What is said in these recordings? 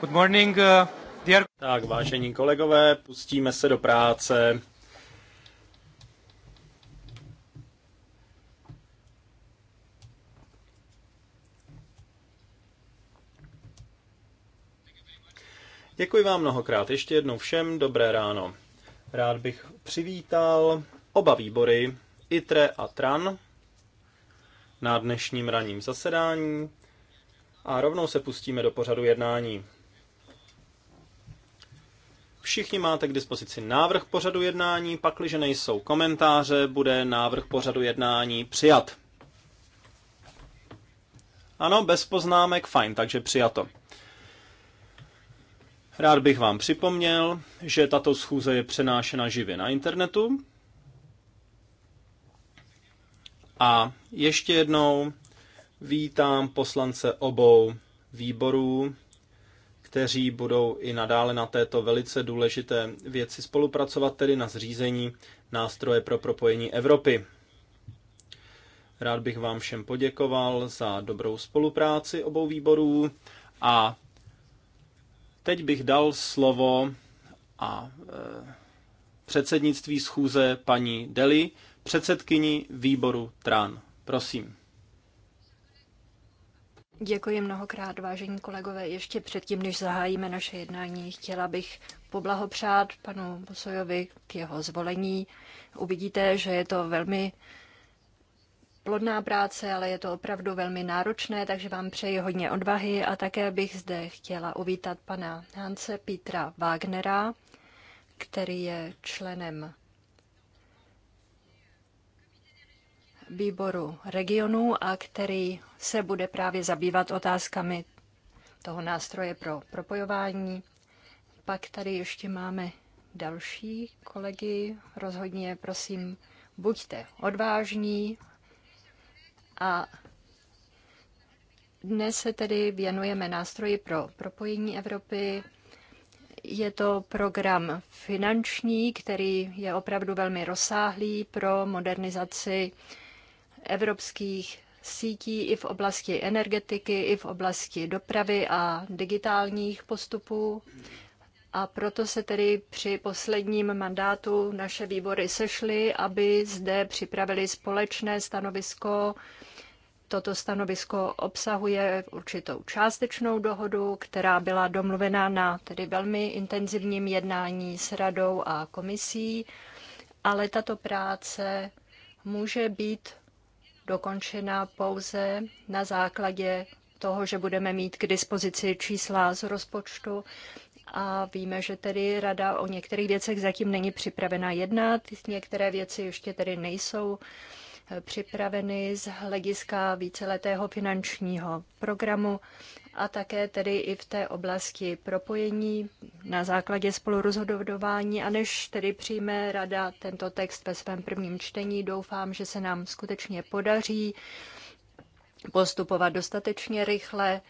Good morning, uh, dear... Tak, vážení kolegové, pustíme se do práce. Děkuji vám mnohokrát. Ještě jednou všem dobré ráno. Rád bych přivítal oba výbory, ITRE a TRAN, na dnešním ranním zasedání a rovnou se pustíme do pořadu jednání. Všichni máte k dispozici návrh pořadu jednání, pakliže nejsou komentáře, bude návrh pořadu jednání přijat. Ano, bez poznámek, fajn, takže přijato. Rád bych vám připomněl, že tato schůze je přenášena živě na internetu. A ještě jednou vítám poslance obou výborů kteří budou i nadále na této velice důležité věci spolupracovat, tedy na zřízení nástroje pro propojení Evropy. Rád bych vám všem poděkoval za dobrou spolupráci obou výborů a teď bych dal slovo a e, předsednictví schůze paní Deli, předsedkyni výboru TRAN. Prosím. Děkuji mnohokrát, vážení kolegové. Ještě předtím, než zahájíme naše jednání, chtěla bych poblahopřát panu Bosojovi k jeho zvolení. Uvidíte, že je to velmi plodná práce, ale je to opravdu velmi náročné, takže vám přeji hodně odvahy a také bych zde chtěla uvítat pana Hance Petra Wagnera, který je členem výboru regionu a který se bude právě zabývat otázkami toho nástroje pro propojování. Pak tady ještě máme další kolegy. Rozhodně, prosím, buďte odvážní a dnes se tedy věnujeme nástroji pro propojení Evropy. Je to program finanční, který je opravdu velmi rozsáhlý pro modernizaci evropských sítí i v oblasti energetiky, i v oblasti dopravy a digitálních postupů. A proto se tedy při posledním mandátu naše výbory sešly, aby zde připravili společné stanovisko. Toto stanovisko obsahuje určitou částečnou dohodu, která byla domluvena na tedy velmi intenzivním jednání s radou a komisí, ale tato práce může být dokončena pouze na základě toho, že budeme mít k dispozici čísla z rozpočtu a víme, že tedy rada o některých věcech zatím není připravena jednat, některé věci ještě tedy nejsou eh, připraveny z hlediska víceletého finančního programu a také tedy i v té oblasti propojení na základě spolurozhodování. A než tedy přijme rada tento text ve svém prvním čtení, doufám, že se nám skutečně podaří postupovat dostatečně rychle,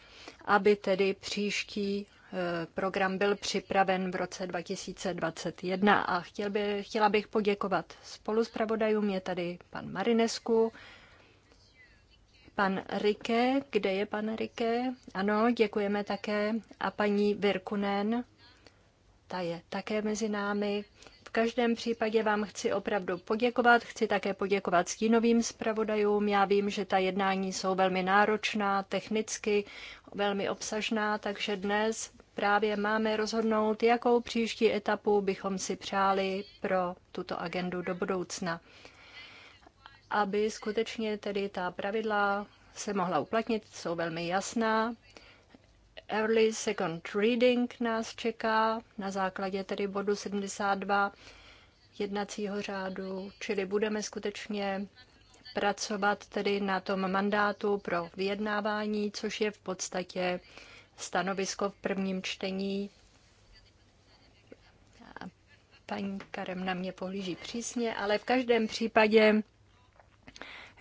aby tedy příští eh, program byl připraven v roce 2021 a chtěl by, chtěla bych poděkovat spoluzpravodajům, je tady pan Marinesku, Pan Rike, kde je pan Rike? Ano, děkujeme také. A paní Virkunen, ta je také mezi námi. V každém případě vám chci opravdu poděkovat. Chci také poděkovat stínovým zpravodajům. Já vím, že ta jednání jsou velmi náročná, technicky velmi obsažná, takže dnes právě máme rozhodnout, jakou příští etapu bychom si přáli pro tuto agendu do budoucna aby skutečně tedy ta pravidla se mohla uplatnit, jsou velmi jasná. Early second reading nás čeká na základě tedy bodu 72 jednacího řádu, čili budeme skutečně pracovat tedy na tom mandátu pro vyjednávání, což je v podstatě stanovisko v prvním čtení. Paní Karem na mě pohlíží přísně, ale v každém případě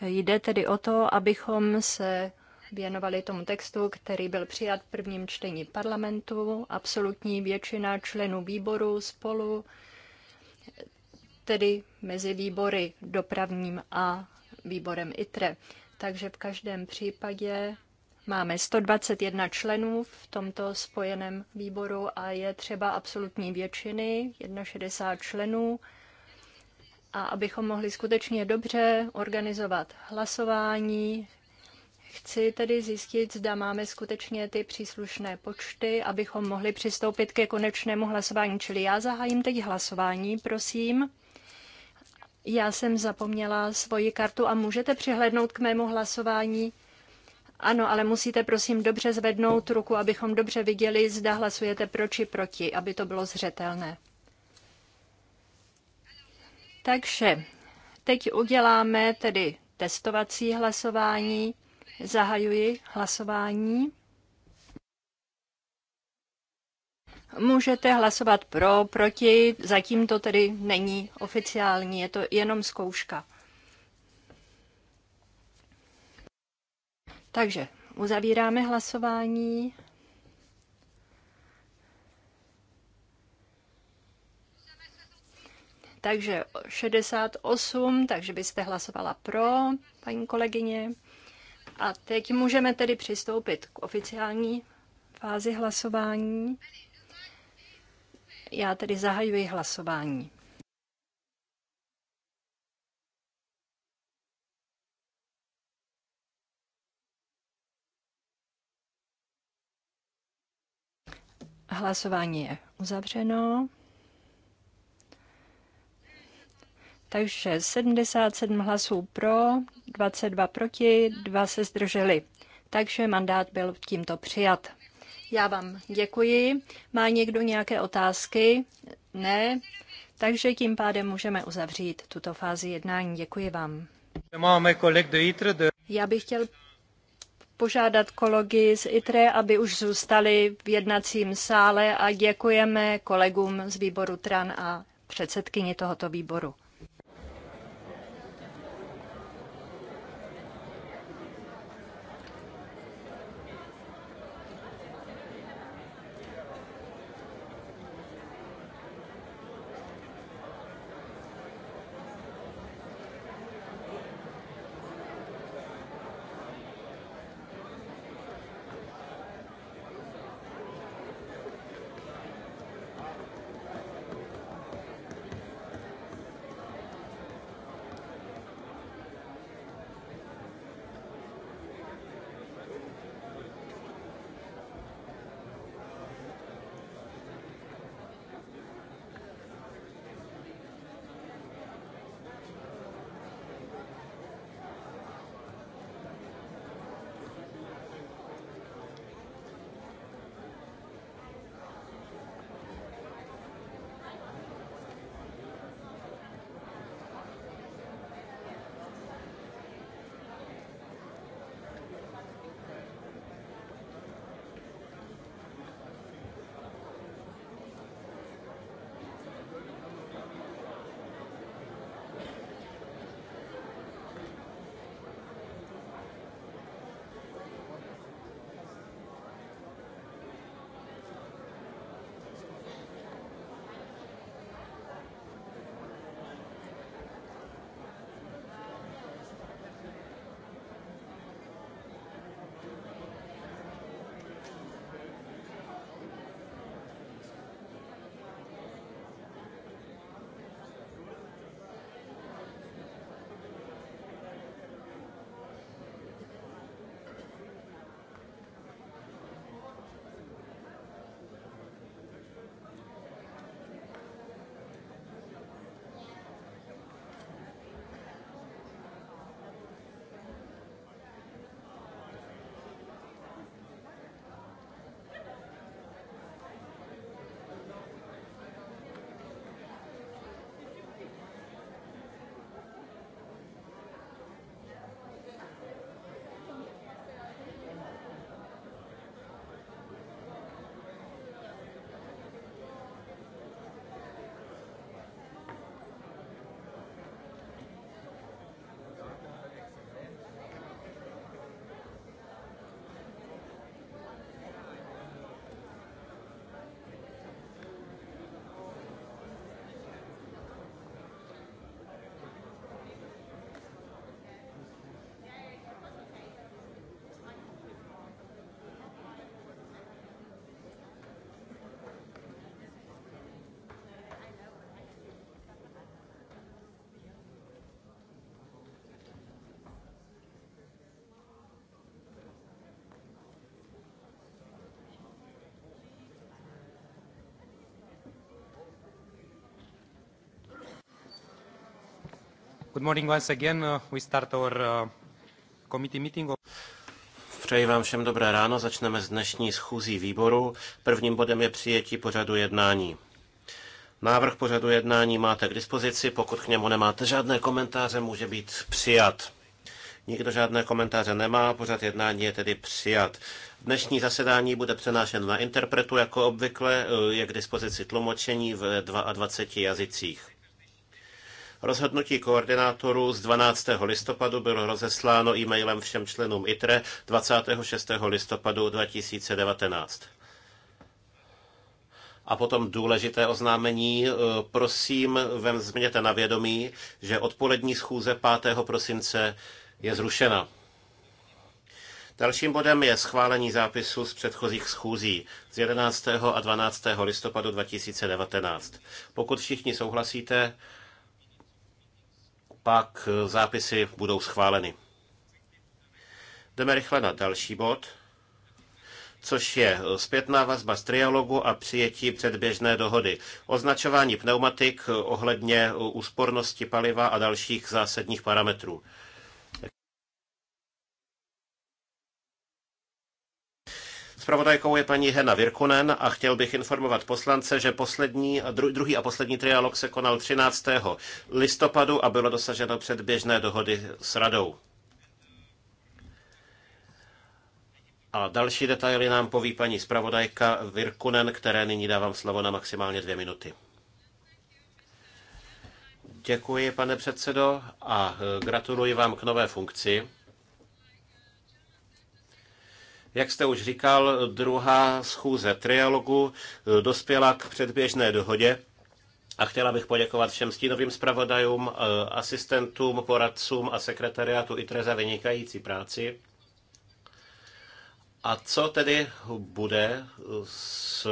Jde tedy o to, abychom se věnovali tomu textu, který byl přijat v prvním čtení parlamentu. Absolutní většina členů výboru spolu, tedy mezi výbory dopravním a výborem ITRE. Takže v každém případě máme 121 členů v tomto spojeném výboru a je třeba absolutní většiny, 61 členů a abychom mohli skutečně dobře organizovat hlasování. Chci tedy zjistit, zda máme skutečně ty příslušné počty, abychom mohli přistoupit ke konečnému hlasování. Čili já zahájím teď hlasování, prosím. Já jsem zapomněla svoji kartu a můžete přihlednout k mému hlasování? Ano, ale musíte prosím dobře zvednout ruku, abychom dobře viděli, zda hlasujete pro či proti, aby to bylo zřetelné. Takže teď uděláme tedy testovací hlasování. Zahajuji hlasování. Můžete hlasovat pro, proti, zatím to tedy není oficiální, je to jenom zkouška. Takže uzavíráme hlasování. Takže 68, takže byste hlasovala pro, paní kolegyně. A teď můžeme tedy přistoupit k oficiální fázi hlasování. Já tedy zahajuji hlasování. Hlasování je uzavřeno. Takže 77 hlasů pro, 22 proti, 2 se zdrželi. Takže mandát byl tímto přijat. Já vám děkuji. Má někdo nějaké otázky? Ne? Takže tím pádem můžeme uzavřít tuto fázi jednání. Děkuji vám. Máme kolik do jitr. Já bych chtěl požádat kolegy z ITRE, aby už zůstali v jednacím sále a děkujeme kolegům z výboru TRAN a předsedkyni tohoto výboru. Good morning once again. Uh, we start our uh, committee meeting. Přeji vám všem dobré ráno. Začneme s dnešní schůzí výboru. Prvním bodem je přijetí pořadu jednání. Návrh pořadu jednání máte k dispozici. Pokud k němu nemáte žádné komentáře, může být přijat. Nikdo žádné komentáře nemá, pořad jednání je tedy přijat. Dnešní zasedání bude přenášeno na interpretu, jako obvykle uh, je k dispozici tlumočení v 22 jazycích. Rozhodnutí koordinátorů z 12. listopadu bylo rozesláno e-mailem všem členům ITRE 26. listopadu 2019. A potom důležité oznámení. E, prosím, vezměte na vědomí, že odpolední schůze 5. prosince je zrušena. Dalším bodem je schválení zápisu z předchozích schůzí z 11. a 12. listopadu 2019. Pokud všichni souhlasíte, pak eh, zápisy budou schváleny. Jdeme rychle na další bod, což je eh, zpětná vazba z trialogu a přijetí předběžné dohody. Označování pneumatik eh, ohledně úspornosti paliva a dalších zásadních parametrů. Spravodajkou je paní Hena Virkunen a chtěl bych informovat poslance, že poslední, druhý a poslední trialog se konal 13. listopadu a bylo dosaženo předběžné dohody s radou. A další detaily nám poví paní zpravodajka Virkunen, které nyní dávám slovo na maximálně dvě minuty. Děkuji, pane předsedo, a e, gratuluji vám k nové funkci. Jak jste už říkal, druhá schůze trialogu eh, dospěla k předběžné dohodě. A chtěla bych poděkovat všem stínovým zpravodajům, eh, asistentům, poradcům a sekretariátu ITRE za vynikající práci. A co tedy bude eh, s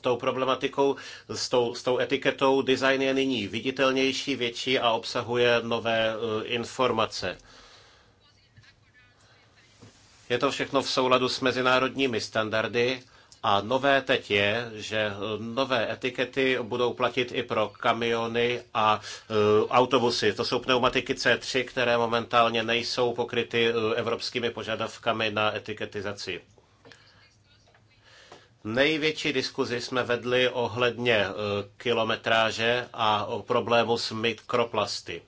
tou problematikou, s tou, s tou etiketou? Design je nyní viditelnější, větší a obsahuje nové informace. Je to všechno v souladu s mezinárodními standardy a nové teď je, že eh, nové etikety budou platit i pro kamiony a uh, autobusy. To jsou pneumatiky C3, které momentálně nejsou pokryty eh, evropskými požadavkami na etiketizaci. Největší diskuzi jsme vedli ohledně kilometráže a o problému s mikroplasty.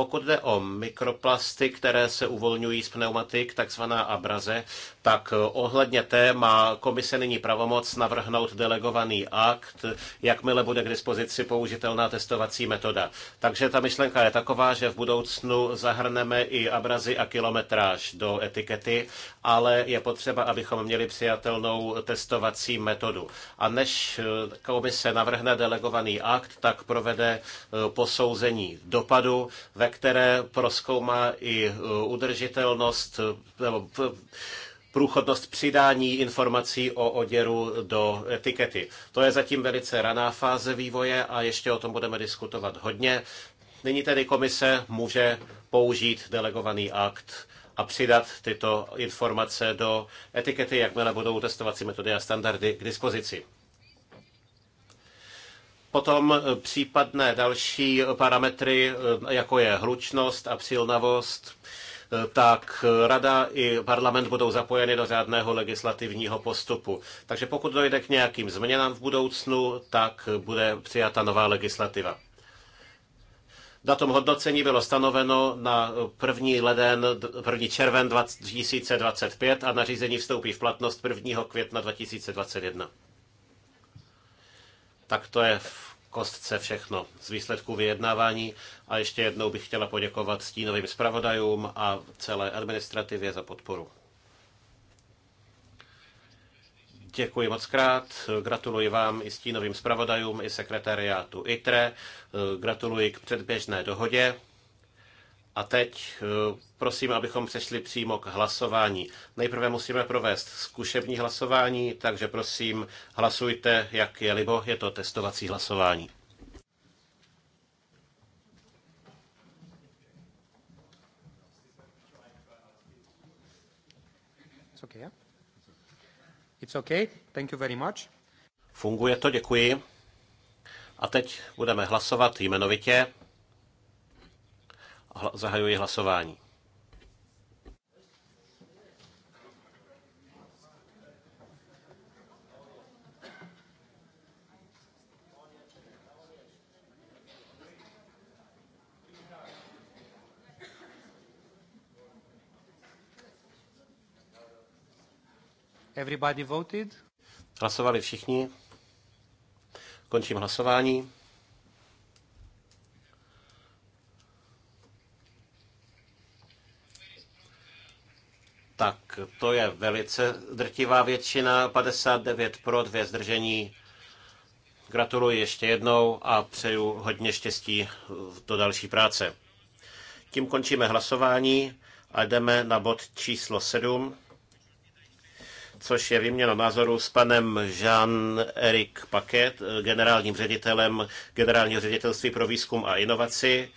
Pokud jde o mikroplasty, které se uvolňují z pneumatik, takzvaná abraze, tak eh, ohledně té má komise nyní pravomoc navrhnout delegovaný akt, jakmile bude k dispozici použitelná testovací metoda. Takže ta myšlenka je taková, že v budoucnu zahrneme i abrazy a kilometráž do etikety, ale je potřeba, abychom měli přijatelnou testovací metodu. A než eh, komise navrhne delegovaný akt, tak provede eh, posouzení dopadu, ve které proskoumá i udržitelnost nebo průchodnost přidání informací o oděru do etikety. To je zatím velice raná fáze vývoje a ještě o tom budeme diskutovat hodně. Nyní tedy komise může použít delegovaný akt a přidat tyto informace do etikety, jakmile budou testovací metody a standardy k dispozici. Potom případné další parametry, jako je hlučnost a přilnavost, tak rada i parlament budou zapojeny do řádného legislativního postupu. Takže pokud dojde k nějakým změnám v budoucnu, tak bude přijata nová legislativa. Datum hodnocení bylo stanoveno na 1. leden, 1. červen 2025 a nařízení vstoupí v platnost 1. května 2021. Tak to je v kostce všechno z výsledků vyjednávání a ještě jednou bych chtěla poděkovat stínovým zpravodajům a celé administrativě za podporu. Děkuji moc krát, gratuluji vám i stínovým zpravodajům, i sekretariátu ITRE, gratuluji k předběžné dohodě a teď eh, prosím, abychom přešli přímo k hlasování. Nejprve musíme provést zkušební hlasování, takže prosím, hlasujte, jak je libo, je to testovací hlasování. It's okay, yeah? It's okay. Thank you very much. Funguje to, děkuji. A teď budeme hlasovat jmenovitě zahajuji hlasování. Everybody voted? Hlasovali všichni. Končím hlasování. tak to je velice drtivá většina, 59 pro, dvě zdržení. Gratuluji ještě jednou a přeju hodně štěstí do další práce. Tím končíme hlasování a jdeme na bod číslo 7, což je výměna názoru s panem jean éric Paquet, generálním ředitelem Generálního ředitelství pro výzkum a inovaci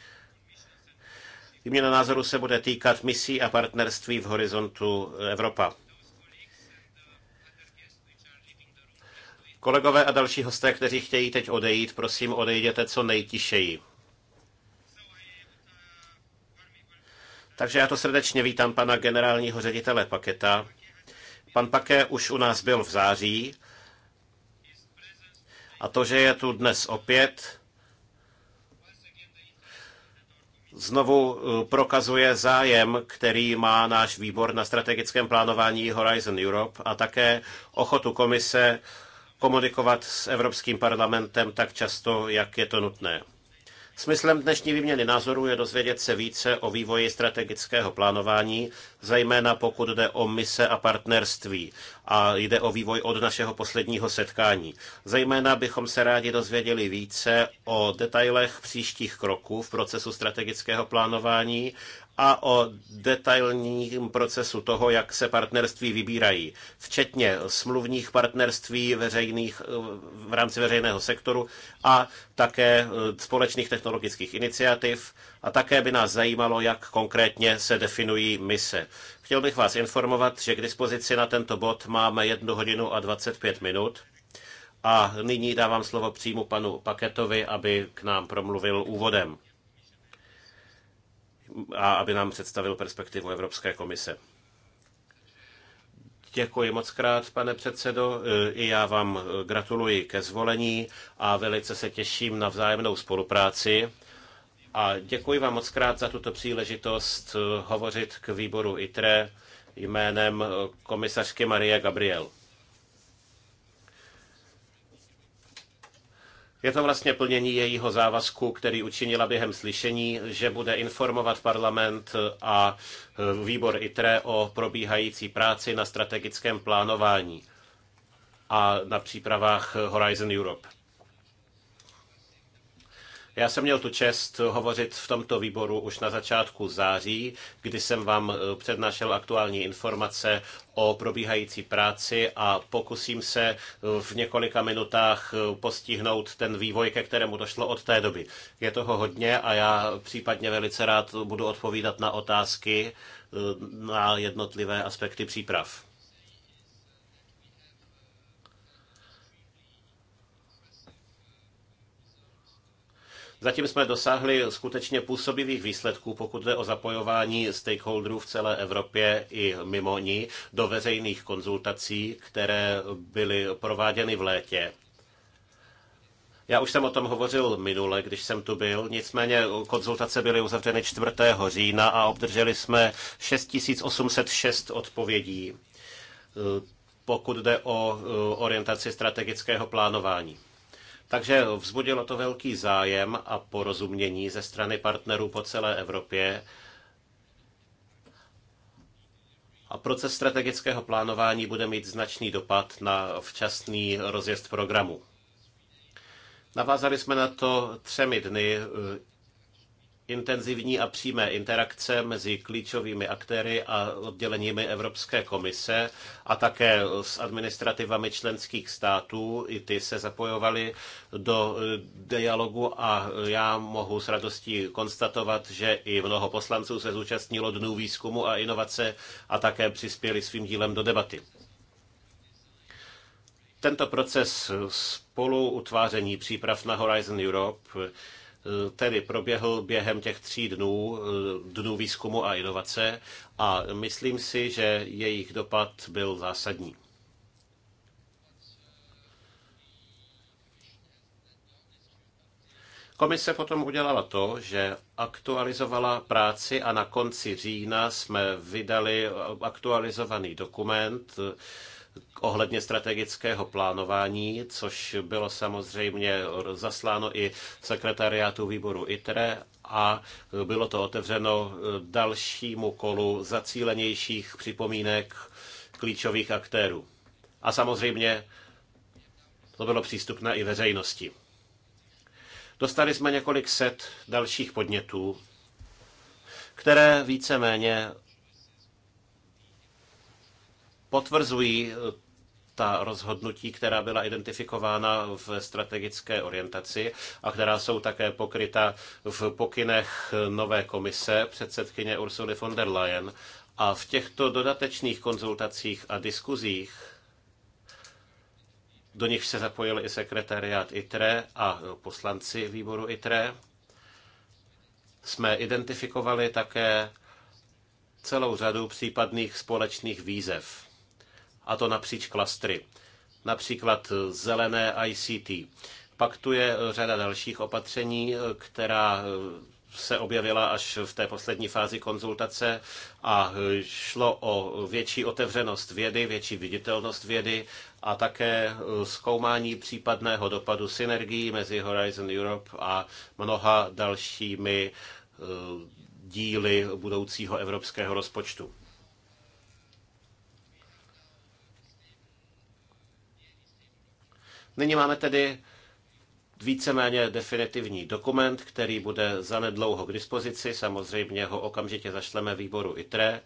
Výměna názoru se bude týkat misí a partnerství v horizontu Evropa. Kolegové a další hosté, kteří chtějí teď odejít, prosím, odejděte co nejtišeji. Takže já to srdečně vítám pana generálního ředitele Paketa. Pan Paké už u nás byl v září a to, že je tu dnes opět, znovu eh, prokazuje zájem, který má náš výbor na strategickém plánování Horizon Europe a také ochotu komise komunikovat s Evropským parlamentem tak často, jak je to nutné. Smyslem dnešní výměny názorů je dozvědět se více o vývoji strategického plánování, zejména pokud jde o mise a partnerství a jde o vývoj od našeho posledního setkání. Zejména bychom se rádi dozvěděli více o detailech příštích kroků v procesu strategického plánování a o detailním procesu toho, jak se partnerství vybírají, včetně smluvních partnerství veřejných, v rámci veřejného sektoru a také eh, společných technologických iniciativ. A také by nás zajímalo, jak konkrétně se definují mise. Chtěl bych vás informovat, že k dispozici na tento bod máme 1 hodinu a 25 minut. A nyní dávám slovo přímo panu Paketovi, aby k nám promluvil úvodem a aby nám představil perspektivu Evropské komise. Děkuji moc krát, pane předsedo. E, I já vám e, gratuluji ke zvolení a velice se těším na vzájemnou spolupráci. A děkuji vám moc krát za tuto příležitost e, hovořit k výboru ITRE jménem komisařky Marie Gabriel. Je to vlastně plnění jejího závazku, který učinila během slyšení, že bude informovat parlament a e, výbor ITRE o probíhající práci na strategickém plánování a na přípravách Horizon Europe. Já jsem měl tu čest hovořit v tomto výboru už na začátku září, kdy jsem vám eh, přednášel aktuální informace o probíhající práci a pokusím se eh, v několika minutách eh, postihnout ten vývoj, ke kterému došlo od té doby. Je toho hodně a já případně velice rád budu odpovídat na otázky na jednotlivé aspekty příprav. Zatím jsme dosáhli skutečně působivých výsledků, pokud jde o zapojování stakeholderů v celé Evropě i mimo ní do veřejných konzultací, které byly prováděny v létě. Já už jsem o tom hovořil minule, když jsem tu byl, nicméně konzultace byly uzavřeny 4. října a obdrželi jsme 6806 odpovědí, eh, pokud jde o eh, orientaci strategického plánování. Takže vzbudilo to velký zájem a porozumění ze strany partnerů po celé Evropě. A proces strategického plánování bude mít značný dopad na včasný rozjezd programu. Navázali jsme na to třemi dny intenzivní a přímé interakce mezi klíčovými aktéry a odděleními Evropské komise a také s administrativami členských států. I ty se zapojovaly do dialogu a já mohu s radostí konstatovat, že i mnoho poslanců se zúčastnilo dnů výzkumu a inovace a také přispěli svým dílem do debaty. Tento proces spolu utváření příprav na Horizon Europe Eh, tedy proběhl během těch tří dnů, eh, dnů výzkumu a inovace a myslím si, že jejich dopad byl zásadní. Komise potom udělala to, že aktualizovala práci a na konci října jsme vydali aktualizovaný dokument, ohledně strategického plánování, což bylo samozřejmě zasláno i sekretariátu výboru ITRE a bylo to otevřeno dalšímu kolu zacílenějších připomínek klíčových aktérů. A samozřejmě to bylo přístupné i veřejnosti. Dostali jsme několik set dalších podnětů, které víceméně potvrzují eh, ta rozhodnutí, která byla identifikována v strategické orientaci a která jsou také pokryta v pokynech nové komise předsedkyně Ursuly von der Leyen. A v těchto dodatečných konzultacích a diskuzích do nich se zapojil i sekretariát ITRE a poslanci výboru ITRE. Jsme identifikovali také celou řadu případných společných výzev a to napříč klastry, například zelené ICT. Pak tu je eh, řada dalších opatření, eh, která eh, se objevila až v té poslední fázi konzultace a šlo o větší otevřenost vědy, větší viditelnost vědy a také zkoumání případného dopadu synergií mezi Horizon Europe a mnoha dalšími díly budoucího evropského rozpočtu. Nyní máme tedy víceméně definitivní dokument, který bude zanedlouho k dispozici. Samozřejmě ho okamžitě zašleme výboru ITRE.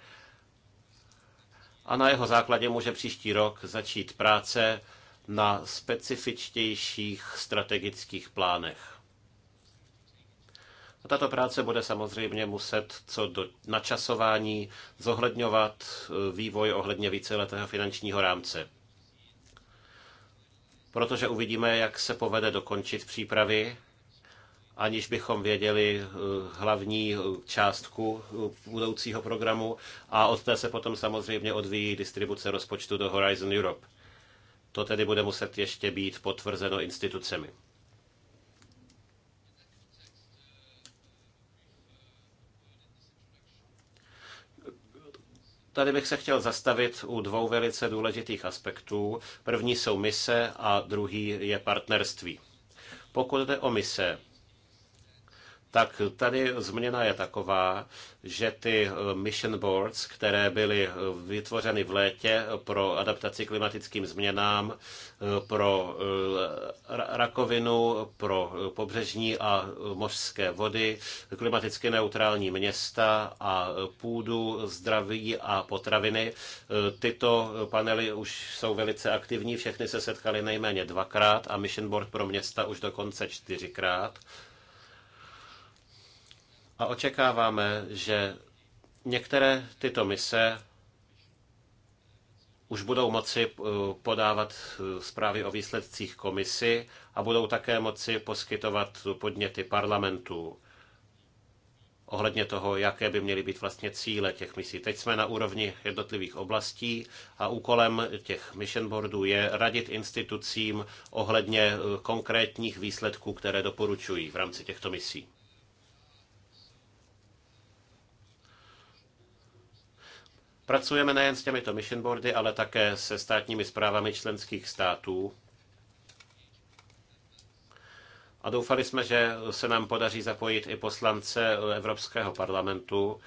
A na jeho základě může příští rok začít práce na specifičtějších strategických plánech. A tato práce bude samozřejmě muset co do načasování zohledňovat eh, vývoj ohledně víceletého finančního rámce protože uvidíme, jak se povede dokončit přípravy, aniž bychom věděli eh, hlavní eh, částku eh, budoucího programu a od té se potom samozřejmě odvíjí distribuce rozpočtu do Horizon Europe. To tedy bude muset ještě být potvrzeno institucemi. Tady bych se chtěl zastavit u dvou velice důležitých aspektů. První jsou mise a druhý je partnerství. Pokud jde o mise, tak tady změna je taková, že ty eh, mission boards, které byly eh, vytvořeny v létě pro adaptaci klimatickým změnám, eh, pro rakovinu, pro pobřežní a mořské vody, klimaticky neutrální města a půdu, zdraví a potraviny. Tyto panely už jsou velice aktivní, všechny se setkaly nejméně dvakrát a mission board pro města už dokonce čtyřikrát. A očekáváme, že některé tyto mise už budou moci eh, podávat eh, zprávy o výsledcích komisi a budou také moci poskytovat podněty parlamentu ohledně toho, jaké by měly být vlastně cíle těch misí. Teď jsme na úrovni jednotlivých oblastí a úkolem těch mission boardů je radit institucím ohledně eh, konkrétních výsledků, které doporučují v rámci těchto misí. Pracujeme nejen s těmito mission boardy, ale také se státními zprávami členských států. A doufali jsme, že se nám podaří zapojit i poslance Evropského parlamentu,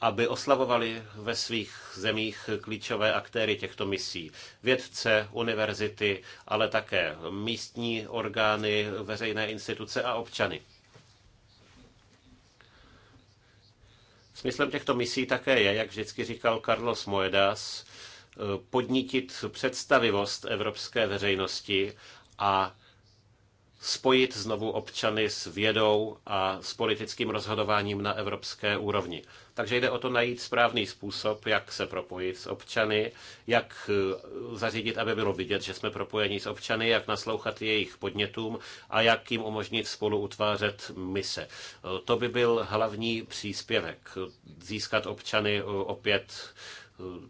aby oslavovali ve svých zemích klíčové aktéry těchto misí. Vědce, univerzity, ale také místní orgány, veřejné instituce a občany. Smyslem těchto misí také je, jak vždycky říkal Carlos Moedas, eh, podnítit představivost evropské veřejnosti a spojit znovu občany s vědou a s politickým rozhodováním na evropské úrovni. Takže jde o to najít správný způsob, jak se propojit s občany, jak eh, zařídit, aby bylo vidět, že jsme propojeni s občany, jak naslouchat jejich podnětům a jak jim umožnit spolu utvářet mise. Eh, to by byl hlavní příspěvek, získat občany eh, opět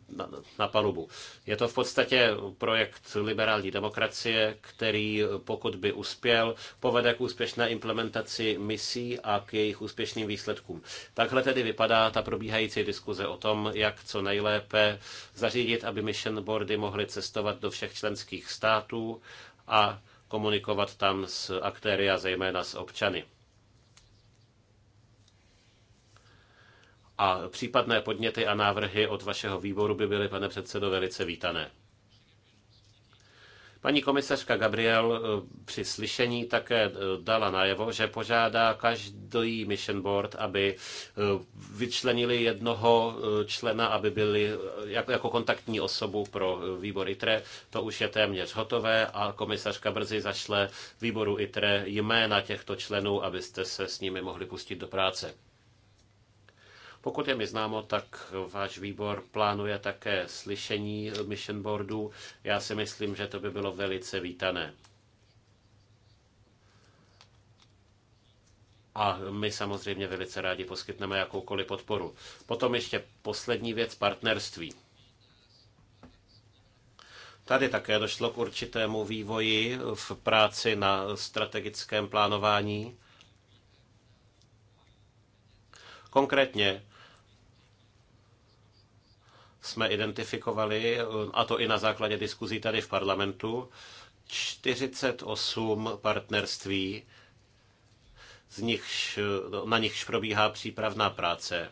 na, na palubu. Je to v podstatě projekt liberální demokracie, který pokud by uspěl, povede k úspěšné implementaci misí a k jejich úspěšným výsledkům. Takhle tedy vypadá ta probíhající diskuze o tom, jak co nejlépe zařídit, aby mission boardy mohly cestovat do všech členských států a komunikovat tam s aktéry a zejména s občany. a případné podněty a návrhy od vašeho výboru by byly, pane předsedo, velice vítané. Paní komisařka Gabriel eh, při slyšení také eh, dala najevo, že požádá každý mission board, aby eh, vyčlenili jednoho člena, aby byli jako kontaktní osobu pro výbor ITRE. To už je téměř hotové a komisařka brzy zašle výboru ITRE jména těchto členů, abyste se s nimi mohli pustit do práce. Pokud je mi známo, tak váš výbor plánuje také slyšení mission boardů. Já si myslím, že to by bylo velice vítané. a my samozřejmě velice rádi poskytneme jakoukoliv podporu. Potom ještě poslední věc partnerství. Tady také došlo k určitému vývoji v práci na strategickém plánování. Konkrétně jsme identifikovali, a to i na základě diskuzí tady v parlamentu, 48 partnerství, z nichž, na nichž probíhá přípravná práce.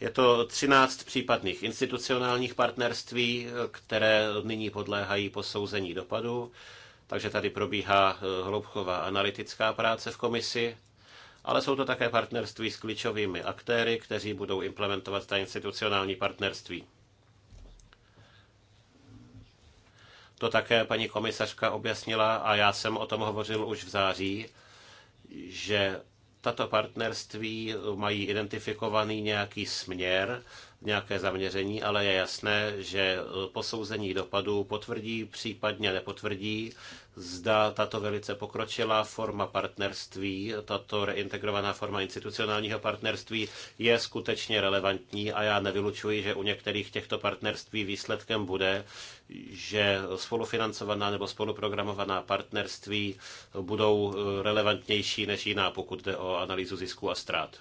Je to 13 případných institucionálních partnerství, které nyní podléhají posouzení dopadu, takže tady probíhá hloubková analytická práce v komisi ale jsou to také partnerství s klíčovými aktéry, kteří budou implementovat ta institucionální partnerství. To také paní komisařka objasnila a já jsem o tom hovořil už v září, že tato partnerství mají identifikovaný nějaký směr, nějaké zaměření, ale je jasné, že posouzení dopadů potvrdí, případně nepotvrdí, zda tato velice pokročilá forma partnerství, tato reintegrovaná forma institucionálního partnerství je skutečně relevantní a já nevylučuji, že u některých těchto partnerství výsledkem bude, že spolufinancovaná nebo spoluprogramovaná partnerství budou relevantnější než jiná, pokud jde o analýzu zisku a ztrát.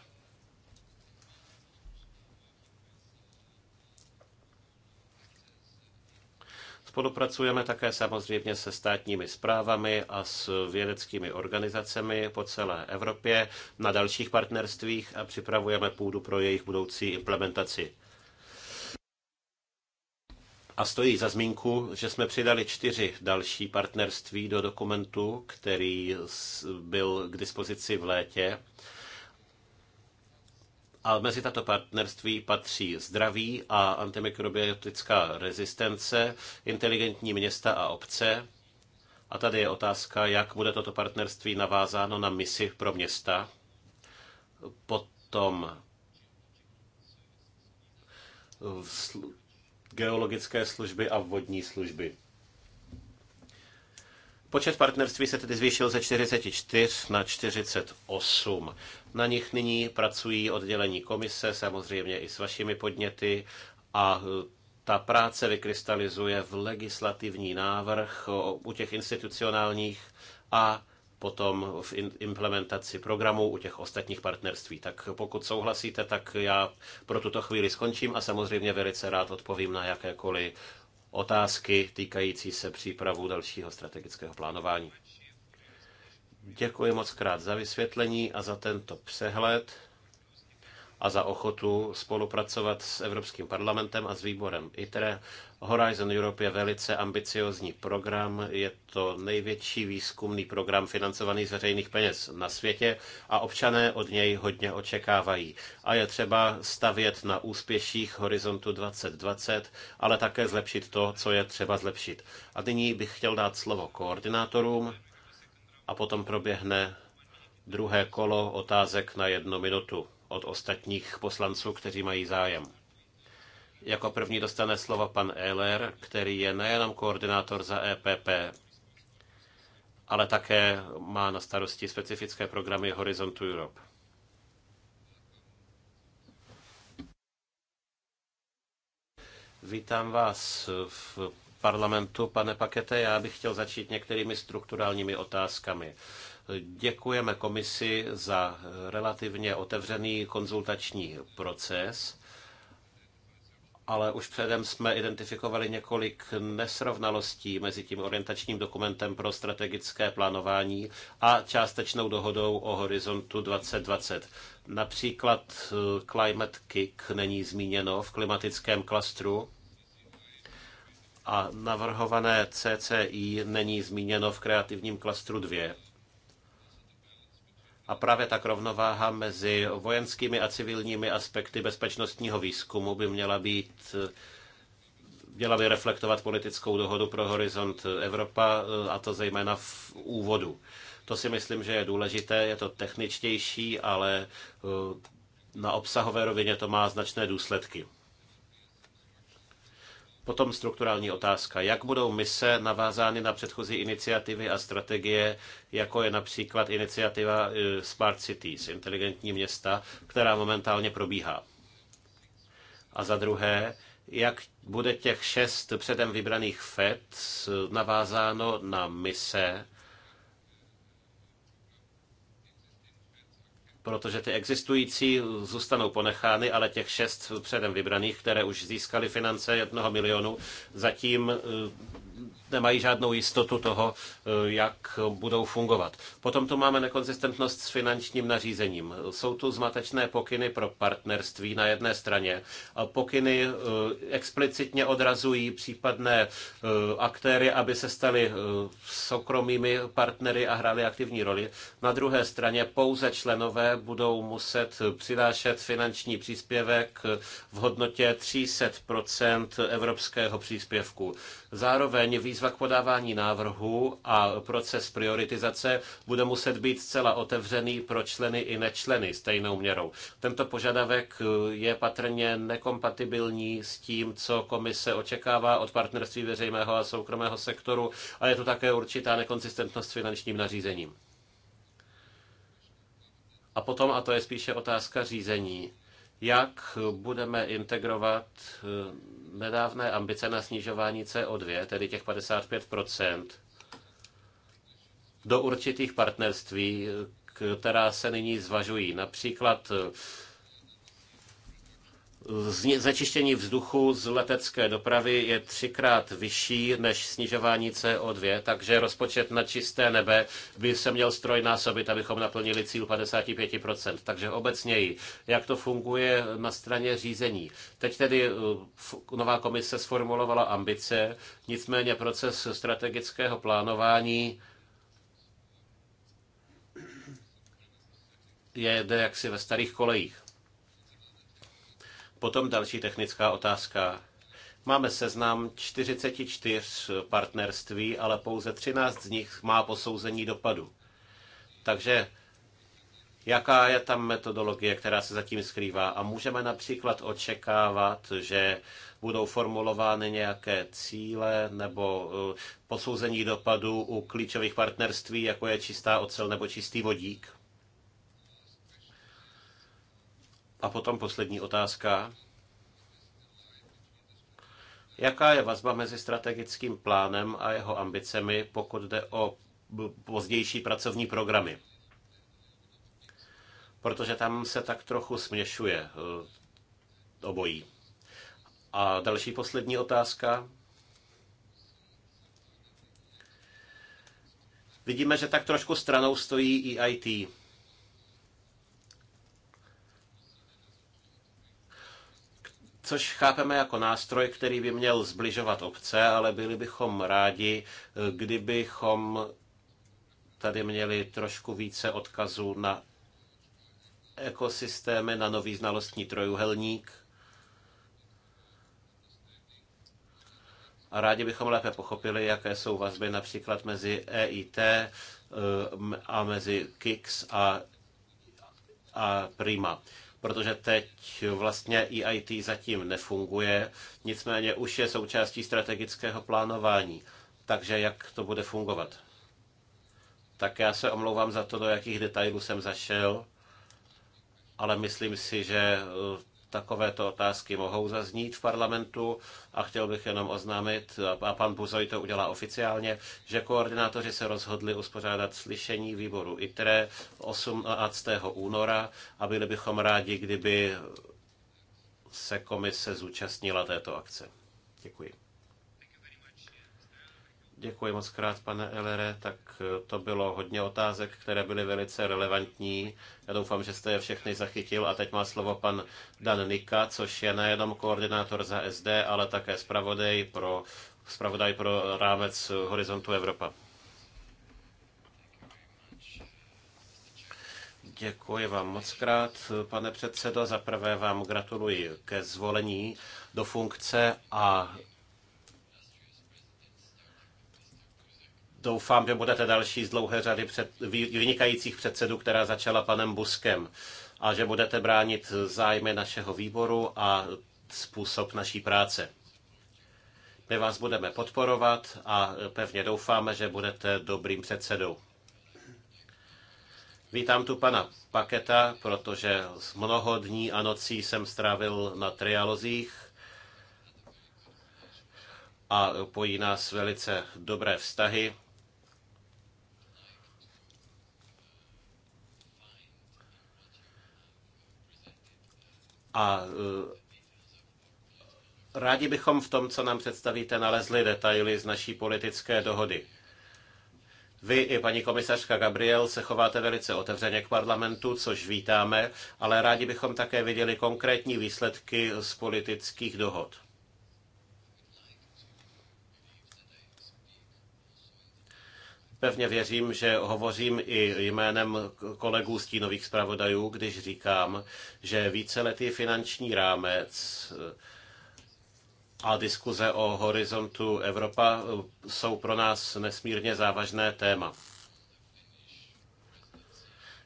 Spolupracujeme také samozřejmě se státními zprávami a s vědeckými organizacemi po celé Evropě na dalších partnerstvích a připravujeme půdu pro jejich budoucí implementaci. A stojí za zmínku, že jsme přidali čtyři další partnerství do dokumentu, který byl k dispozici v létě. A mezi tato partnerství patří zdraví a antimikrobiotická rezistence, inteligentní města a obce. A tady je otázka, jak bude toto partnerství navázáno na misi pro města. Potom geologické služby a vodní služby. Počet partnerství se tedy zvýšil ze 44 na 48. Na nich nyní pracují oddělení komise, samozřejmě i s vašimi podněty a e, ta práce vykrystalizuje v legislativní návrh u těch institucionálních a potom v implementaci programů u těch ostatních partnerství. Tak pokud souhlasíte, tak já pro tuto chvíli skončím a samozřejmě velice rád odpovím na jakékoliv otázky týkající se přípravu dalšího strategického plánování. Děkuji moc krát za vysvětlení a za tento přehled a za ochotu spolupracovat s Evropským parlamentem a s výborem ITRE. Horizon Europe je velice ambiciozní program, je to největší výzkumný program financovaný z veřejných peněz na světě a občané od něj hodně očekávají. A je třeba stavět na úspěších Horizontu 2020, ale také zlepšit to, co je třeba zlepšit. A nyní bych chtěl dát slovo koordinátorům a potom proběhne druhé kolo otázek na jednu minutu od ostatních poslanců, kteří mají zájem. Jako první dostane slovo pan Ehler, který je nejenom koordinátor za EPP, ale také má na starosti specifické programy Horizontu Europe. Vítám vás v parlamentu, pane Pakete. Já bych chtěl začít některými strukturálními otázkami. Děkujeme komisi za relativně otevřený konzultační proces ale už předem jsme identifikovali několik nesrovnalostí mezi tím orientačním dokumentem pro strategické plánování a částečnou dohodou o horizontu 2020. Například eh, Climate Kick není zmíněno v klimatickém klastru a navrhované CCI není zmíněno v kreativním klastru 2. A právě tak rovnováha mezi vojenskými a civilními aspekty bezpečnostního výzkumu by měla být měla by reflektovat politickou dohodu pro Horizont Evropa, a to zejména v úvodu. To si myslím, že je důležité, je to techničtější, ale na obsahové rovině to má značné důsledky. Potom strukturální otázka. Jak budou mise navázány na předchozí iniciativy a strategie, jako je například iniciativa e, Smart Cities, inteligentní města, která momentálně probíhá? A za druhé, jak bude těch šest předem vybraných FED navázáno na mise, protože ty existující zůstanou ponechány, ale těch šest předem vybraných, které už získali finance jednoho milionu, zatím eh, nemají žádnou jistotu toho, eh, jak budou fungovat. Potom tu máme nekonzistentnost s finančním nařízením. Jsou tu zmatečné pokyny pro partnerství na jedné straně. Pokyny eh, explicitně odrazují případné eh, aktéry, aby se stali soukromými partnery a hráli aktivní roli. Na druhé straně pouze členové budou muset přidášet finanční příspěvek v hodnotě 300 evropského příspěvku. Zároveň výzva zítra k podávání návrhu a proces prioritizace bude muset být zcela otevřený pro členy i nečleny stejnou měrou. Tento požadavek eh, je patrně nekompatibilní s tím, co komise očekává od partnerství veřejného a soukromého sektoru a je to také určitá nekonsistentnost s finančním nařízením. A potom, a to je spíše otázka řízení, jak budeme integrovat eh, nedávné ambice na snižování CO2, tedy těch 55 do určitých partnerství, která se nyní zvažují. Například Začištění vzduchu z letecké dopravy je třikrát vyšší než snižování CO2, takže rozpočet na čisté nebe by se měl strojnásobit, abychom naplnili cíl 55%. Takže obecněji, jak to funguje na straně řízení. Teď tedy eh, nová komise sformulovala ambice, nicméně proces strategického plánování je jde jaksi ve starých kolejích. Potom další technická otázka. Máme seznam 44 partnerství, ale pouze 13 z nich má posouzení dopadu. Takže jaká je tam metodologie, která se zatím skrývá? A můžeme například očekávat, že budou formulovány nějaké cíle nebo eh, posouzení dopadu u klíčových partnerství, jako je čistá ocel nebo čistý vodík? A potom poslední otázka. Jaká je vazba mezi strategickým plánem a jeho ambicemi, pokud jde o pozdější pracovní programy? Protože tam se tak trochu směšuje eh, obojí. A další poslední otázka. Vidíme, že tak trošku stranou stojí EIT. což chápeme jako nástroj, který by měl zbližovat obce, ale byli bychom rádi, kdybychom tady měli trošku více odkazů na ekosystémy, na nový znalostní trojuhelník. A rádi bychom lépe pochopili, jaké jsou vazby například mezi EIT eh, a mezi KIX a, a Prima protože teď vlastně EIT zatím nefunguje, nicméně už je součástí strategického plánování. Takže jak to bude fungovat? Tak já se omlouvám za to, do jakých detailů jsem zašel, ale myslím si, že eh, takovéto otázky mohou zaznít v parlamentu a chtěl bych jenom oznámit, a pan Buzoj to udělá oficiálně, že koordinátoři se rozhodli uspořádat slyšení výboru ITRE 18. února a byli bychom rádi, kdyby se komise zúčastnila této akce. Děkuji. Děkuji moc krát, pane Elere. Tak eh, to bylo hodně otázek, které byly velice relevantní. Já doufám, že jste je všechny zachytil. A teď má slovo pan Dan Nika, což je nejenom koordinátor za SD, ale také zpravodaj pro, zpravodaj pro rámec Horizontu Evropa. Děkuji vám moc krát, pane předsedo. Za prvé vám gratuluji ke zvolení do funkce a doufám, že budete další z dlouhé řady před, vynikajících předsedů, která začala panem Buskem a že budete bránit zájmy našeho výboru a způsob naší práce. My vás budeme podporovat a pevně doufáme, že budete dobrým předsedou. Vítám tu pana Paketa, protože mnoho dní a nocí jsem strávil na trialozích a pojí nás velice dobré vztahy. A e, rádi bychom v tom, co nám představíte, nalezli detaily z naší politické dohody. Vy i paní komisařka Gabriel se chováte velice otevřeně k parlamentu, což vítáme, ale rádi bychom také viděli konkrétní výsledky z politických dohod. Pevně věřím, že hovořím i jménem kolegů stínových zpravodajů, když říkám, že víceletý finanční rámec eh, a diskuze o horizontu Evropa eh, jsou pro nás nesmírně závažné téma.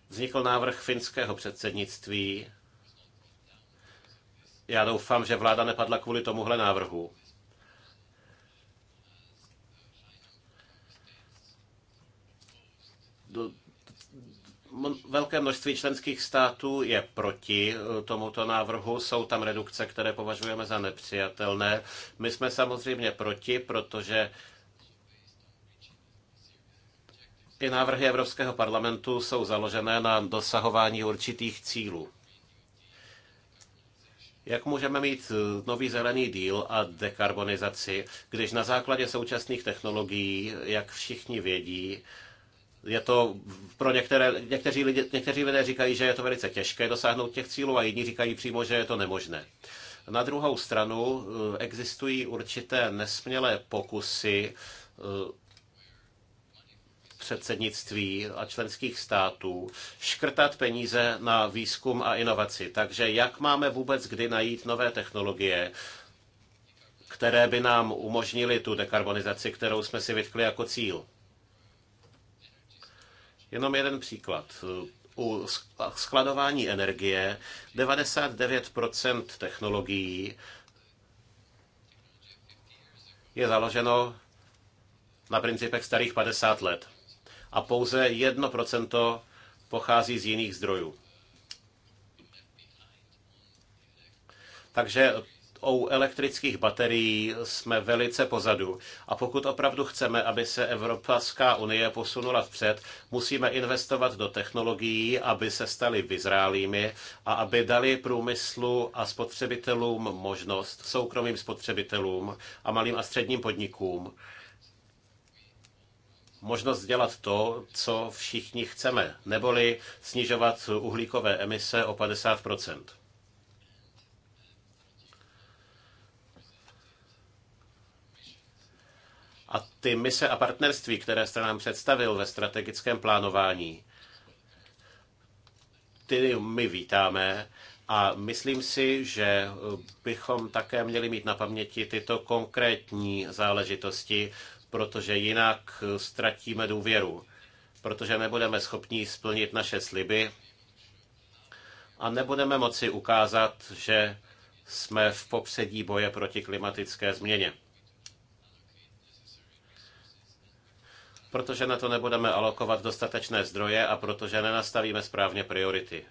Vznikl návrh finského předsednictví. Já doufám, že vláda nepadla kvůli tomuhle návrhu. velké množství členských států je proti eh, tomuto návrhu. Jsou tam redukce, které považujeme za nepřijatelné. My jsme samozřejmě proti, protože i návrhy Evropského parlamentu jsou založené na dosahování určitých cílů. Jak můžeme mít eh, nový zelený díl a dekarbonizaci, když na základě současných technologií, jak všichni vědí, je to pro některé, někteří, lidi, někteří lidé říkají, že je to velice těžké dosáhnout těch cílů a jiní říkají přímo, že je to nemožné. Na druhou stranu eh, existují určité nesmělé pokusy eh, předsednictví a členských států škrtat peníze na výzkum a inovaci. Takže jak máme vůbec kdy najít nové technologie, které by nám umožnily tu dekarbonizaci, kterou jsme si vytkli jako cíl? Jenom jeden příklad. U skladování energie 99% technologií je založeno na principech starých 50 let a pouze 1% pochází z jiných zdrojů. Takže u elektrických baterií jsme velice pozadu. A pokud opravdu chceme, aby se Evropská unie posunula vpřed, musíme investovat do technologií, aby se staly vyzrálými a aby dali průmyslu a spotřebitelům možnost, soukromým spotřebitelům a malým a středním podnikům, možnost dělat to, co všichni chceme, neboli snižovat uhlíkové emise o 50 ty mise a partnerství, které jste nám představil ve strategickém plánování, ty my vítáme a myslím si, že bychom také měli mít na paměti tyto konkrétní záležitosti, protože jinak ztratíme důvěru, protože nebudeme schopni splnit naše sliby a nebudeme moci ukázat, že jsme v popředí boje proti klimatické změně. protože na to nebudeme alokovat dostatečné zdroje a protože nenastavíme správně priority,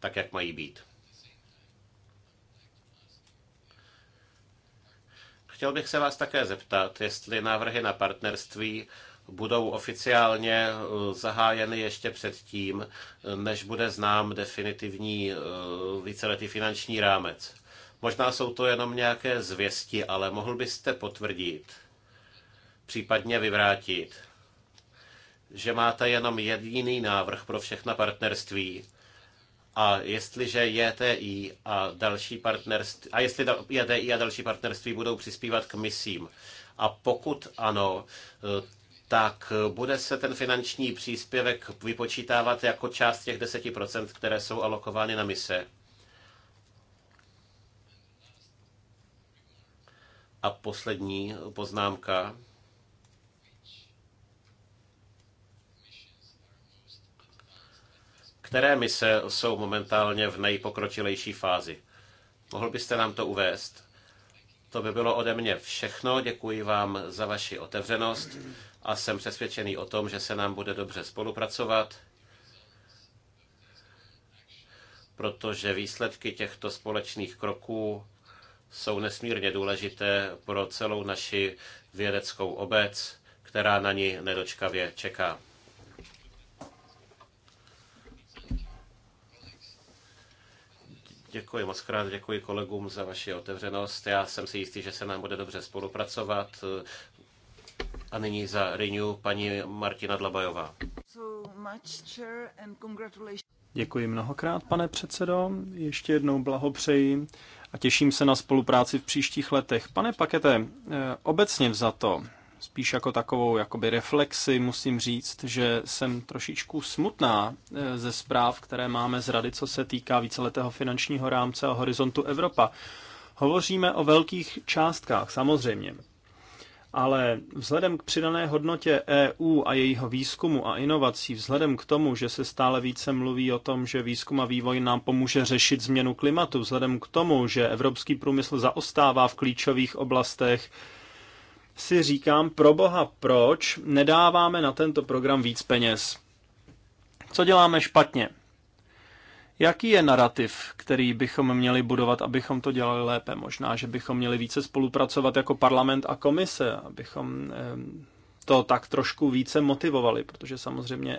tak jak mají být. Chtěl bych se vás také zeptat, jestli návrhy na partnerství budou oficiálně eh, zahájeny ještě předtím, než bude znám definitivní eh, víceletý finanční rámec. Možná jsou to jenom nějaké zvěsti, ale mohl byste potvrdit, případně vyvrátit, že máte jenom jediný návrh pro všechna partnerství. A jestliže JTI a další partnerství, a jestli JTI a další partnerství budou přispívat k misím. A pokud ano, eh, tak bude se ten finanční příspěvek vypočítávat jako část těch 10%, které jsou alokovány na mise. A poslední poznámka. Které mise jsou momentálně v nejpokročilejší fázi? Mohl byste nám to uvést? To by bylo ode mě všechno. Děkuji vám za vaši otevřenost a jsem přesvědčený o tom, že se nám bude dobře spolupracovat, protože výsledky těchto společných kroků jsou nesmírně důležité pro celou naši vědeckou obec, která na ní nedočkavě čeká. Děkuji moc krát, děkuji kolegům za vaši otevřenost. Já jsem si jistý, že se nám bude dobře spolupracovat. A nyní za Renew paní Martina Dlabajová. Děkuji mnohokrát, pane předsedo. Ještě jednou blahopřeji a těším se na spolupráci v příštích letech. Pane Pakete, eh, obecně vzato, spíš jako takovou jakoby reflexi musím říct, že jsem trošičku smutná e, ze zpráv, které máme z rady, co se týká víceletého finančního rámce a horizontu Evropa. Hovoříme o velkých částkách, samozřejmě. Ale vzhledem k přidané hodnotě EU a jejího výzkumu a inovací, vzhledem k tomu, že se stále více mluví o tom, že výzkum a vývoj nám pomůže řešit změnu klimatu, vzhledem k tomu, že evropský průmysl zaostává v klíčových oblastech, si říkám, pro boha, proč nedáváme na tento program víc peněz? Co děláme špatně? Jaký je narrativ, který bychom měli budovat, abychom to dělali lépe? Možná, že bychom měli více spolupracovat jako parlament a komise, abychom eh, to tak trošku více motivovali, protože samozřejmě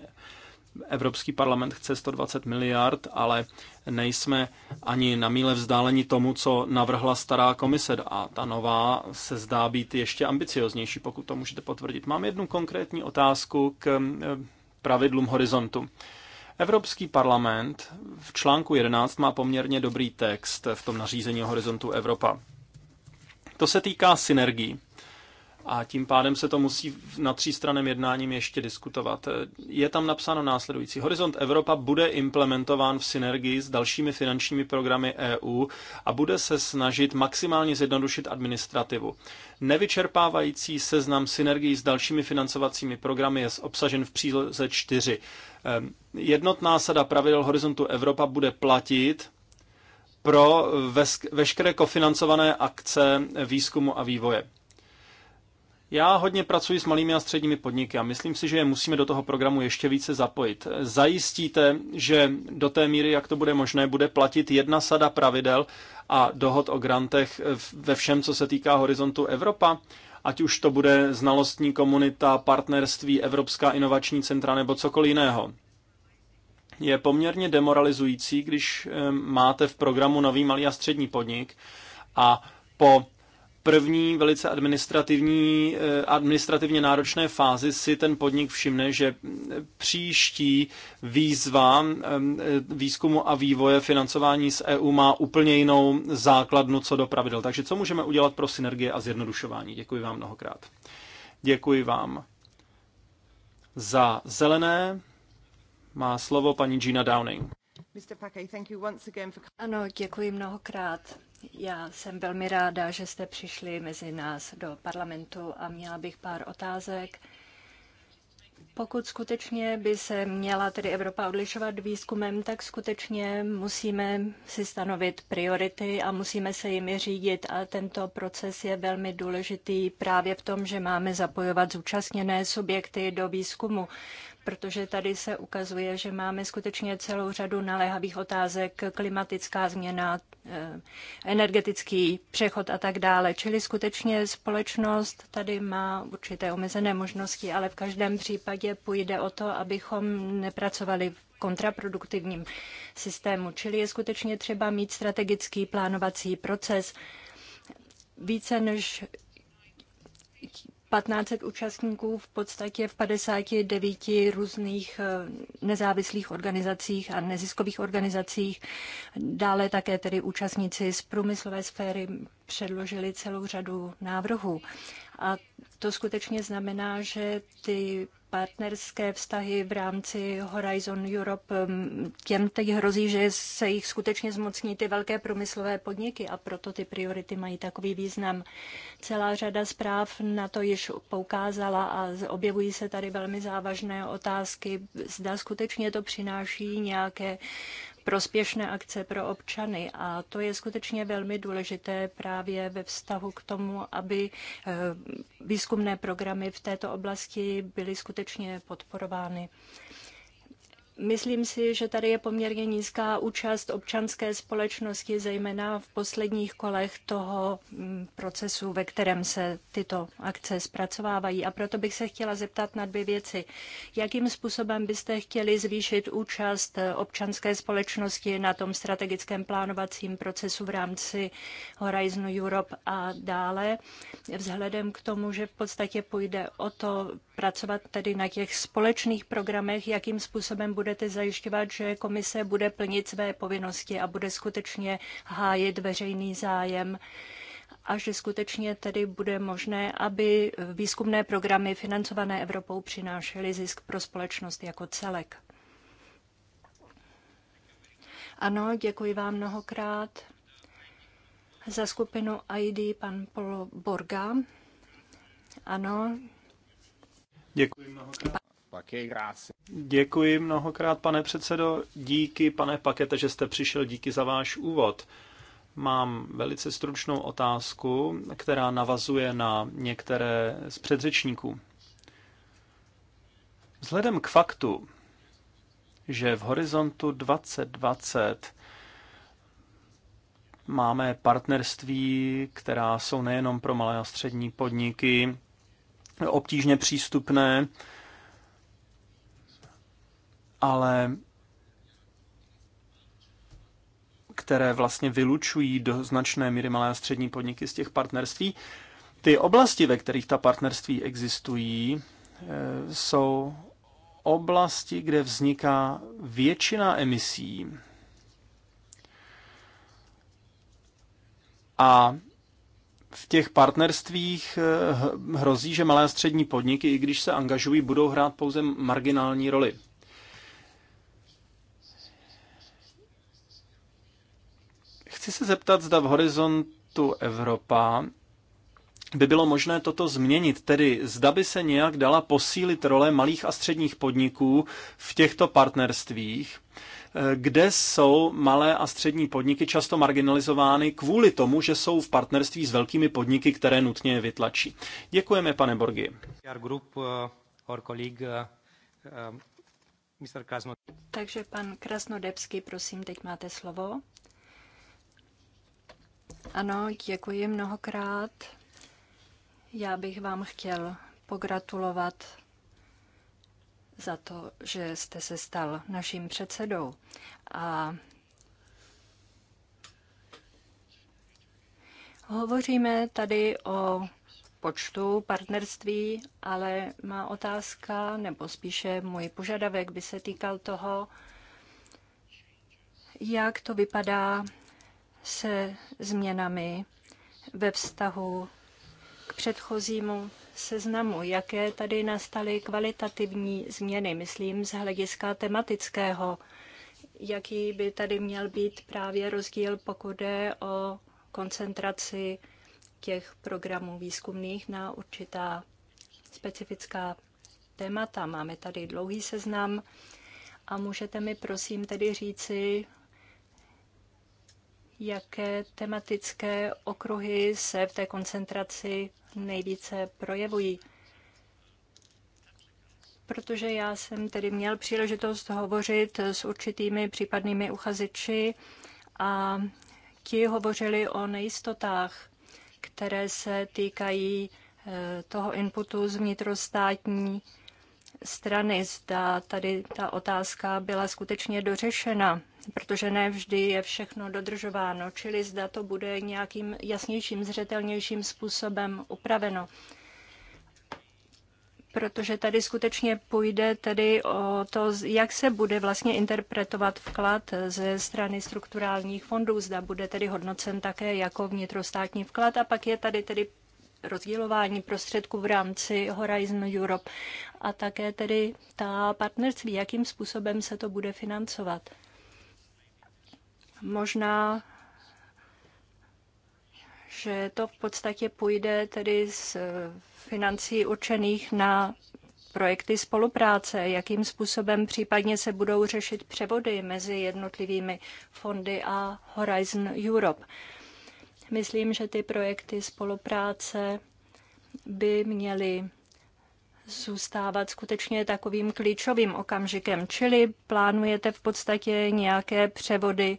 Evropský parlament chce 120 miliard, ale nejsme ani na míle vzdáleni tomu, co navrhla stará komise a ta nová se zdá být ještě ambicioznější, pokud to můžete potvrdit. Mám jednu konkrétní otázku k eh, pravidlům horizontu. Evropský parlament v článku 11 má poměrně dobrý text v tom nařízení o horizontu Evropa. To se týká synergii a tím pádem se to musí na třístraném jednáním ještě diskutovat. Je tam napsáno následující. Horizont Evropa bude implementován v synergii s dalšími finančními programy EU a bude se snažit maximálně zjednodušit administrativu. Nevyčerpávající seznam synergií s dalšími financovacími programy je obsažen v příloze 4. Ehm, jednotná sada pravidel Horizontu Evropa bude platit pro veškeré kofinancované akce výzkumu a vývoje. Já hodně pracuji s malými a středními podniky a myslím si, že je musíme do toho programu ještě více zapojit. Zajistíte, že do té míry, jak to bude možné, bude platit jedna sada pravidel a dohod o grantech ve všem, co se týká horizontu Evropa? Ať už to bude znalostní komunita, partnerství, Evropská inovační centra nebo cokoliv jiného. Je poměrně demoralizující, když máte v programu nový malý a střední podnik a po první velice administrativní, eh, administrativně náročné fázi si ten podnik všimne, že eh, příští výzva eh, výzkumu a vývoje financování z EU má úplně jinou základnu co do pravidel. Takže co můžeme udělat pro synergie a zjednodušování? Děkuji vám mnohokrát. Děkuji vám. Za zelené má slovo paní Gina Downing. Ano, děkuji mnohokrát já jsem velmi ráda, že jste přišli mezi nás do parlamentu a měla bych pár otázek. Pokud skutečně by se měla tedy Evropa odlišovat výzkumem, tak skutečně musíme si stanovit priority a musíme se jimi řídit. A tento proces je velmi důležitý právě v tom, že máme zapojovat zúčastněné subjekty do výzkumu protože tady se ukazuje, že máme skutečně celou řadu naléhavých otázek, klimatická změna, Eh, energetický přechod a tak dále. Čili skutečně společnost tady má určité omezené možnosti, ale v každém případě půjde o to, abychom nepracovali v kontraproduktivním systému. Čili je skutečně třeba mít strategický plánovací proces více než 1500 účastníků v podstatě v 59 různých eh, nezávislých organizacích a neziskových organizacích. Dále také tedy účastníci z průmyslové sféry předložili celou řadu návrhů. A to skutečně znamená, že ty partnerské vztahy v rámci Horizon Europe, mm, těm teď hrozí, že se jich skutečně zmocní ty velké průmyslové podniky a proto ty priority mají takový význam. Celá řada zpráv na to již poukázala a objevují se tady velmi závažné otázky, zda skutečně to přináší nějaké prospěšné akce pro občany. A to je skutečně velmi důležité právě ve vztahu k tomu, aby eh, výzkumné programy v této oblasti byly skutečně podporovány. Myslím si, že tady je poměrně nízká účast občanské společnosti, zejména v posledních kolech toho mm, procesu, ve kterém se tyto akce zpracovávají. A proto bych se chtěla zeptat na dvě věci. Jakým způsobem byste chtěli zvýšit účast občanské společnosti na tom strategickém plánovacím procesu v rámci Horizon Europe a dále, vzhledem k tomu, že v podstatě půjde o to pracovat tedy na těch společných programech, jakým způsobem budete zajišťovat, že komise bude plnit své povinnosti a bude skutečně hájit veřejný zájem a že skutečně tedy bude možné, aby výzkumné programy financované Evropou přinášely zisk pro společnost jako celek. Ano, děkuji vám mnohokrát. Za skupinu ID pan Polo Borga. Ano, Děkuji mnohokrát. Děkuji mnohokrát, pane předsedo. Díky, pane Pakete, že jste přišel. Díky za váš úvod. Mám velice stručnou otázku, která navazuje na některé z předřečníků. Vzhledem k faktu, že v horizontu 2020 máme partnerství, která jsou nejenom pro malé a střední podniky, obtížně přístupné, ale které vlastně vylučují do značné míry malé a střední podniky z těch partnerství. Ty oblasti, ve kterých ta partnerství existují, eh, jsou oblasti, kde vzniká většina emisí. A v těch partnerstvích eh, hrozí, že malé a střední podniky, i když se angažují, budou hrát pouze marginální roli. Chci se zeptat, zda v horizontu Evropa by bylo možné toto změnit, tedy zda by se nějak dala posílit role malých a středních podniků v těchto partnerstvích kde jsou malé a střední podniky často marginalizovány kvůli tomu, že jsou v partnerství s velkými podniky, které nutně je vytlačí. Děkujeme, pane Borgi. Uh, uh, uh, Takže pan Krasnodebský, prosím, teď máte slovo. Ano, děkuji mnohokrát. Já bych vám chtěl pogratulovat za to, že jste se stal naším předsedou. A hovoříme tady o počtu partnerství, ale má otázka, nebo spíše můj požadavek by se týkal toho, jak to vypadá se změnami ve vztahu k předchozímu seznamu, jaké tady nastaly kvalitativní změny, myslím z hlediska tematického, jaký by tady měl být právě rozdíl, pokud jde o koncentraci těch programů výzkumných na určitá specifická témata. Máme tady dlouhý seznam a můžete mi prosím tedy říci, jaké tematické okruhy se v té koncentraci nejvíce projevují. Protože já jsem tedy měl příležitost hovořit s určitými případnými uchazeči a ti hovořili o nejistotách, které se týkají eh, toho inputu z vnitrostátní strany. Zda tady ta otázka byla skutečně dořešena protože ne vždy je všechno dodržováno, čili zda to bude nějakým jasnějším, zřetelnějším způsobem upraveno. Protože tady skutečně půjde tedy o to, jak se bude vlastně interpretovat vklad ze strany strukturálních fondů, zda bude tedy hodnocen také jako vnitrostátní vklad a pak je tady tedy rozdělování prostředků v rámci Horizon Europe a také tedy ta partnerství, jakým způsobem se to bude financovat. Možná, že to v podstatě půjde tedy z eh, financí určených na projekty spolupráce, jakým způsobem případně se budou řešit převody mezi jednotlivými fondy a Horizon Europe. Myslím, že ty projekty spolupráce by měly zůstávat skutečně takovým klíčovým okamžikem, čili plánujete v podstatě nějaké převody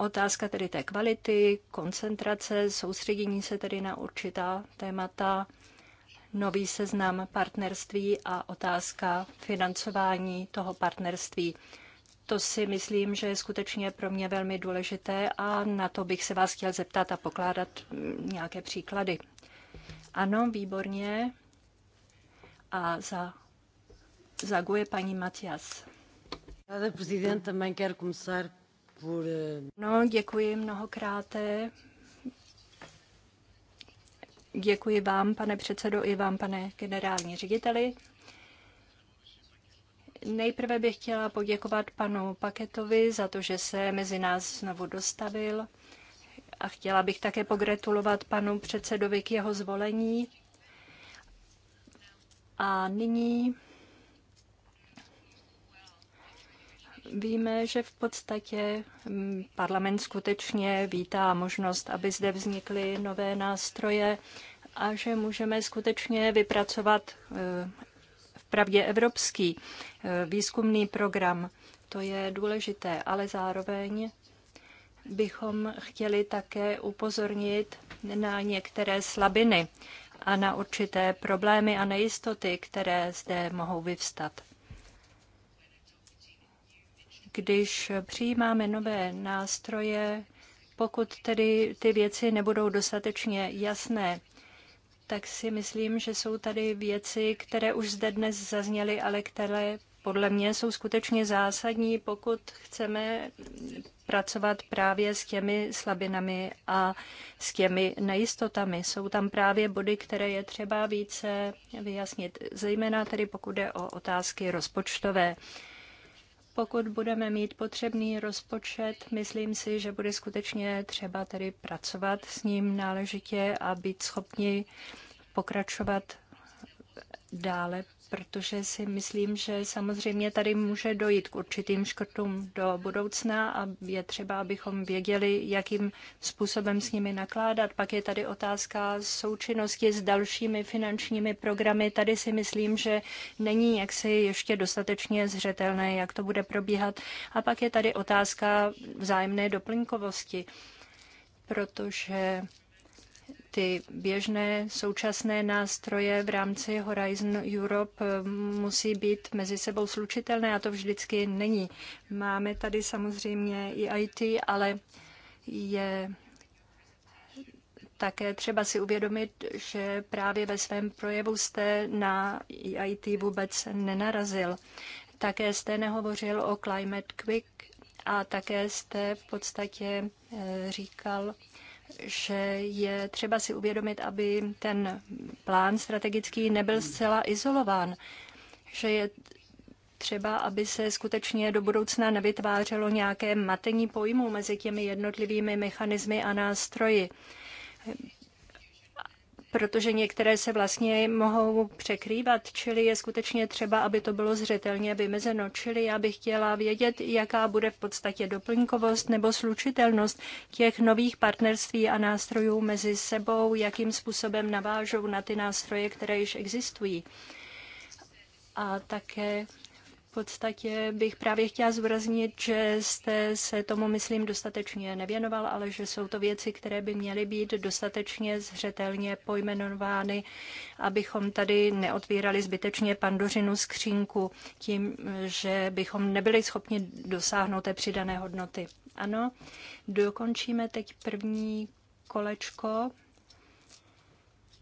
Otázka tedy té kvality, koncentrace, soustředění se tedy na určitá témata, nový seznam partnerství a otázka financování toho partnerství. To si myslím, že je skutečně pro mě velmi důležité a na to bych se vás chtěl zeptat a pokládat mm, nějaké příklady. Ano, výborně. A za, zaguje paní Matias. Pane prezident také quero No, děkuji mnohokrát. Děkuji vám, pane předsedo, i vám, pane generální řediteli. Nejprve bych chtěla poděkovat panu Paketovi za to, že se mezi nás znovu dostavil. A chtěla bych také pogratulovat panu předsedovi k jeho zvolení. A nyní Víme, že v podstatě mm, parlament skutečně vítá možnost, aby zde vznikly nové nástroje a že můžeme skutečně vypracovat eh, v pravdě evropský eh, výzkumný program. To je důležité, ale zároveň bychom chtěli také upozornit na některé slabiny a na určité problémy a nejistoty, které zde mohou vyvstat když přijímáme nové nástroje, pokud tedy ty věci nebudou dostatečně jasné, tak si myslím, že jsou tady věci, které už zde dnes zazněly, ale které podle mě jsou skutečně zásadní, pokud chceme pracovat právě s těmi slabinami a s těmi nejistotami. Jsou tam právě body, které je třeba více vyjasnit, zejména tedy pokud jde o otázky rozpočtové pokud budeme mít potřebný rozpočet, myslím si, že bude skutečně třeba tedy pracovat s ním náležitě a být schopni pokračovat dále protože si myslím, že samozřejmě tady může dojít k určitým škrtům do budoucna a je třeba, abychom věděli, jakým způsobem s nimi nakládat. Pak je tady otázka součinnosti s dalšími finančními programy. Tady si myslím, že není jaksi ještě dostatečně zřetelné, jak to bude probíhat. A pak je tady otázka vzájemné doplňkovosti, protože ty běžné současné nástroje v rámci Horizon Europe eh, musí být mezi sebou slučitelné a to vždycky není. Máme tady samozřejmě i IT, ale je také třeba si uvědomit, že právě ve svém projevu jste na IT vůbec nenarazil. Také jste nehovořil o Climate Quick a také jste v podstatě eh, říkal, že je třeba si uvědomit, aby ten plán strategický nebyl zcela izolován, že je třeba, aby se skutečně do budoucna nevytvářelo nějaké matení pojmů mezi těmi jednotlivými mechanismy a nástroji protože některé se vlastně mohou překrývat, čili je skutečně třeba, aby to bylo zřetelně vymezeno. Čili já bych chtěla vědět, jaká bude v podstatě doplňkovost nebo slučitelnost těch nových partnerství a nástrojů mezi sebou, jakým způsobem navážou na ty nástroje, které již existují. A také podstatě bych právě chtěla zúraznit, že jste se tomu, myslím, dostatečně nevěnoval, ale že jsou to věci, které by měly být dostatečně zřetelně pojmenovány, abychom tady neotvírali zbytečně pandořinu skřínku tím, že bychom nebyli schopni dosáhnout té přidané hodnoty. Ano, dokončíme teď první kolečko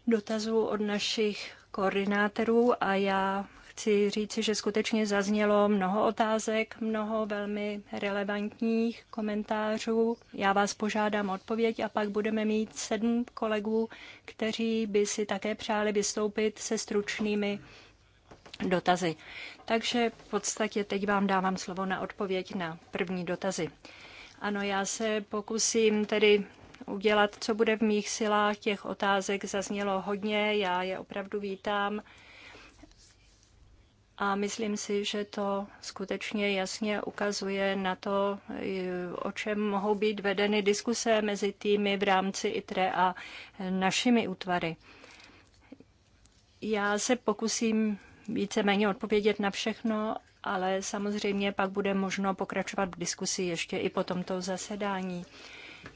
dotazů od našich koordinátorů a já chci říci, že skutečně zaznělo mnoho otázek, mnoho velmi relevantních komentářů. Já vás požádám odpověď a pak budeme mít sedm kolegů, kteří by si také přáli vystoupit se stručnými dotazy. Takže v podstatě teď vám dávám slovo na odpověď na první dotazy. Ano, já se pokusím tedy udělat, co bude v mých silách. Těch otázek zaznělo hodně, já je opravdu vítám. A myslím si, že to skutečně jasně ukazuje na to, o čem mohou být vedeny diskuse mezi týmy v rámci ITRE a našimi útvary. Já se pokusím víceméně odpovědět na všechno, ale samozřejmě pak bude možno pokračovat v diskusi ještě i po tomto zasedání.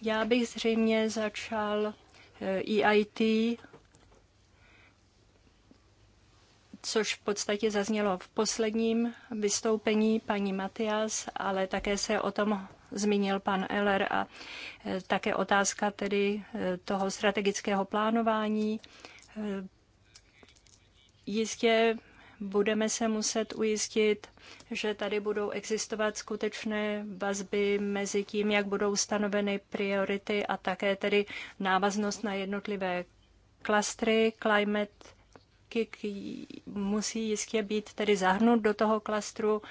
Já bych zřejmě začal EIT eh, e což v podstatě zaznělo v posledním vystoupení paní Matias, ale také se o tom zmínil pan Eller a eh, také otázka tedy eh, toho strategického plánování. Eh, jistě budeme se muset ujistit, že tady budou existovat skutečné vazby mezi tím, jak budou stanoveny priority a také tedy návaznost na jednotlivé klastry, climate prvky musí jistě být tedy zahrnut do toho klastru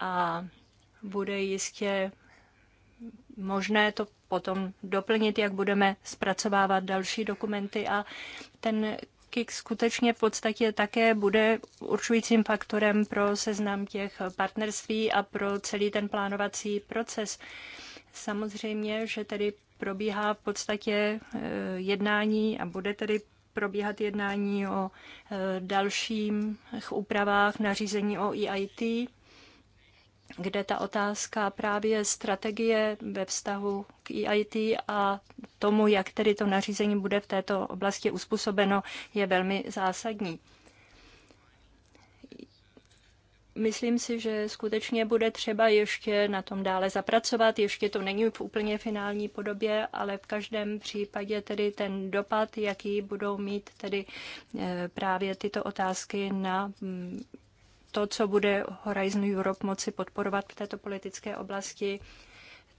a bude jistě možné to potom doplnit, jak budeme zpracovávat další dokumenty a ten KIK skutečně v podstatě také bude určujícím faktorem pro seznam těch partnerství a pro celý ten plánovací proces. Samozřejmě, že tedy probíhá v podstatě eh, jednání a bude tedy probíhat jednání o e, dalších úpravách nařízení o EIT, kde ta otázka právě strategie ve vztahu k EIT a tomu, jak tedy to nařízení bude v této oblasti uspůsobeno, je velmi zásadní myslím si, že skutečně bude třeba ještě na tom dále zapracovat. Ještě to není v úplně finální podobě, ale v každém případě tedy ten dopad, jaký budou mít tedy eh, právě tyto otázky na mm, to, co bude Horizon Europe moci podporovat v této politické oblasti,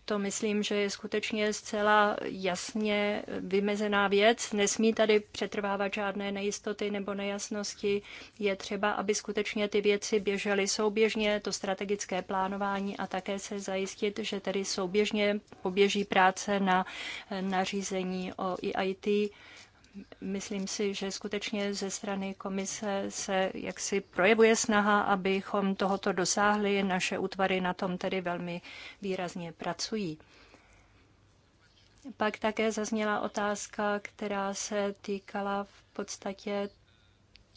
to myslím, že je skutečně zcela jasně vymezená věc. Nesmí tady přetrvávat žádné nejistoty nebo nejasnosti. Je třeba, aby skutečně ty věci běžely souběžně, to strategické plánování a také se zajistit, že tedy souběžně poběží práce na nařízení o EIT Myslím si, že skutečně ze strany komise se jaksi projevuje snaha, abychom tohoto dosáhli. Naše útvary na tom tedy velmi výrazně pracují. Pak také zazněla otázka, která se týkala v podstatě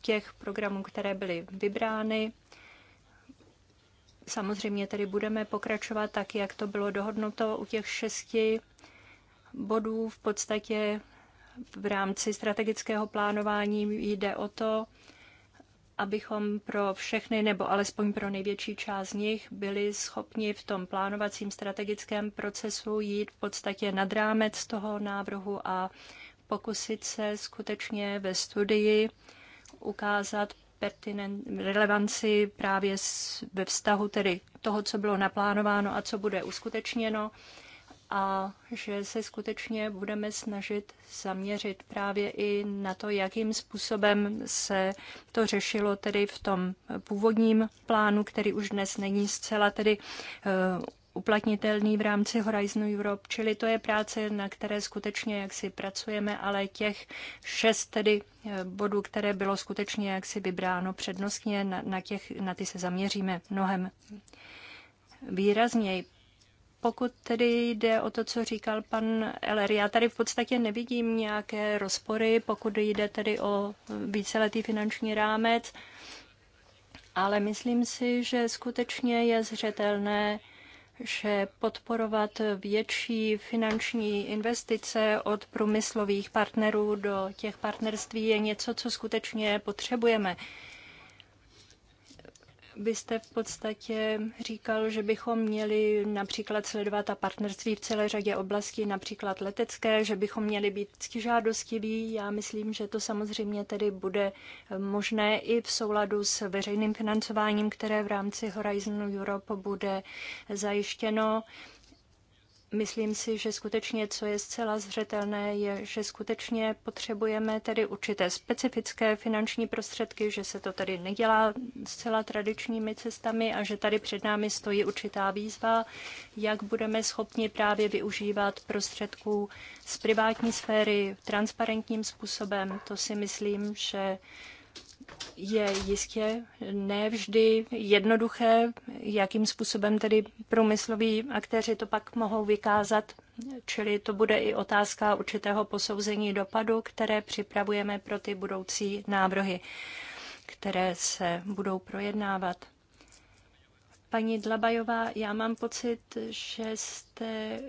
těch programů, které byly vybrány. Samozřejmě tedy budeme pokračovat tak, jak to bylo dohodnuto u těch šesti bodů. V podstatě v rámci strategického plánování jde o to, abychom pro všechny, nebo alespoň pro největší část z nich, byli schopni v tom plánovacím strategickém procesu jít v podstatě nad rámec toho návrhu a pokusit se skutečně ve studii ukázat pertinent, relevanci právě ve vztahu tedy toho, co bylo naplánováno a co bude uskutečněno a že se skutečně budeme snažit zaměřit právě i na to, jakým způsobem se to řešilo tedy v tom původním plánu, který už dnes není zcela tedy eh, uplatnitelný v rámci Horizon Europe, čili to je práce, na které skutečně jaksi pracujeme, ale těch šest tedy eh, bodů, které bylo skutečně jaksi vybráno přednostně, na, na, těch, na ty se zaměříme mnohem výrazněji. Pokud tedy jde o to, co říkal pan Eller, já tady v podstatě nevidím nějaké rozpory, pokud jde tedy o víceletý finanční rámec, ale myslím si, že skutečně je zřetelné, že podporovat větší finanční investice od průmyslových partnerů do těch partnerství je něco, co skutečně potřebujeme byste v podstatě říkal, že bychom měli například sledovat a partnerství v celé řadě oblastí, například letecké, že bychom měli být žádostiví. Já myslím, že to samozřejmě tedy bude možné i v souladu s veřejným financováním, které v rámci Horizon Europe bude zajištěno myslím si, že skutečně, co je zcela zřetelné, je, že skutečně potřebujeme tedy určité specifické finanční prostředky, že se to tady nedělá zcela tradičními cestami a že tady před námi stojí určitá výzva, jak budeme schopni právě využívat prostředků z privátní sféry transparentním způsobem. To si myslím, že je jistě nevždy jednoduché, jakým způsobem tedy průmysloví aktéři to pak mohou vykázat. Čili to bude i otázka určitého posouzení dopadu, které připravujeme pro ty budoucí návrhy, které se budou projednávat. Paní Dlabajová, já mám pocit, že jste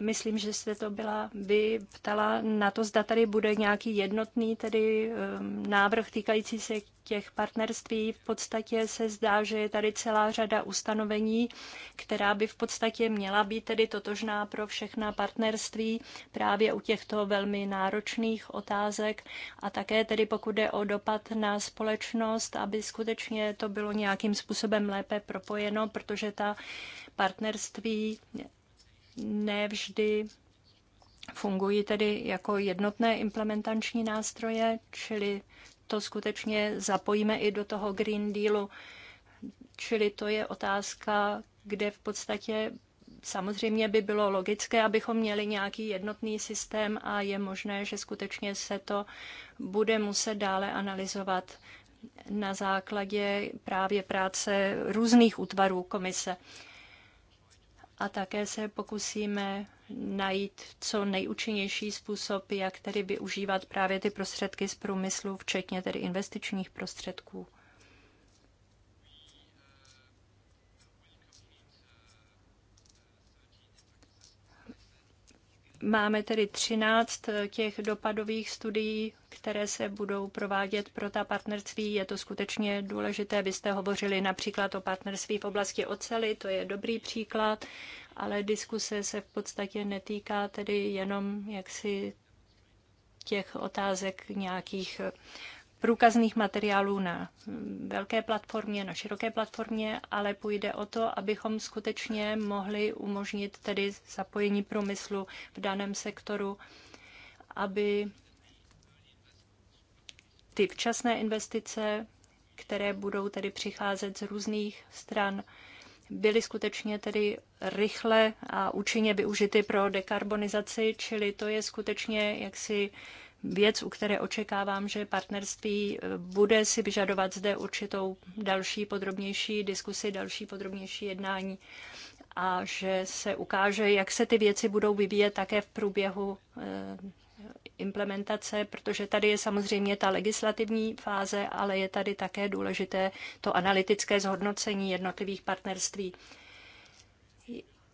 myslím, že jste to byla vy ptala na to, zda tady bude nějaký jednotný tedy um, návrh týkající se těch partnerství. V podstatě se zdá, že je tady celá řada ustanovení, která by v podstatě měla být tedy totožná pro všechna partnerství právě u těchto velmi náročných otázek a také tedy pokud jde o dopad na společnost, aby skutečně to bylo nějakým způsobem lépe propojeno, protože ta partnerství nevždy fungují tedy jako jednotné implementační nástroje, čili to skutečně zapojíme i do toho Green Dealu. Čili to je otázka, kde v podstatě samozřejmě by bylo logické, abychom měli nějaký jednotný systém a je možné, že skutečně se to bude muset dále analyzovat na základě právě práce různých útvarů komise a také se pokusíme najít co nejúčinnější způsob, jak tedy využívat právě ty prostředky z průmyslu, včetně tedy investičních prostředků. Máme tedy 13 eh, těch dopadových studií, které se budou provádět pro ta partnerství. Je to skutečně důležité. byste hovořili například o partnerství v oblasti ocely, to je dobrý příklad, ale diskuse se v podstatě netýká tedy jenom jaksi těch otázek nějakých eh, průkazných materiálů na velké platformě, na široké platformě, ale půjde o to, abychom skutečně mohli umožnit tedy zapojení průmyslu v daném sektoru, aby ty včasné investice, které budou tedy přicházet z různých stran, byly skutečně tedy rychle a účinně využity pro dekarbonizaci, čili to je skutečně jaksi věc, u které očekávám, že partnerství eh, bude si vyžadovat zde určitou další podrobnější diskusi, další podrobnější jednání a že se ukáže, jak se ty věci budou vyvíjet také v průběhu eh, implementace, protože tady je samozřejmě ta legislativní fáze, ale je tady také důležité to analytické zhodnocení jednotlivých partnerství.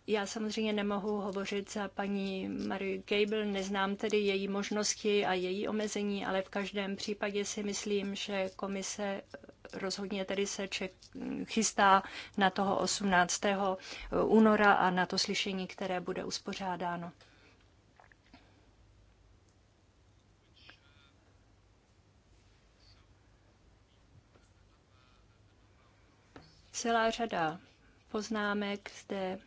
Já samozřejmě nemohu hovořit za paní Mary Gable, neznám tedy její možnosti a její omezení, ale v každém případě si myslím, že komise rozhodně tedy se ček, chystá na toho 18. února a na to slyšení, které bude uspořádáno. Celá řada poznámek zde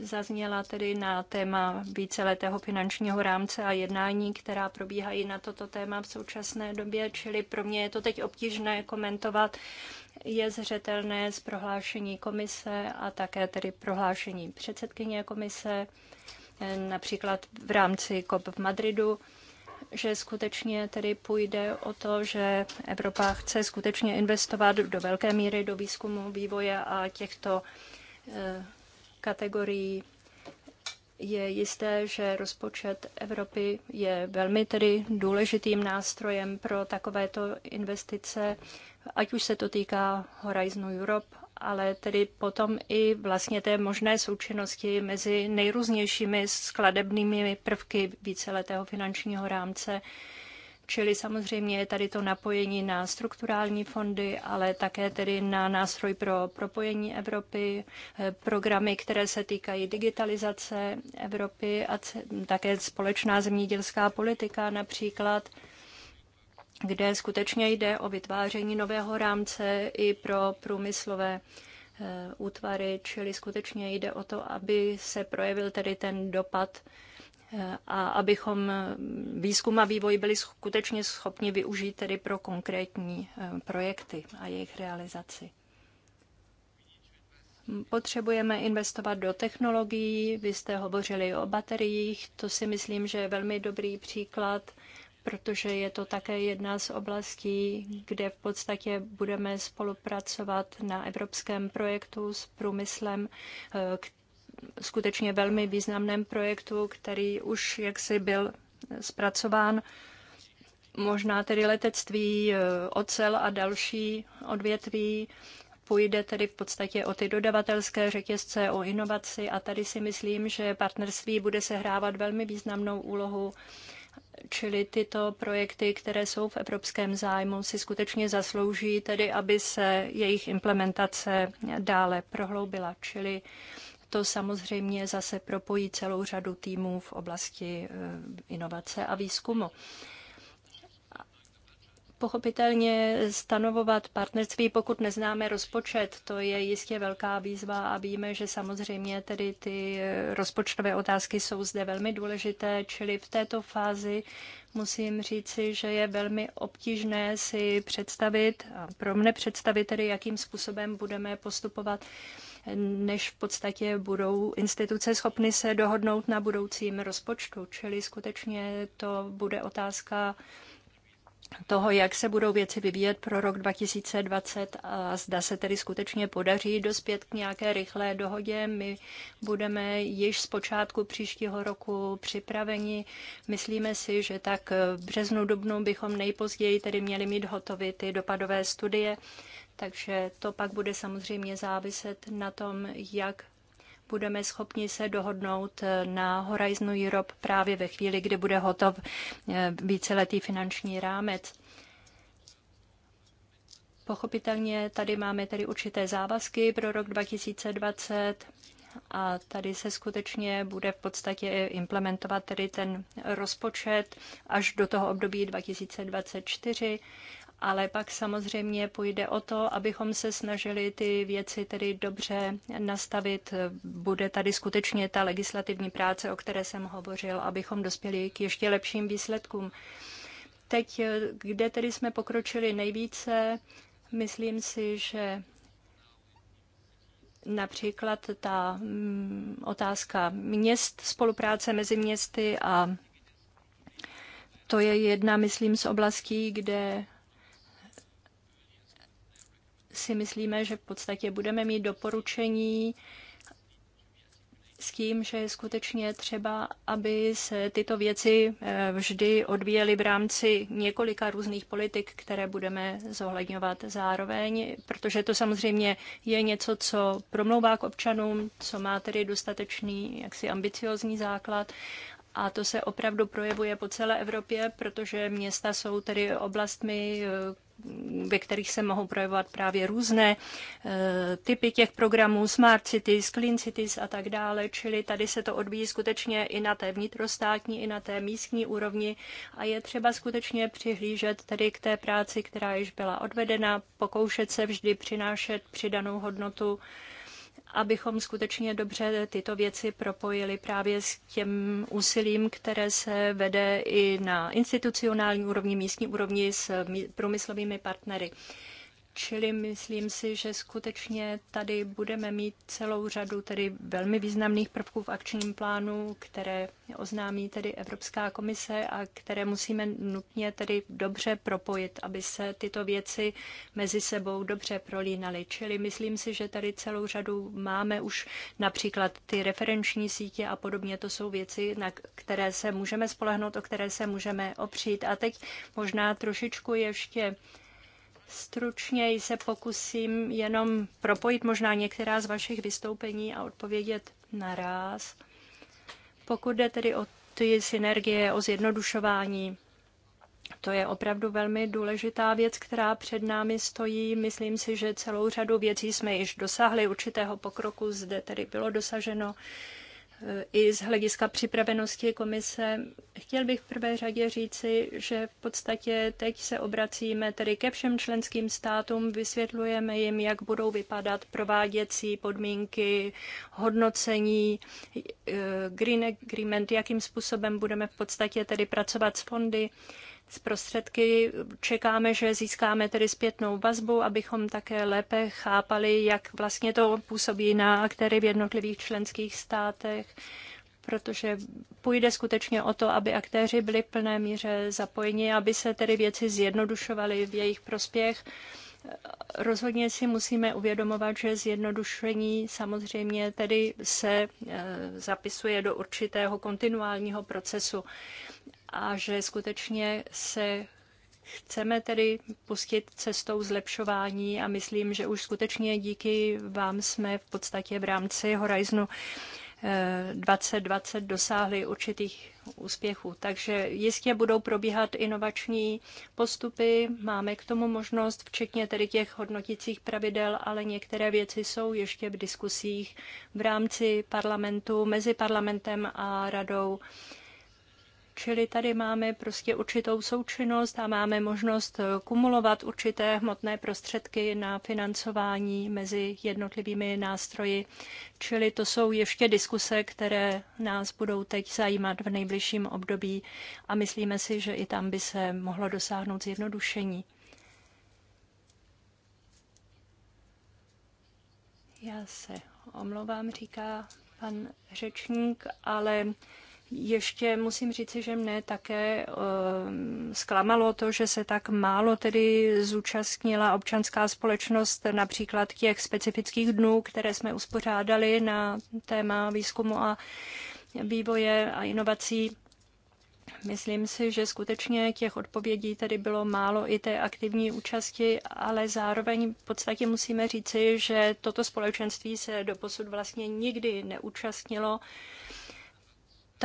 zazněla tedy na téma víceletého finančního rámce a jednání, která probíhají na toto téma v současné době, čili pro mě je to teď obtížné komentovat. Je zřetelné z prohlášení komise a také tedy prohlášení předsedkyně komise, eh, například v rámci COP v Madridu, že skutečně tedy půjde o to, že Evropa chce skutečně investovat do velké míry do výzkumu, vývoje a těchto eh, kategorií. Je jisté, že rozpočet Evropy je velmi tedy důležitým nástrojem pro takovéto investice, ať už se to týká Horizonu Europe, ale tedy potom i vlastně té možné součinnosti mezi nejrůznějšími skladebnými prvky víceletého finančního rámce Čili samozřejmě je tady to napojení na strukturální fondy, ale také tedy na nástroj pro propojení Evropy, eh, programy, které se týkají digitalizace Evropy a také společná zemědělská politika například kde skutečně jde o vytváření nového rámce i pro průmyslové eh, útvary, čili skutečně jde o to, aby se projevil tedy ten dopad a abychom výzkum a vývoj byli skutečně schopni využít tedy pro konkrétní eh, projekty a jejich realizaci. Potřebujeme investovat do technologií, vy jste hovořili o bateriích, to si myslím, že je velmi dobrý příklad, protože je to také jedna z oblastí, kde v podstatě budeme spolupracovat na evropském projektu s průmyslem, který eh, skutečně velmi významném projektu, který už jaksi byl zpracován. Možná tedy letectví, eh, ocel a další odvětví. Půjde tedy v podstatě o ty dodavatelské řetězce, o inovaci a tady si myslím, že partnerství bude sehrávat velmi významnou úlohu čili tyto projekty, které jsou v evropském zájmu, si skutečně zaslouží tedy, aby se jejich implementace dále prohloubila. Čili to samozřejmě zase propojí celou řadu týmů v oblasti eh, inovace a výzkumu pochopitelně stanovovat partnerství, pokud neznáme rozpočet. To je jistě velká výzva a víme, že samozřejmě tedy ty eh, rozpočtové otázky jsou zde velmi důležité, čili v této fázi musím říci, že je velmi obtížné si představit, a pro mne představit tedy, jakým způsobem budeme postupovat než v podstatě budou instituce schopny se dohodnout na budoucím rozpočtu. Čili skutečně to bude otázka toho, jak se budou věci vyvíjet pro rok 2020 a zda se tedy skutečně podaří dospět k nějaké rychlé dohodě. My budeme již z počátku příštího roku připraveni. Myslíme si, že tak v březnu, dubnu bychom nejpozději tedy měli mít hotovy ty dopadové studie takže to pak bude samozřejmě záviset na tom, jak budeme schopni se dohodnout eh, na Horizon Europe právě ve chvíli, kdy bude hotov eh, víceletý finanční rámec. Pochopitelně tady máme tedy určité závazky pro rok 2020 a tady se skutečně bude v podstatě implementovat tedy ten rozpočet až do toho období 2024 ale pak samozřejmě půjde o to, abychom se snažili ty věci tedy dobře nastavit. Bude tady skutečně ta legislativní práce, o které jsem hovořil, abychom dospěli k ještě lepším výsledkům. Teď, kde tedy jsme pokročili nejvíce, myslím si, že například ta mm, otázka měst, spolupráce mezi městy a to je jedna, myslím, z oblastí, kde si myslíme, že v podstatě budeme mít doporučení s tím, že je skutečně třeba, aby se tyto věci eh, vždy odvíjely v rámci několika různých politik, které budeme zohledňovat zároveň, protože to samozřejmě je něco, co promlouvá k občanům, co má tedy dostatečný, jaksi ambiciozní základ a to se opravdu projevuje po celé Evropě, protože města jsou tedy oblastmi, eh, ve kterých se mohou projevovat právě různé eh, typy těch programů, Smart Cities, Clean Cities a tak dále, čili tady se to odvíjí skutečně i na té vnitrostátní, i na té místní úrovni a je třeba skutečně přihlížet tedy k té práci, která již byla odvedena, pokoušet se vždy přinášet přidanou hodnotu abychom skutečně dobře tyto věci propojili právě s těm úsilím, které se vede i na institucionální úrovni, místní úrovni s průmyslovými partnery. Čili myslím si, že skutečně tady budeme mít celou řadu tedy velmi významných prvků v akčním plánu, které oznámí tedy Evropská komise a které musíme nutně tedy dobře propojit, aby se tyto věci mezi sebou dobře prolínaly. Čili myslím si, že tady celou řadu máme už například ty referenční sítě a podobně. To jsou věci, na které se můžeme spolehnout, o které se můžeme opřít. A teď možná trošičku ještě Stručně se pokusím jenom propojit možná některá z vašich vystoupení a odpovědět naraz. Pokud jde tedy o ty synergie, o zjednodušování, to je opravdu velmi důležitá věc, která před námi stojí. Myslím si, že celou řadu věcí jsme již dosáhli, určitého pokroku zde tedy bylo dosaženo i z hlediska připravenosti komise. Chtěl bych v prvé řadě říci, že v podstatě teď se obracíme tedy ke všem členským státům, vysvětlujeme jim, jak budou vypadat prováděcí podmínky, hodnocení, eh, green agreement, jakým způsobem budeme v podstatě tedy pracovat s fondy z prostředky. Čekáme, že získáme tedy zpětnou vazbu, abychom také lépe chápali, jak vlastně to působí na aktéry v jednotlivých členských státech protože půjde skutečně o to, aby aktéři byli v plné míře zapojeni, aby se tedy věci zjednodušovaly v jejich prospěch. Rozhodně si musíme uvědomovat, že zjednodušení samozřejmě tedy se eh, zapisuje do určitého kontinuálního procesu a že skutečně se chceme tedy pustit cestou zlepšování a myslím, že už skutečně díky vám jsme v podstatě v rámci Horizonu 2020 eh, dosáhli určitých úspěchů. Takže jistě budou probíhat inovační postupy, máme k tomu možnost, včetně tedy těch hodnotících pravidel, ale některé věci jsou ještě v diskusích v rámci parlamentu, mezi parlamentem a radou Čili tady máme prostě určitou součinnost a máme možnost eh, kumulovat určité hmotné prostředky na financování mezi jednotlivými nástroji. Čili to jsou ještě diskuse, které nás budou teď zajímat v nejbližším období a myslíme si, že i tam by se mohlo dosáhnout zjednodušení. Já se omlouvám, říká pan řečník, ale ještě musím říci, že mne také ehm, zklamalo to, že se tak málo tedy zúčastnila občanská společnost například těch specifických dnů, které jsme uspořádali na téma výzkumu a vývoje a inovací. Myslím si, že skutečně těch odpovědí tady bylo málo i té aktivní účasti, ale zároveň v podstatě musíme říci, že toto společenství se doposud vlastně nikdy neúčastnilo uh,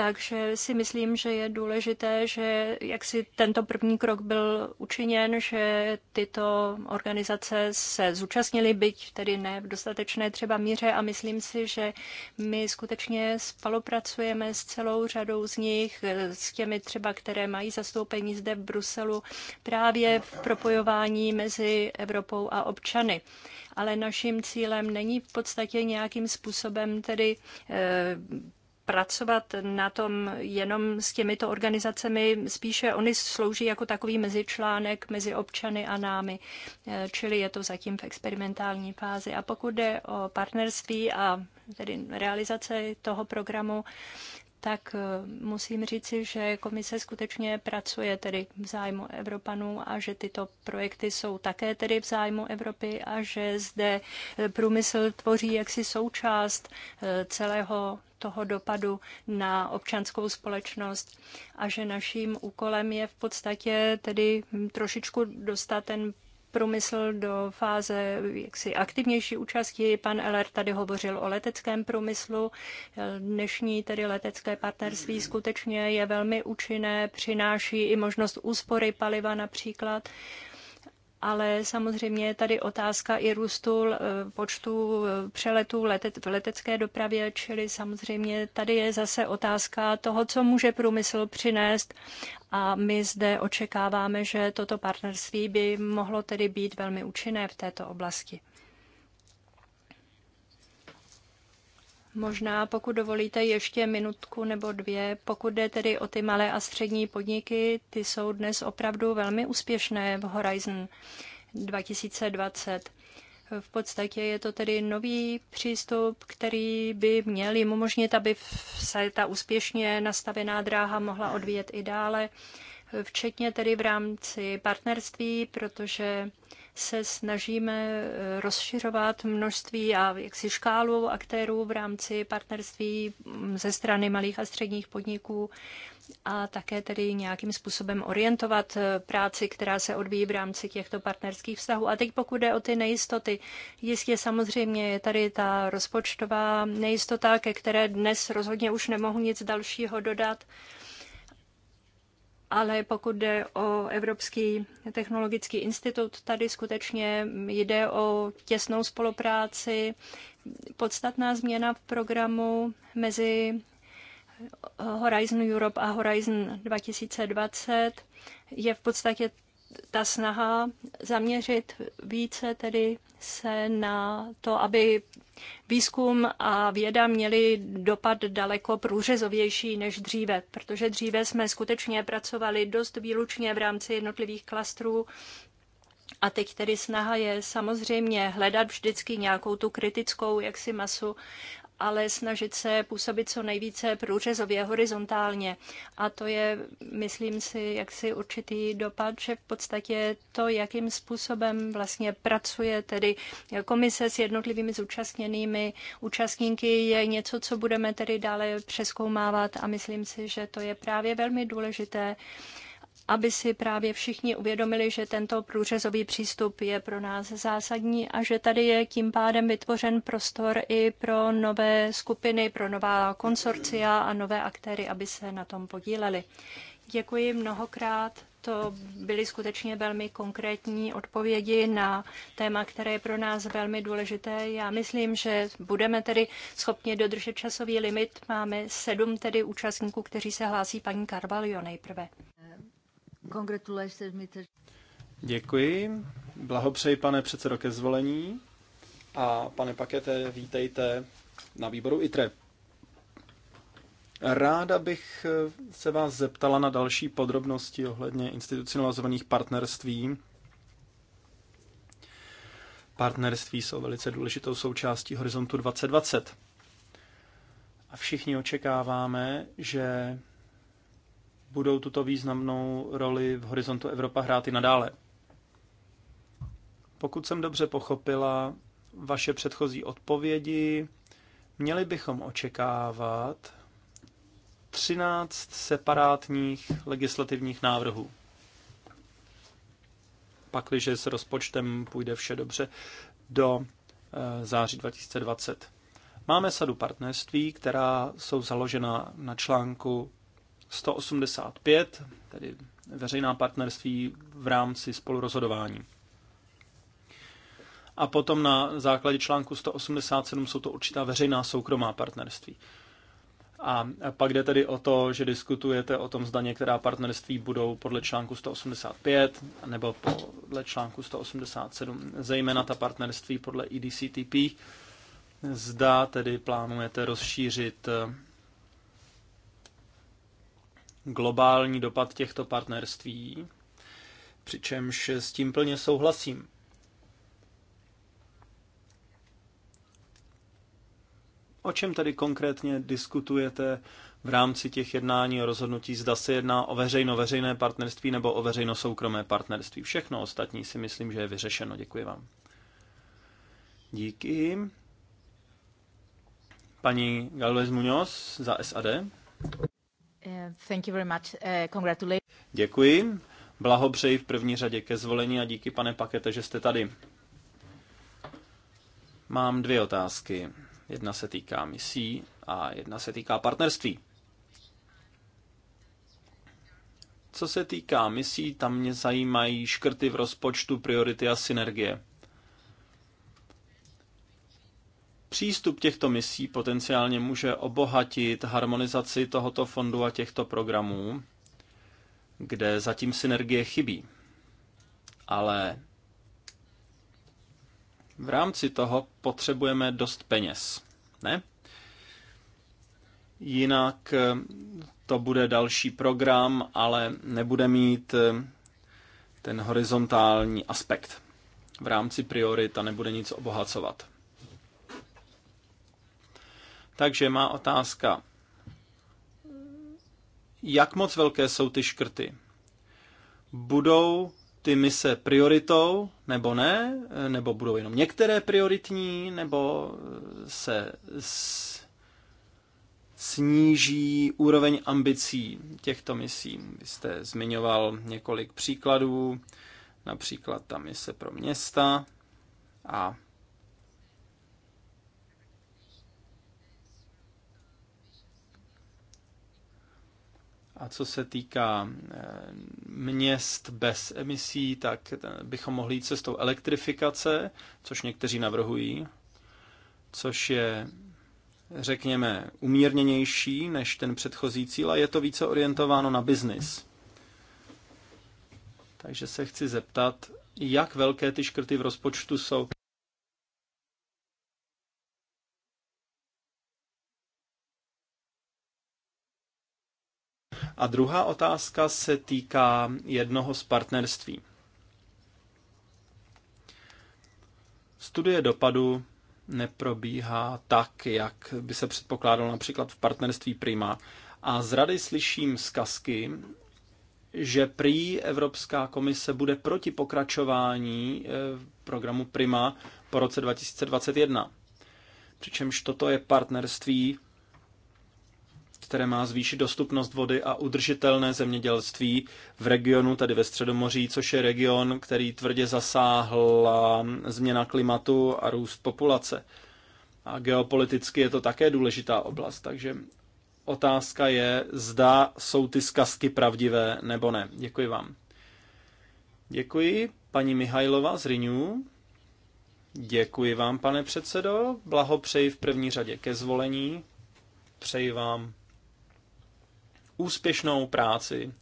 takže si myslím, že je důležité, že jak si tento první krok byl učiněn, že tyto organizace se zúčastnily, byť tedy ne v dostatečné třeba míře a myslím si, že my skutečně spolupracujeme s celou řadou z nich, s těmi třeba, které mají zastoupení zde v Bruselu, právě v propojování mezi Evropou a občany. Ale naším cílem není v podstatě nějakým způsobem tedy eh, pracovat na tom jenom s těmito organizacemi, spíše oni slouží jako takový mezičlánek mezi občany a námi, eh, čili je to zatím v experimentální fázi. A pokud jde o partnerství a tedy realizace toho programu, tak eh, musím říci, že komise skutečně pracuje tedy v zájmu Evropanů a že tyto projekty jsou také tedy v zájmu Evropy a že zde eh, průmysl tvoří jaksi součást eh, celého toho dopadu na občanskou společnost a že naším úkolem je v podstatě tedy hm, trošičku dostat ten průmysl do fáze jaksi aktivnější účasti. Pan Eller tady hovořil o leteckém průmyslu. Dnešní tedy letecké partnerství skutečně je velmi účinné, přináší i možnost úspory paliva například ale samozřejmě je tady otázka i růstu eh, počtu eh, přeletů v letecké dopravě, čili samozřejmě tady je zase otázka toho, co může průmysl přinést a my zde očekáváme, že toto partnerství by mohlo tedy být velmi účinné v této oblasti. Možná, pokud dovolíte, ještě minutku nebo dvě. Pokud jde tedy o ty malé a střední podniky, ty jsou dnes opravdu velmi úspěšné v Horizon 2020. V podstatě je to tedy nový přístup, který by měl jim umožnit, aby se ta úspěšně nastavená dráha mohla odvíjet i dále, včetně tedy v rámci partnerství, protože se snažíme eh, rozšiřovat množství a jaksi škálu aktérů v rámci partnerství mm, ze strany malých a středních podniků a také tedy nějakým způsobem orientovat eh, práci, která se odvíjí v rámci těchto partnerských vztahů. A teď pokud jde o ty nejistoty, jistě samozřejmě je tady ta rozpočtová nejistota, ke které dnes rozhodně už nemohu nic dalšího dodat. Ale pokud jde o Evropský technologický institut, tady skutečně jde o těsnou spolupráci. Podstatná změna v programu mezi Horizon Europe a Horizon 2020 je v podstatě ta snaha zaměřit více tedy se na to, aby výzkum a věda měly dopad daleko průřezovější než dříve, protože dříve jsme skutečně pracovali dost výlučně v rámci jednotlivých klastrů a teď tedy snaha je samozřejmě hledat vždycky nějakou tu kritickou jaksi masu ale snažit se působit co nejvíce průřezově, horizontálně. A to je, myslím si, jaksi určitý dopad, že v podstatě to, jakým způsobem vlastně pracuje tedy komise s jednotlivými zúčastněnými účastníky, je něco, co budeme tedy dále přeskoumávat a myslím si, že to je právě velmi důležité, aby si právě všichni uvědomili, že tento průřezový přístup je pro nás zásadní a že tady je tím pádem vytvořen prostor i pro nové skupiny, pro nová konsorcia a nové aktéry, aby se na tom podíleli. Děkuji mnohokrát. To byly skutečně velmi konkrétní odpovědi na téma, které je pro nás velmi důležité. Já myslím, že budeme tedy schopni dodržet časový limit. Máme sedm tedy účastníků, kteří se hlásí paní Carvalho nejprve. Děkuji. Blahopřeji, pane předsedo, ke zvolení. A pane Pakete, vítejte na výboru ITRE. Ráda bych se vás zeptala na další podrobnosti ohledně institucionalizovaných partnerství. Partnerství jsou velice důležitou součástí Horizontu 2020. A všichni očekáváme, že budou tuto významnou roli v horizontu Evropa hrát i nadále. Pokud jsem dobře pochopila vaše předchozí odpovědi, měli bychom očekávat 13 separátních legislativních návrhů. Pakliže s rozpočtem půjde vše dobře do eh, září 2020. Máme sadu partnerství, která jsou založena na článku 185, tedy veřejná partnerství v rámci spolurozhodování. A potom na základě článku 187 jsou to určitá veřejná soukromá partnerství. A pak jde tedy o to, že diskutujete o tom, zda některá partnerství budou podle článku 185 nebo podle článku 187, zejména ta partnerství podle EDCTP, zda tedy plánujete rozšířit globální dopad těchto partnerství, přičemž s tím plně souhlasím. O čem tedy konkrétně diskutujete v rámci těch jednání o rozhodnutí, zda se jedná o veřejno-veřejné partnerství nebo o veřejno-soukromé partnerství? Všechno ostatní si myslím, že je vyřešeno. Děkuji vám. Díky. Paní Galvez Muñoz za SAD thank you very much. Eh, Congratulations. Děkuji. Blahopřeji v první řadě ke zvolení a díky, pane Pakete, že jste tady. Mám dvě otázky. Jedna se týká misí a jedna se týká partnerství. Co se týká misí, tam mě zajímají škrty v rozpočtu, priority a synergie. Přístup těchto misí potenciálně může obohatit harmonizaci tohoto fondu a těchto programů, kde zatím synergie chybí. Ale v rámci toho potřebujeme dost peněz, ne? Jinak eh, to bude další program, ale nebude mít eh, ten horizontální aspekt. V rámci priorita nebude nic obohacovat. Takže má otázka. Jak moc velké jsou ty škrty? Budou ty mise prioritou, nebo ne, nebo budou jenom některé prioritní, nebo se sníží úroveň ambicí těchto misí. Vy jste zmiňoval několik příkladů, například ta mise pro města a A co se týká eh, měst bez emisí, tak bychom mohli jít cestou elektrifikace, což někteří navrhují, což je, řekněme, umírněnější než ten předchozí cíl a je to více orientováno na biznis. Takže se chci zeptat, jak velké ty škrty v rozpočtu jsou. A druhá otázka se týká jednoho z partnerství. Studie dopadu neprobíhá tak, jak by se předpokládalo například v partnerství Prima. A z rady slyším zkazky, že prý Evropská komise bude proti pokračování eh, programu Prima po roce 2021. Přičemž toto je partnerství které má zvýšit dostupnost vody a udržitelné zemědělství v regionu, tedy ve Středomoří, což je region, který tvrdě zasáhla změna klimatu a růst populace. A geopoliticky je to také důležitá oblast, takže otázka je, zda jsou ty zkazky pravdivé nebo ne. Děkuji vám. Děkuji, paní Mihajlova z Riňů. Děkuji vám, pane předsedo. Blahopřeji v první řadě ke zvolení. Přeji vám úspěšnou práci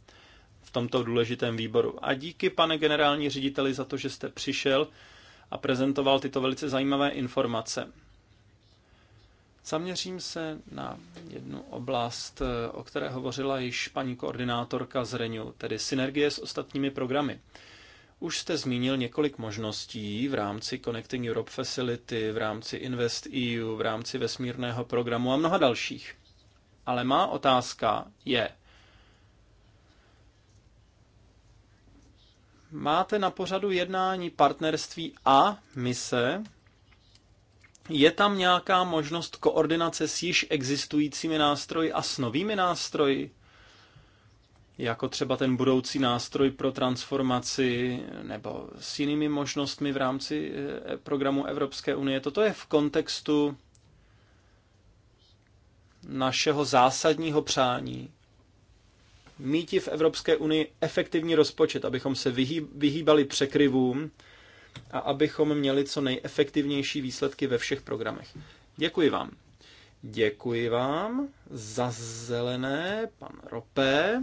v tomto důležitém výboru. A díky, pane generální řediteli, za to, že jste přišel a prezentoval tyto velice zajímavé informace. Zaměřím se na jednu oblast, eh, o které hovořila již paní koordinátorka z Renu, tedy synergie s ostatními programy. Už jste zmínil několik možností v rámci Connecting Europe Facility, v rámci Invest EU, v rámci vesmírného programu a mnoha dalších. Ale má otázka je, máte na pořadu jednání partnerství a mise, je tam nějaká možnost koordinace s již existujícími nástroji a s novými nástroji? Jako třeba ten budoucí nástroj pro transformaci nebo s jinými možnostmi v rámci eh, programu Evropské unie. Toto je v kontextu našeho zásadního přání míti v Evropské unii efektivní rozpočet, abychom se vyhýbali překryvům a abychom měli co nejefektivnější výsledky ve všech programech. Děkuji vám. Děkuji vám za zelené, pan Rope.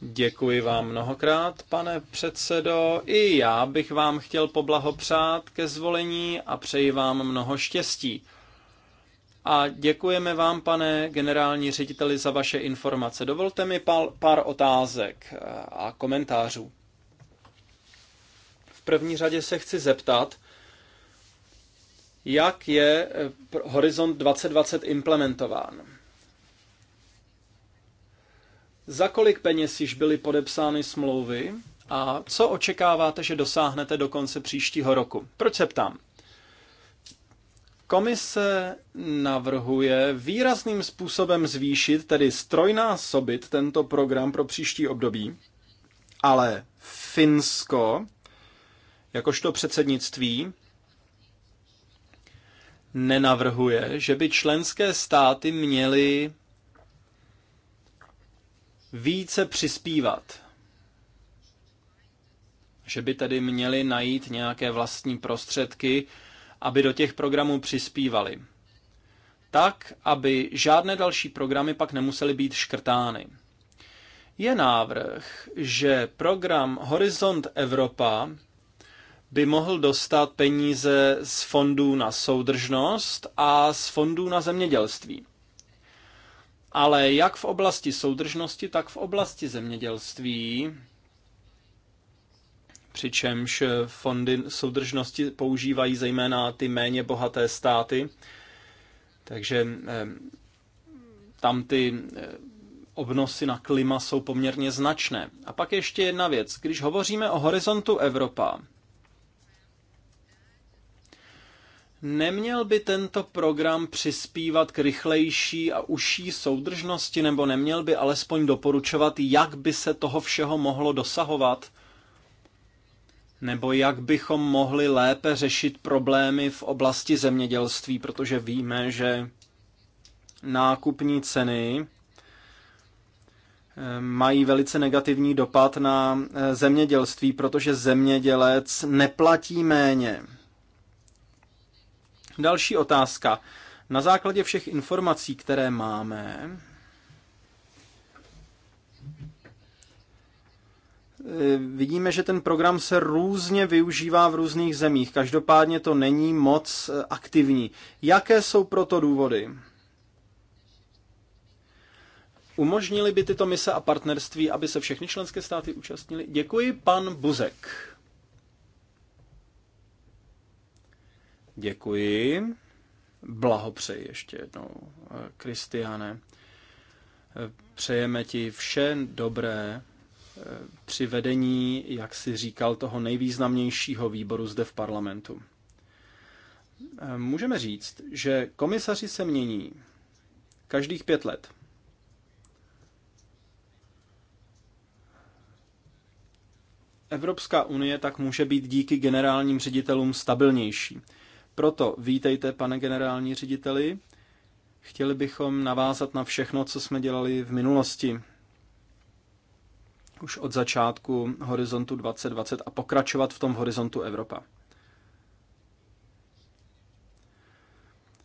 Děkuji vám mnohokrát, pane předsedo. I já bych vám chtěl poblahopřát ke zvolení a přeji vám mnoho štěstí. A děkujeme vám, pane generální řediteli, za vaše informace. Dovolte mi pár, pár otázek a komentářů. V první řadě se chci zeptat, jak je eh, Horizont 2020 implementován za kolik peněz již byly podepsány smlouvy a co očekáváte, že dosáhnete do konce příštího roku? Proč se ptám? Komise navrhuje výrazným způsobem zvýšit, tedy strojnásobit tento program pro příští období, ale Finsko, jakožto předsednictví, nenavrhuje, že by členské státy měly více přispívat. Že by tedy měli najít nějaké vlastní prostředky, aby do těch programů přispívali. Tak, aby žádné další programy pak nemusely být škrtány. Je návrh, že program Horizont Evropa by mohl dostat peníze z fondů na soudržnost a z fondů na zemědělství ale jak v oblasti soudržnosti, tak v oblasti zemědělství, přičemž fondy soudržnosti používají zejména ty méně bohaté státy, takže eh, tam ty eh, obnosy na klima jsou poměrně značné. A pak ještě jedna věc. Když hovoříme o horizontu Evropa, Neměl by tento program přispívat k rychlejší a užší soudržnosti, nebo neměl by alespoň doporučovat, jak by se toho všeho mohlo dosahovat? Nebo jak bychom mohli lépe řešit problémy v oblasti zemědělství, protože víme, že nákupní ceny eh, mají velice negativní dopad na eh, zemědělství, protože zemědělec neplatí méně Další otázka. Na základě všech informací, které máme, eh, vidíme, že ten program se různě využívá v různých zemích. Každopádně to není moc eh, aktivní. Jaké jsou proto důvody? Umožnili by tyto mise a partnerství, aby se všechny členské státy účastnili? Děkuji, pan Buzek. Děkuji. Blahopřeji ještě jednou, eh, Kristiane. Přejeme ti vše dobré eh, při vedení, jak si říkal, toho nejvýznamnějšího výboru zde v parlamentu. Eh, můžeme říct, že komisaři se mění každých pět let. Evropská unie tak může být díky generálním ředitelům stabilnější. Proto vítejte, pane generální řediteli. Chtěli bychom navázat na všechno, co jsme dělali v minulosti. Už od začátku Horizontu 2020 a pokračovat v tom Horizontu Evropa.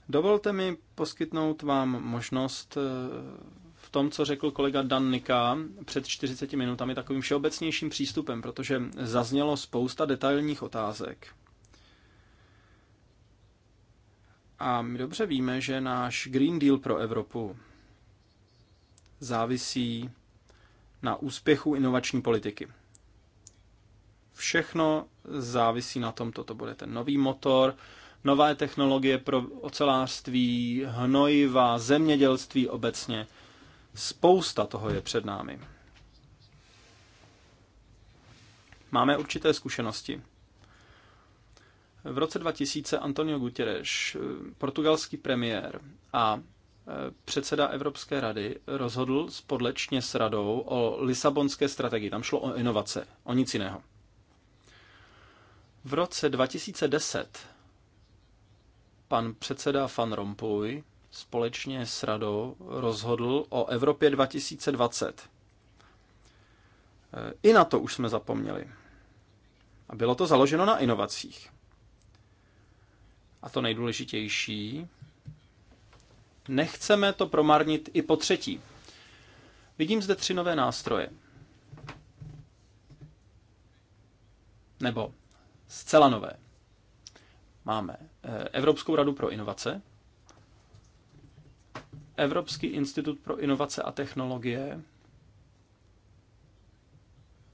Dovolte mi poskytnout vám možnost eh, v tom, co řekl kolega Dan Nika před 40 minutami, takovým všeobecnějším přístupem, protože zaznělo spousta detailních otázek. A my dobře víme, že náš Green Deal pro Evropu závisí na úspěchu inovační politiky. Všechno závisí na tom, toto bude ten nový motor, nové technologie pro ocelářství, hnojiva, zemědělství obecně. Spousta toho je před námi. Máme určité zkušenosti v roce 2000 Antonio Guterres, eh, portugalský premiér a eh, předseda Evropské rady, rozhodl společně s radou o Lisabonské strategii. Tam šlo o inovace, o nic jiného. V roce 2010 pan předseda Van Rompuy společně s radou rozhodl o Evropě 2020. Eh, I na to už jsme zapomněli. A bylo to založeno na inovacích a to nejdůležitější, nechceme to promarnit i po třetí. Vidím zde tři nové nástroje. Nebo zcela nové. Máme eh, Evropskou radu pro inovace, Evropský institut pro inovace a technologie,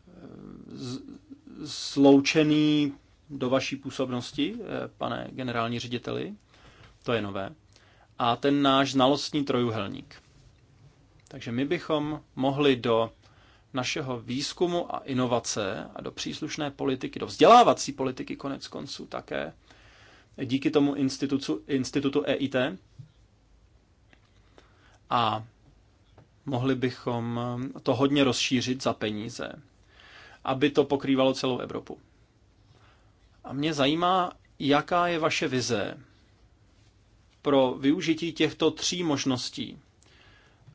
eh, sloučený do vaší působnosti, eh, pane generální řediteli. To je nové. A ten náš znalostní trojuhelník. Takže my bychom mohli do našeho výzkumu a inovace a do příslušné politiky, do vzdělávací politiky konec konců také, díky tomu institutu, e institutu EIT. A mohli bychom to hodně rozšířit za peníze, aby to pokrývalo celou Evropu. A mě zajímá, jaká je vaše vize pro využití těchto tří možností,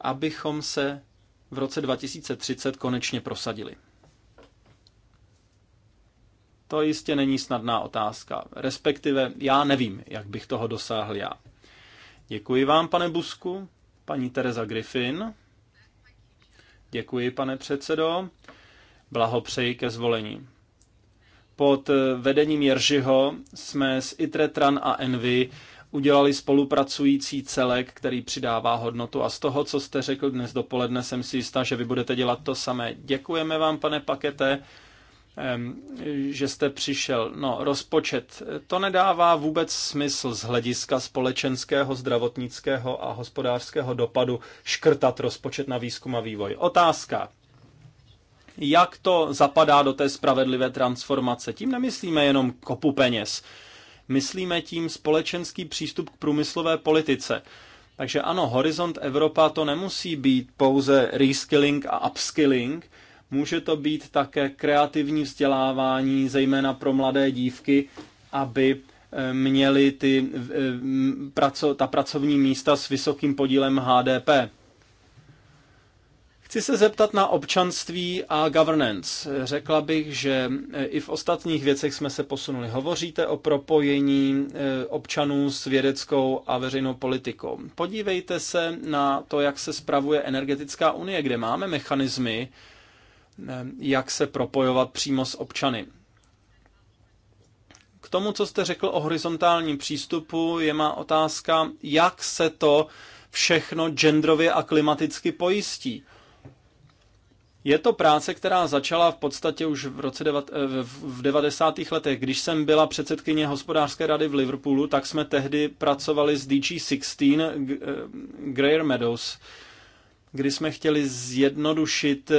abychom se v roce 2030 konečně prosadili. To jistě není snadná otázka. Respektive já nevím, jak bych toho dosáhl já. Děkuji vám, pane Busku, paní Tereza Griffin. Děkuji, pane předsedo. Blahopřeji ke zvolení pod eh, vedením Jeržiho jsme s Itretran a Envy udělali spolupracující celek, který přidává hodnotu. A z toho, co jste řekl dnes dopoledne, jsem si jistá, že vy budete dělat to samé. Děkujeme vám, pane Pakete, že jste přišel. No, rozpočet. To nedává vůbec smysl z hlediska společenského, zdravotnického a hospodářského dopadu škrtat rozpočet na výzkum a vývoj. Otázka jak to zapadá do té spravedlivé transformace. Tím nemyslíme jenom kopu peněz. Myslíme tím společenský přístup k průmyslové politice. Takže ano, Horizont Evropa to nemusí být pouze reskilling a upskilling, může to být také kreativní vzdělávání, zejména pro mladé dívky, aby eh, měly ty, eh, ta pracovní místa s vysokým podílem HDP. Chci se zeptat na občanství a governance. Řekla bych, že eh, i v ostatních věcech jsme se posunuli. Hovoříte o propojení eh, občanů s vědeckou a veřejnou politikou. Podívejte se na to, jak se spravuje energetická unie, kde máme mechanismy, eh, jak se propojovat přímo s občany. K tomu, co jste řekl o horizontálním přístupu, je má otázka, jak se to všechno genderově a klimaticky pojistí je to práce, která začala v podstatě už v, roce eh, v 90. letech. Když jsem byla předsedkyně hospodářské rady v Liverpoolu, tak jsme tehdy pracovali s DG16 eh, Greyer Meadows, kdy jsme chtěli zjednodušit eh,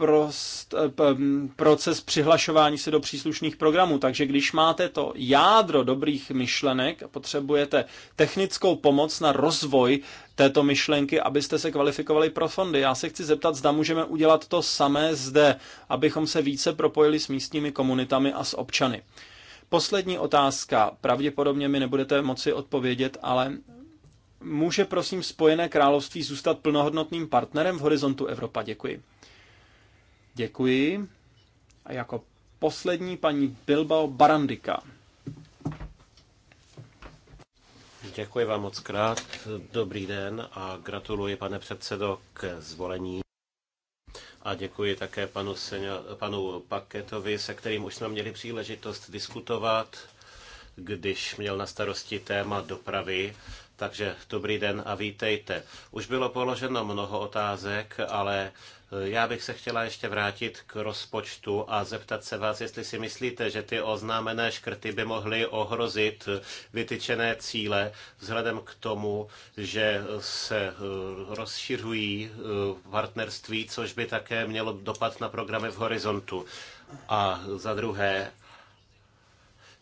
prost, eh, proces přihlašování se do příslušných programů. Takže když máte to jádro dobrých myšlenek, potřebujete technickou pomoc na rozvoj této myšlenky, abyste se kvalifikovali pro fondy. Já se chci zeptat, zda můžeme udělat to samé zde, abychom se více propojili s místními komunitami a s občany. Poslední otázka. Pravděpodobně mi nebudete moci odpovědět, ale může prosím Spojené království zůstat plnohodnotným partnerem v horizontu Evropa? Děkuji. Děkuji. A jako poslední paní Bilbao Barandika. Děkuji vám moc krát. Dobrý den a gratuluji, pane předsedo, k zvolení. A děkuji také panu, senior, panu Paketovi, se kterým už jsme měli příležitost diskutovat, když měl na starosti téma dopravy takže dobrý den a vítejte. Už bylo položeno mnoho otázek, ale e, já bych se chtěla ještě vrátit k rozpočtu a zeptat se vás, jestli si myslíte, že ty oznámené škrty by mohly ohrozit vytyčené cíle vzhledem k tomu, že se e, rozšiřují e, partnerství, což by také mělo dopad na programy v horizontu. A za druhé,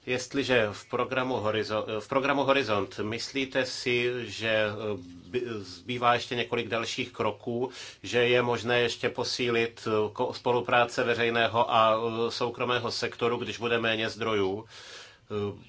Jestliže v programu, Horizont, v programu Horizont myslíte si, že eh, zbývá ještě několik dalších kroků, že je možné ještě posílit eh, spolupráce veřejného a eh, soukromého sektoru, když bude méně zdrojů,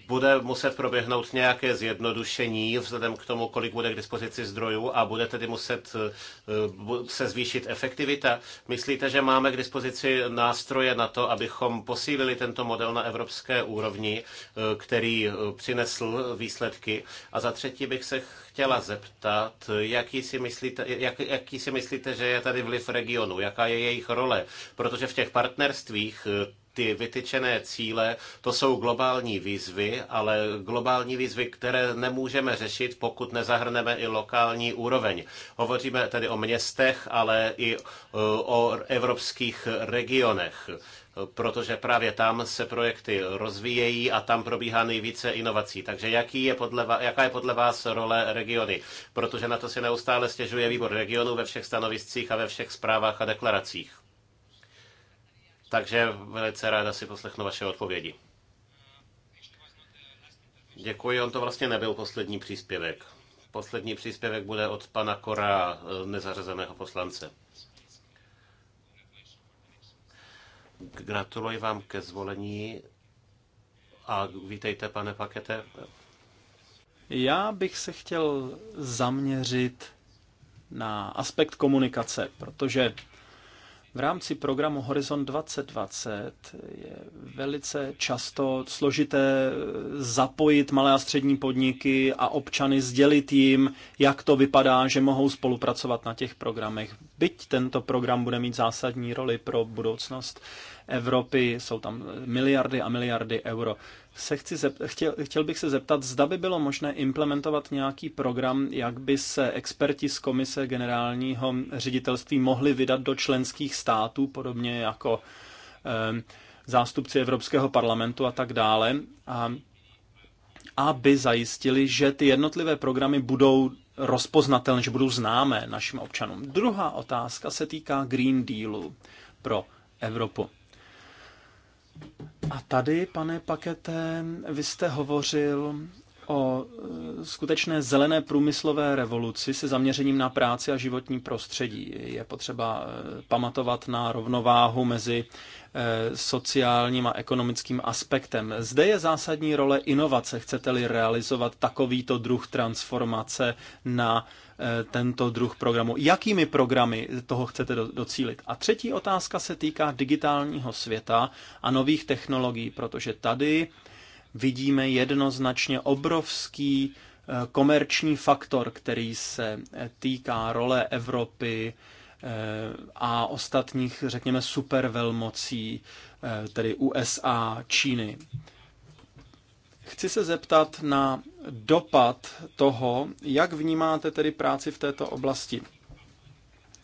bude muset proběhnout nějaké zjednodušení vzhledem k tomu, kolik bude k dispozici zdrojů a bude tedy muset eh, se zvýšit efektivita. Myslíte, že máme k dispozici nástroje na to, abychom posílili tento model na evropské úrovni, eh, který eh, přinesl výsledky? A za třetí bych se chtěla zeptat, jaký si, myslíte, jak, jaký si myslíte, že je tady vliv regionu, jaká je jejich role, protože v těch partnerstvích ty vytyčené cíle, to jsou globální výzvy, ale globální výzvy, které nemůžeme řešit, pokud nezahrneme i lokální úroveň. Hovoříme tedy o městech, ale i e, o evropských regionech protože právě tam se projekty rozvíjejí a tam probíhá nejvíce inovací. Takže jaký je podle, jaká je podle vás role regiony? Protože na to se neustále stěžuje výbor regionu ve všech stanoviscích a ve všech zprávách a deklaracích. Takže velice rád si poslechnu vaše odpovědi. Děkuji, on to vlastně nebyl poslední příspěvek. Poslední příspěvek bude od pana Kora, eh, nezařazeného poslance. Gratuluji vám ke zvolení a vítejte, pane Pakete. Já bych se chtěl zaměřit na aspekt komunikace, protože v rámci programu Horizon 2020 je velice často složité zapojit malé a střední podniky a občany, sdělit jim, jak to vypadá, že mohou spolupracovat na těch programech. Byť tento program bude mít zásadní roli pro budoucnost Evropy, jsou tam miliardy a miliardy euro se chci zept, chtěl, chtěl bych se zeptat, zda by bylo možné implementovat nějaký program, jak by se experti z komise generálního ředitelství mohli vydat do členských států, podobně jako eh, zástupci Evropského parlamentu a tak dále, a, aby zajistili, že ty jednotlivé programy budou rozpoznatelné, že budou známé našim občanům. Druhá otázka se týká Green Dealu pro Evropu. A tady, pane Pakete, vy jste hovořil o e, skutečné zelené průmyslové revoluci se zaměřením na práci a životní prostředí. Je potřeba e, pamatovat na rovnováhu mezi e, sociálním a ekonomickým aspektem. Zde je zásadní role inovace, chcete-li realizovat takovýto druh transformace na Eh, tento druh programu. Jakými programy toho chcete docílit? A třetí otázka se týká digitálního světa a nových technologií, protože tady vidíme jednoznačně obrovský eh, komerční faktor, který se eh, týká role Evropy a ostatních, řekněme, supervelmocí, tedy USA, Číny. Chci se zeptat na dopad toho, jak vnímáte tedy práci v této oblasti.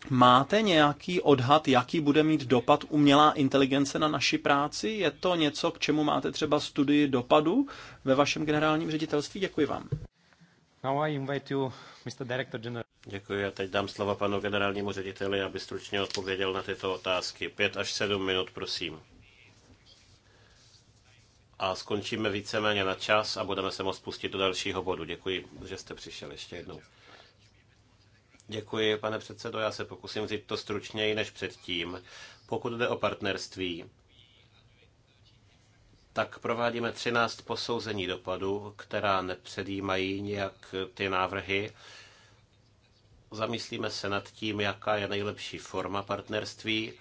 Máte nějaký odhad, jaký bude mít dopad umělá inteligence na naši práci? Je to něco, k čemu máte třeba studii dopadu ve vašem generálním ředitelství? Děkuji vám. Now I invite you, Mr. Director General. Děkuji a teď dám slovo panu generálnímu řediteli, aby stručně odpověděl na tyto otázky. Pět až sedm minut, prosím a skončíme víceméně na čas a budeme se moct pustit do dalšího bodu. Děkuji, že jste přišel ještě jednou. Děkuji, pane předsedo. Já se pokusím vzít to stručněji než předtím. Pokud jde o partnerství, tak provádíme 13 posouzení dopadu, která nepředjímají nějak ty návrhy. Zamyslíme se nad tím, jaká je nejlepší forma partnerství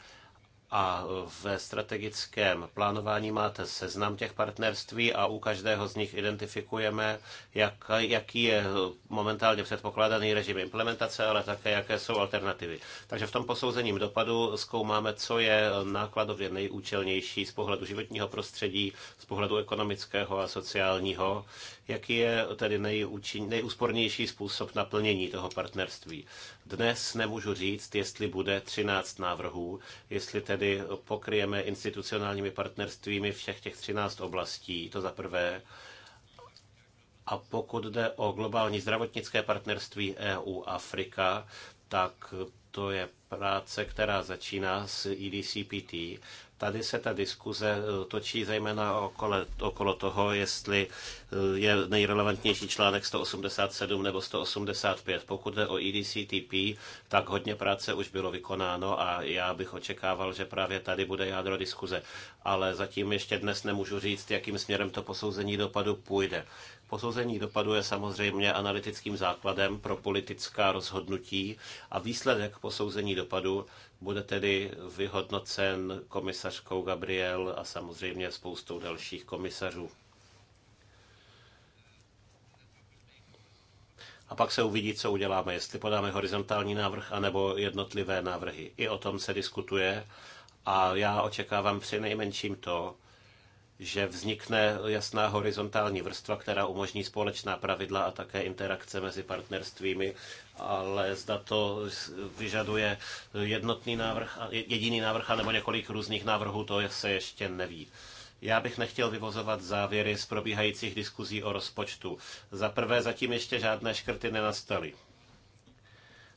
a ve strategickém plánování máte seznam těch partnerství a u každého z nich identifikujeme, jak, jaký je momentálně předpokládaný režim implementace, ale také jaké jsou alternativy. Takže v tom posouzením dopadu zkoumáme, co je nákladově nejúčelnější z pohledu životního prostředí, z pohledu ekonomického a sociálního, jaký je tedy nejúčin, nejúspornější způsob naplnění toho partnerství. Dnes nemůžu říct, jestli bude 13 návrhů, jestli tedy pokryjeme institucionálními partnerstvími všech těch 13 oblastí, to za prvé. A pokud jde o globální zdravotnické partnerství EU-Afrika, tak to je práce, která začíná s EDCPT Tady se ta diskuze eh, točí zejména okolo, okolo toho, jestli eh, je nejrelevantnější článek 187 nebo 185. Pokud jde o EDCTP, tak hodně práce už bylo vykonáno a já bych očekával, že právě tady bude jádro diskuze. Ale zatím ještě dnes nemůžu říct, jakým směrem to posouzení dopadu půjde. Posouzení dopadu je samozřejmě analytickým základem pro politická rozhodnutí a výsledek posouzení dopadu bude tedy vyhodnocen komisařkou Gabriel a samozřejmě spoustou dalších komisařů. a pak se uvidí, co uděláme, jestli podáme horizontální návrh anebo jednotlivé návrhy. I o tom se diskutuje a já očekávám při nejmenším to, že vznikne jasná horizontální vrstva, která umožní společná pravidla a také interakce mezi partnerstvími, ale zda to vyžaduje jednotný návrh, jediný návrh nebo několik různých návrhů, to se ještě neví. Já bych nechtěl vyvozovat závěry z probíhajících diskuzí o rozpočtu. Za prvé, zatím ještě žádné škrty nenastaly.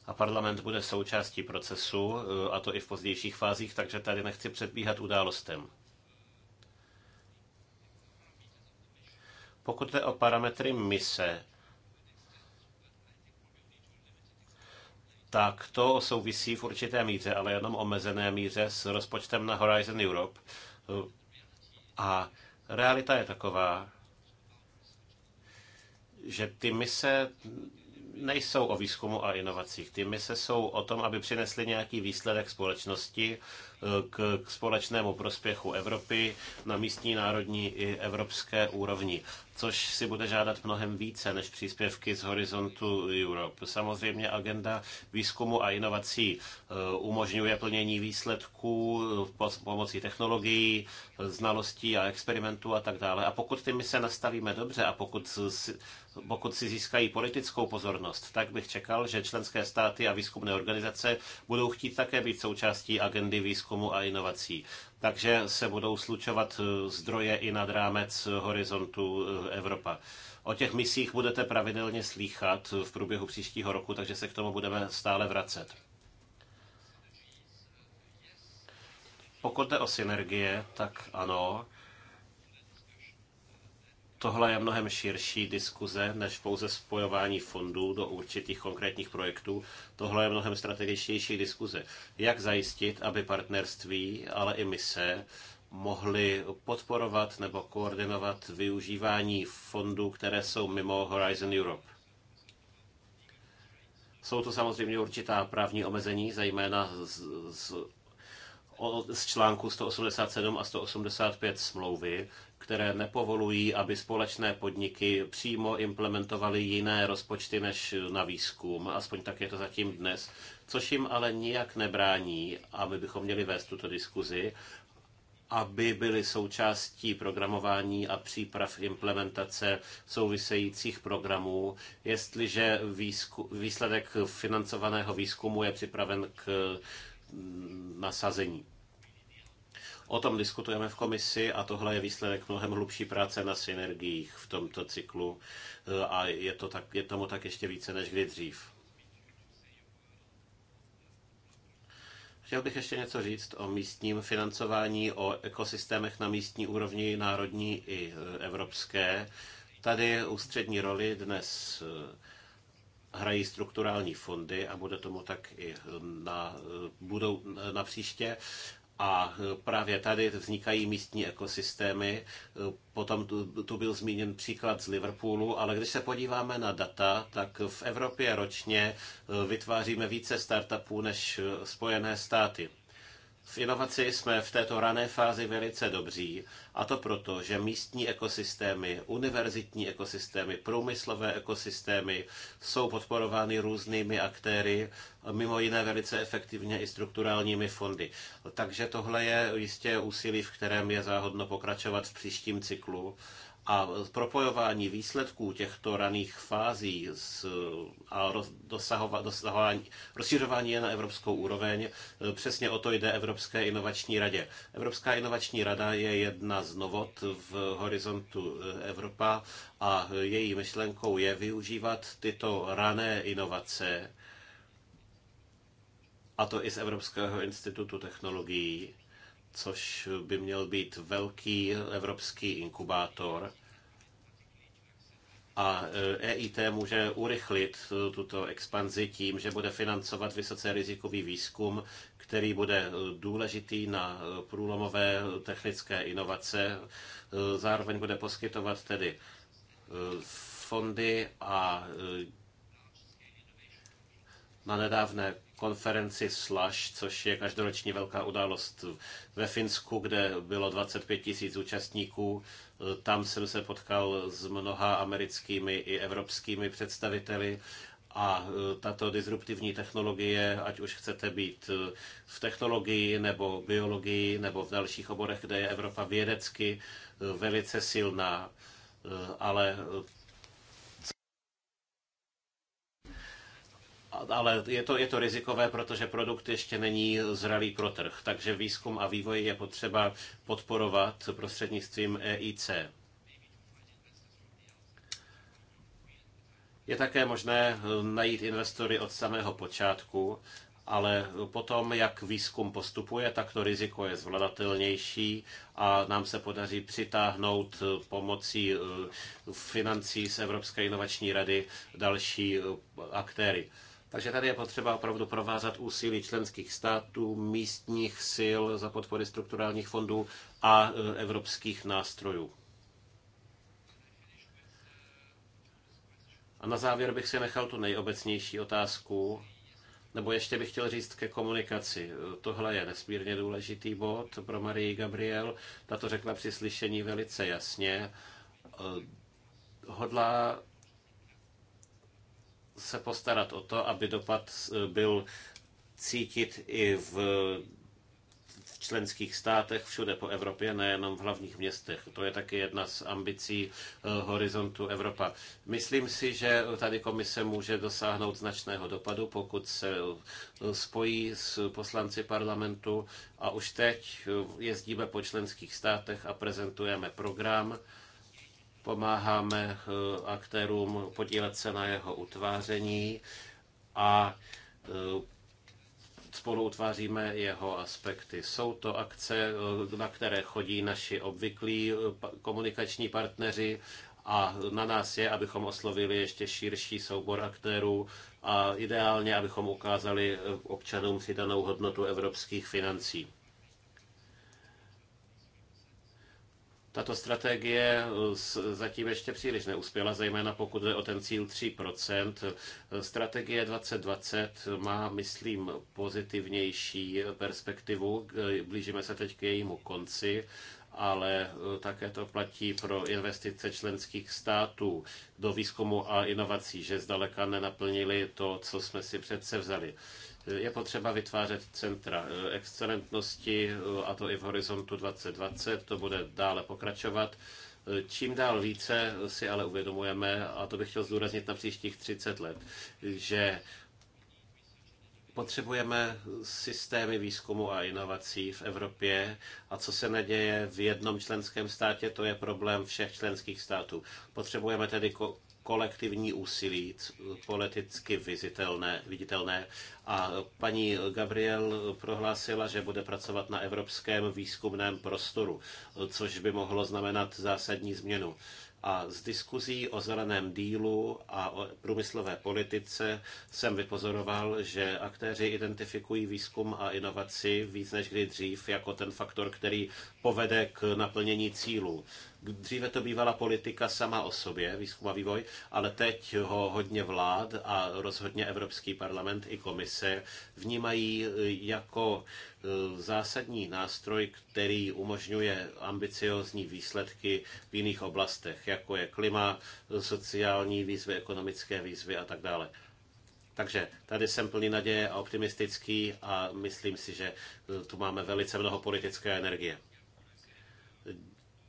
A parlament bude součástí procesu, e, a to i v pozdějších fázích, takže tady nechci předbíhat událostem. Pokud jde o parametry mise, tak to souvisí v určité míře, ale jenom omezené míře s rozpočtem na Horizon Europe. A realita je taková, že ty mise nejsou o výzkumu a inovacích. Ty mise jsou o tom, aby přinesly nějaký výsledek společnosti, k, k společnému prospěchu Evropy na místní, národní i evropské úrovni což si bude žádat mnohem více než příspěvky z Horizontu Europe. Samozřejmě agenda výzkumu a inovací e, umožňuje plnění výsledků e, pomocí technologií, e, znalostí a experimentů a tak dále. A pokud ty se nastavíme dobře a pokud si, pokud si získají politickou pozornost, tak bych čekal, že členské státy a výzkumné organizace budou chtít také být součástí agendy výzkumu výzkumu a inovací. Takže se budou slučovat eh, zdroje i nad rámec eh, horizontu eh, Evropa. O těch misích budete pravidelně slýchat v průběhu příštího roku, takže se k tomu budeme stále vracet. Pokud jde o synergie, tak ano, Tohle je mnohem širší diskuze než pouze spojování fondů do určitých konkrétních projektů. Tohle je mnohem strategičtější diskuze. Jak zajistit, aby partnerství, ale i mise mohli podporovat nebo koordinovat využívání fondů, které jsou mimo Horizon Europe. Jsou to samozřejmě určitá právní omezení, zejména z, z, z článku 187 a 185 smlouvy, které nepovolují, aby společné podniky přímo implementovaly jiné rozpočty než na výzkum, aspoň tak je to zatím dnes, což jim ale nijak nebrání, aby bychom měli vést tuto diskuzi, aby byly součástí programování a příprav implementace souvisejících programů, jestliže výzku, výsledek financovaného výzkumu je připraven k mm, nasazení. O tom diskutujeme v komisi a tohle je výsledek mnohem hlubší práce na synergiích v tomto cyklu e, a je, to tak, je tomu tak ještě více než kdy dřív. Chtěl bych ještě něco říct o místním financování, o ekosystémech na místní úrovni, národní i e, evropské. Tady ústřední roli dnes e, hrají strukturální fondy a bude tomu tak i na, budou, na příště. A eh, právě tady vznikají místní ekosystémy. Eh, potom tu, tu byl zmíněn příklad z Liverpoolu, ale když se podíváme na data, tak v Evropě ročně eh, vytváříme více startupů než Spojené státy. V inovaci jsme v této rané fázi velice dobří, a to proto, že místní ekosystémy, univerzitní ekosystémy, průmyslové ekosystémy jsou podporovány různými aktéry, mimo jiné velice efektivně i strukturálními fondy. Takže tohle je jistě úsilí, v kterém je záhodno pokračovat v příštím cyklu a propojování výsledků těchto raných fází s, a dosahova, dosahování, rozšiřování je na evropskou úroveň, přesně o to jde Evropské inovační radě. Evropská inovační rada je jedna z novot v horizontu Evropa a její myšlenkou je využívat tyto rané inovace, a to i z Evropského institutu technologií, což by měl být velký evropský inkubátor. A EIT e může urychlit tuto expanzi tím, že bude financovat vysoce rizikový výzkum, který bude důležitý na průlomové technické inovace. E, zároveň bude poskytovat tedy e, fondy a na nedávné konferenci Slash, což je každoroční velká událost ve Finsku, kde bylo 25 tisíc účastníků. Tam jsem se potkal s mnoha americkými i evropskými představiteli a e, tato disruptivní technologie, ať už chcete být e, v technologii nebo biologii nebo v dalších oborech, kde je Evropa vědecky e, velice silná, ale ale je to, je to rizikové, protože produkt ještě není zralý pro trh. Takže výzkum a vývoj je potřeba podporovat prostřednictvím EIC. Je také možné eh, najít investory od samého počátku, ale potom, jak výzkum postupuje, tak to riziko je zvladatelnější a nám se podaří přitáhnout eh, pomocí eh, financí z Evropské inovační rady další aktéry. Takže tady je potřeba opravdu provázat úsilí členských států, místních sil za podpory strukturálních fondů a e, evropských nástrojů. A na závěr bych si nechal tu nejobecnější otázku, nebo ještě bych chtěl říct ke komunikaci. E, tohle je nesmírně důležitý bod pro Marii Gabriel. Tato řekla při slyšení velice jasně. E, hodlá se postarat o to, aby dopad e, byl cítit i v členských státech všude po Evropě, nejenom v hlavních městech. To je taky jedna z ambicí e, horizontu Evropa. Myslím si, že tady komise může dosáhnout značného dopadu, pokud se e, spojí s poslanci parlamentu a už teď jezdíme po členských státech a prezentujeme program, pomáháme eh, aktérům podílet se na jeho utváření a eh, spolu utváříme jeho aspekty. Jsou to akce, eh, na které chodí naši obvyklí komunikační partneři a na nás je, abychom oslovili ještě širší soubor aktérů a ideálně, abychom ukázali občanům přidanou hodnotu evropských financí. Tato strategie eh, zatím ještě příliš neuspěla, zejména pokud jde o ten cíl 3%. Strategie 2020 má, myslím, pozitivnější perspektivu. Eh, blížíme se teď k jejímu konci ale eh, také to platí pro investice členských států do výzkumu a inovací, že zdaleka nenaplnili to, co jsme si přece vzali je potřeba vytvářet centra eh, excelentnosti, eh, a to i v horizontu 2020, to bude dále pokračovat. Eh, čím dál více si ale uvědomujeme, a to bych chtěl zdůraznit na příštích 30 let, že potřebujeme systémy výzkumu a inovací v Evropě a co se neděje v jednom členském státě, to je problém všech členských států. Potřebujeme tedy kolektivní úsilí politicky vizitelné, viditelné. A paní Gabriel prohlásila, že bude pracovat na evropském výzkumném prostoru, což by mohlo znamenat zásadní změnu. A z diskuzí o zeleném dílu a o průmyslové politice jsem vypozoroval, že aktéři identifikují výzkum a inovaci víc než kdy dřív jako ten faktor, který povede k naplnění cílů. Dříve to bývala politika sama o sobě, výzkum a vývoj, ale teď ho hodně vlád a rozhodně Evropský parlament i komise vnímají eh, jako eh, zásadní nástroj, který umožňuje ambiciozní výsledky v jiných oblastech, jako je klima, eh, sociální výzvy, ekonomické výzvy a tak dále. Takže tady jsem plný naděje a optimistický a myslím si, že tu máme velice mnoho politické energie.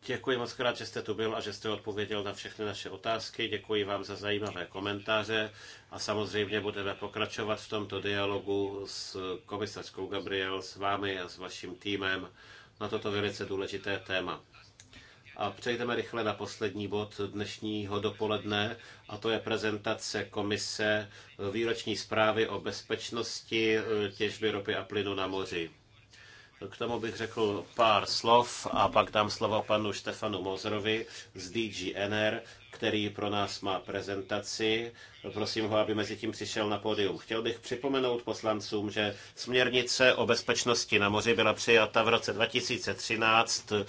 Děkuji moc krát, že jste tu byl a že jste odpověděl na všechny naše otázky. Děkuji vám za zajímavé komentáře a samozřejmě budeme pokračovat v tomto dialogu s komisařkou Gabriel, s vámi a s vaším týmem na toto velice důležité téma. A přejdeme rychle na poslední bod dnešního dopoledne, a to je prezentace komise výroční zprávy o bezpečnosti těžby ropy a plynu na moři. K tomu bych řekl pár slov a pak dám slovo panu Štefanu Mozrovi z DGNR, který pro nás má prezentaci. Prosím ho, aby mezi tím přišel na pódium. Chtěl bych připomenout poslancům, že směrnice o bezpečnosti na moři byla přijata v roce 2013 eh,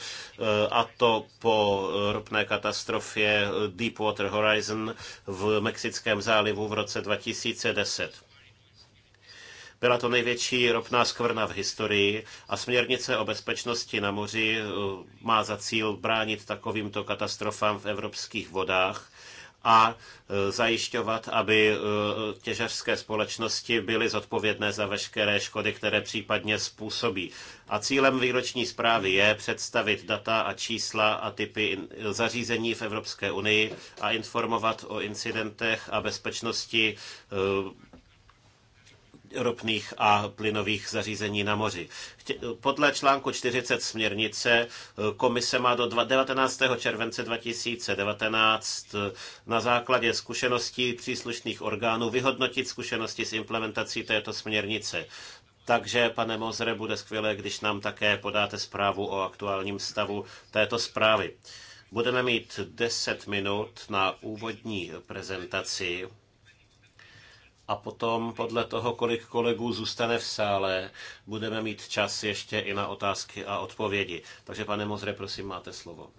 a to po ropné katastrofě Deepwater Horizon v Mexickém zálivu v roce 2010. Byla to největší ropná skvrna v historii a směrnice o bezpečnosti na moři eh, má za cíl bránit takovýmto katastrofám v evropských vodách a eh, zajišťovat, aby eh, těžařské společnosti byly zodpovědné za veškeré škody, které případně způsobí. A cílem výroční zprávy je představit data a čísla a typy zařízení v Evropské unii a informovat o incidentech a bezpečnosti ropných a plynových zařízení na moři. Podle článku 40 směrnice e, komise má do 19. července 2019 e, na základě zkušeností příslušných orgánů vyhodnotit zkušenosti s implementací této směrnice. Takže, pane Mozre, bude skvělé, když nám také podáte zprávu o aktuálním stavu této zprávy. Budeme mít 10 minut na úvodní prezentaci a potom podle toho, kolik kolegů zůstane v sále, budeme mít čas ještě i na otázky a odpovědi. Takže pane Mozre, prosím, máte slovo.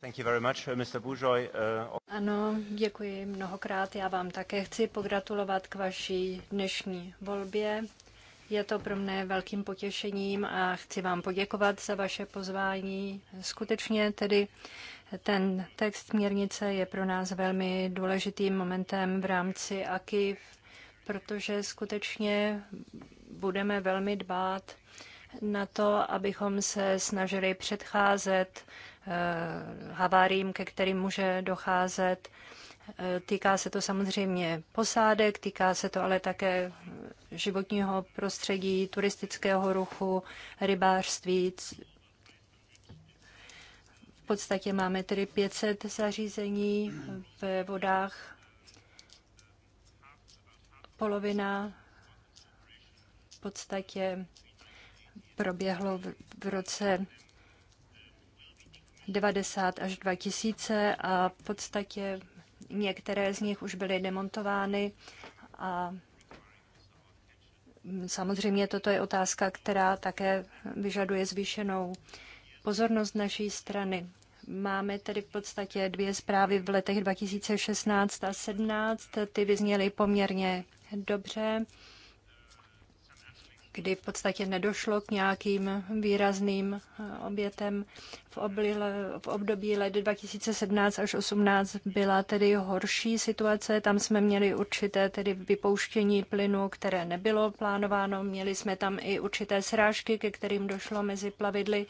Thank you very much, uh, Mr. Bujoy. Uh, ano, děkuji mnohokrát. Já vám také chci pogratulovat k vaší dnešní volbě. Je to pro mne velkým potěšením a chci vám poděkovat za vaše pozvání. Skutečně tedy uh, ten text směrnice je pro nás velmi důležitým momentem v rámci AKIV, protože skutečně budeme velmi dbát na to, abychom se snažili předcházet eh, haváriím, ke kterým může docházet. Eh, týká se to samozřejmě posádek, týká se to ale také životního prostředí, turistického ruchu, rybářství, v podstatě máme tedy 500 zařízení ve vodách. Polovina v podstatě proběhlo v roce 90 až 2000 a v podstatě některé z nich už byly demontovány a samozřejmě toto je otázka, která také vyžaduje zvýšenou pozornost naší strany. Máme tedy v podstatě dvě zprávy v letech 2016 a 17. Ty vyzněly poměrně dobře, kdy v podstatě nedošlo k nějakým výrazným eh, obětem. V, v období let 2017 až 2018 byla tedy horší situace. Tam jsme měli určité tedy vypouštění plynu, které nebylo plánováno. Měli jsme tam i určité srážky, ke kterým došlo mezi plavidly.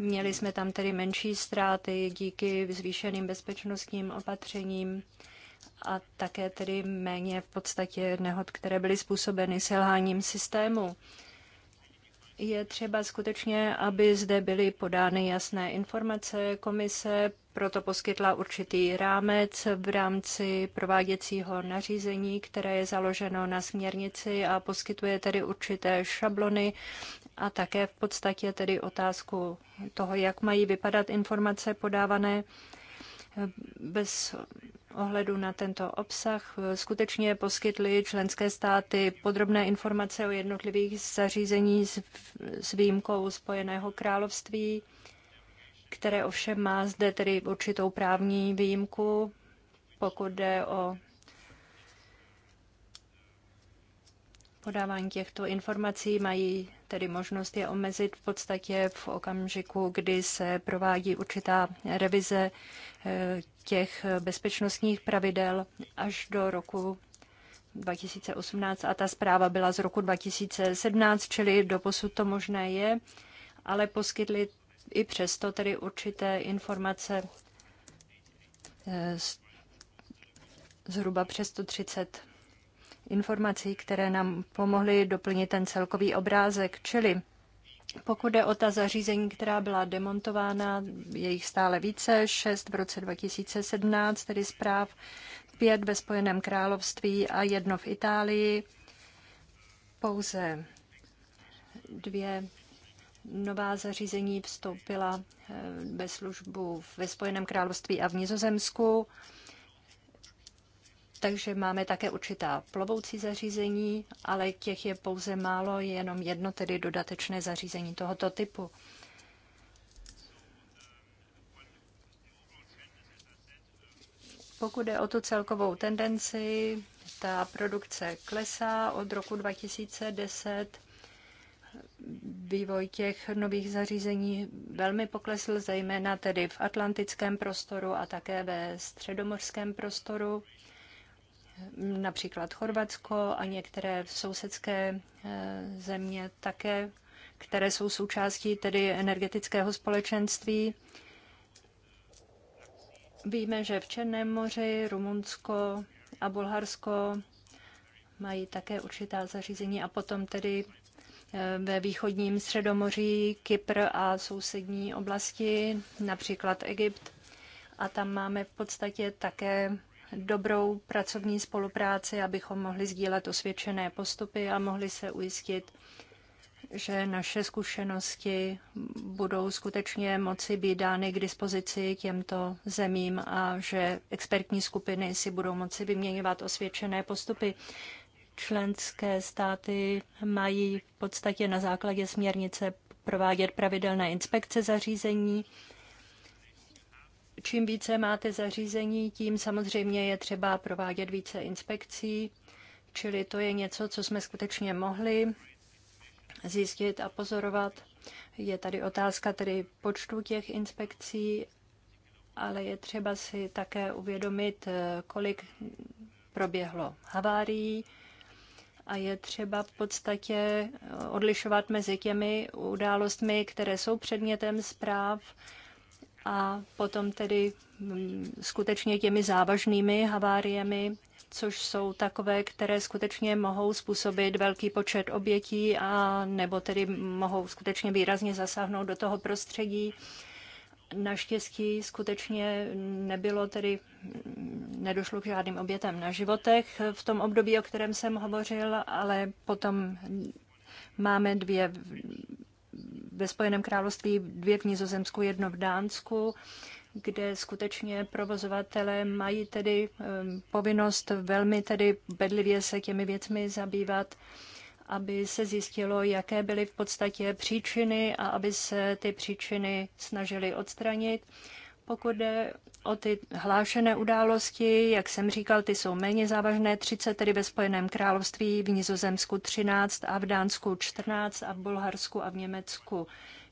Měli jsme tam tedy menší ztráty díky zvýšeným bezpečnostním opatřením a také tedy méně v podstatě nehod, které byly způsobeny selháním systému. Je třeba skutečně, aby zde byly podány jasné informace. Komise proto poskytla určitý rámec v rámci prováděcího nařízení, které je založeno na směrnici a poskytuje tedy určité šablony a také v podstatě tedy otázku toho, jak mají vypadat informace podávané eh, bez ohledu na tento obsah. Eh, skutečně poskytly členské státy podrobné informace o jednotlivých zařízení s výjimkou Spojeného království, které ovšem má zde tedy určitou právní výjimku, pokud jde o podávání těchto informací mají tedy možnost je omezit v podstatě v okamžiku, kdy se provádí určitá revize eh, těch bezpečnostních pravidel až do roku 2018 a ta zpráva byla z roku 2017, čili do posud to možné je, ale poskytli i přesto tedy určité informace eh, zhruba přes 130 informací, které nám pomohly doplnit ten celkový obrázek. Čili pokud jde o ta zařízení, která byla demontována, je jich stále více, šest, v roce 2017, tedy zpráv, pět ve Spojeném království a jedno v Itálii. Pouze dvě nová zařízení vstoupila eh, ve službu ve Spojeném království a v Nizozemsku. Takže máme také určitá plovoucí zařízení, ale těch je pouze málo, jenom jedno tedy dodatečné zařízení tohoto typu. Pokud je o tu celkovou tendenci, ta produkce klesá od roku 2010. Vývoj těch nových zařízení velmi poklesl, zejména tedy v atlantickém prostoru a také ve středomorském prostoru například Chorvatsko a některé sousedské eh, země také, které jsou součástí tedy energetického společenství. Víme, že v Černém moři Rumunsko a Bulharsko mají také určitá zařízení a potom tedy eh, ve východním středomoří Kypr a sousední oblasti, například Egypt. A tam máme v podstatě také dobrou pracovní spolupráci, abychom mohli sdílet osvědčené postupy a mohli se ujistit, že naše zkušenosti budou skutečně moci být dány k dispozici těmto zemím a že expertní skupiny si budou moci vyměňovat osvědčené postupy. Členské státy mají v podstatě na základě směrnice provádět pravidelné inspekce zařízení čím více máte zařízení, tím samozřejmě je třeba provádět více inspekcí, čili to je něco, co jsme skutečně mohli zjistit a pozorovat. Je tady otázka tedy počtu těch inspekcí, ale je třeba si také uvědomit, kolik proběhlo havárií a je třeba v podstatě odlišovat mezi těmi událostmi, které jsou předmětem zpráv a potom tedy mm, skutečně těmi závažnými haváriemi, což jsou takové, které skutečně mohou způsobit velký počet obětí a nebo tedy mohou skutečně výrazně zasáhnout do toho prostředí. Naštěstí skutečně nebylo tedy, mm, nedošlo k žádným obětem na životech v tom období, o kterém jsem hovořil, ale potom máme dvě ve Spojeném království, dvě v Nizozemsku, jedno v Dánsku, kde skutečně provozovatele mají tedy ehm, povinnost velmi tedy bedlivě se těmi věcmi zabývat aby se zjistilo, jaké byly v podstatě příčiny a aby se ty příčiny snažili odstranit. Pokud jde o ty hlášené události, jak jsem říkal, ty jsou méně závažné, 30 tedy ve Spojeném království, v Nizozemsku 13 a v Dánsku 14 a v Bulharsku a v Německu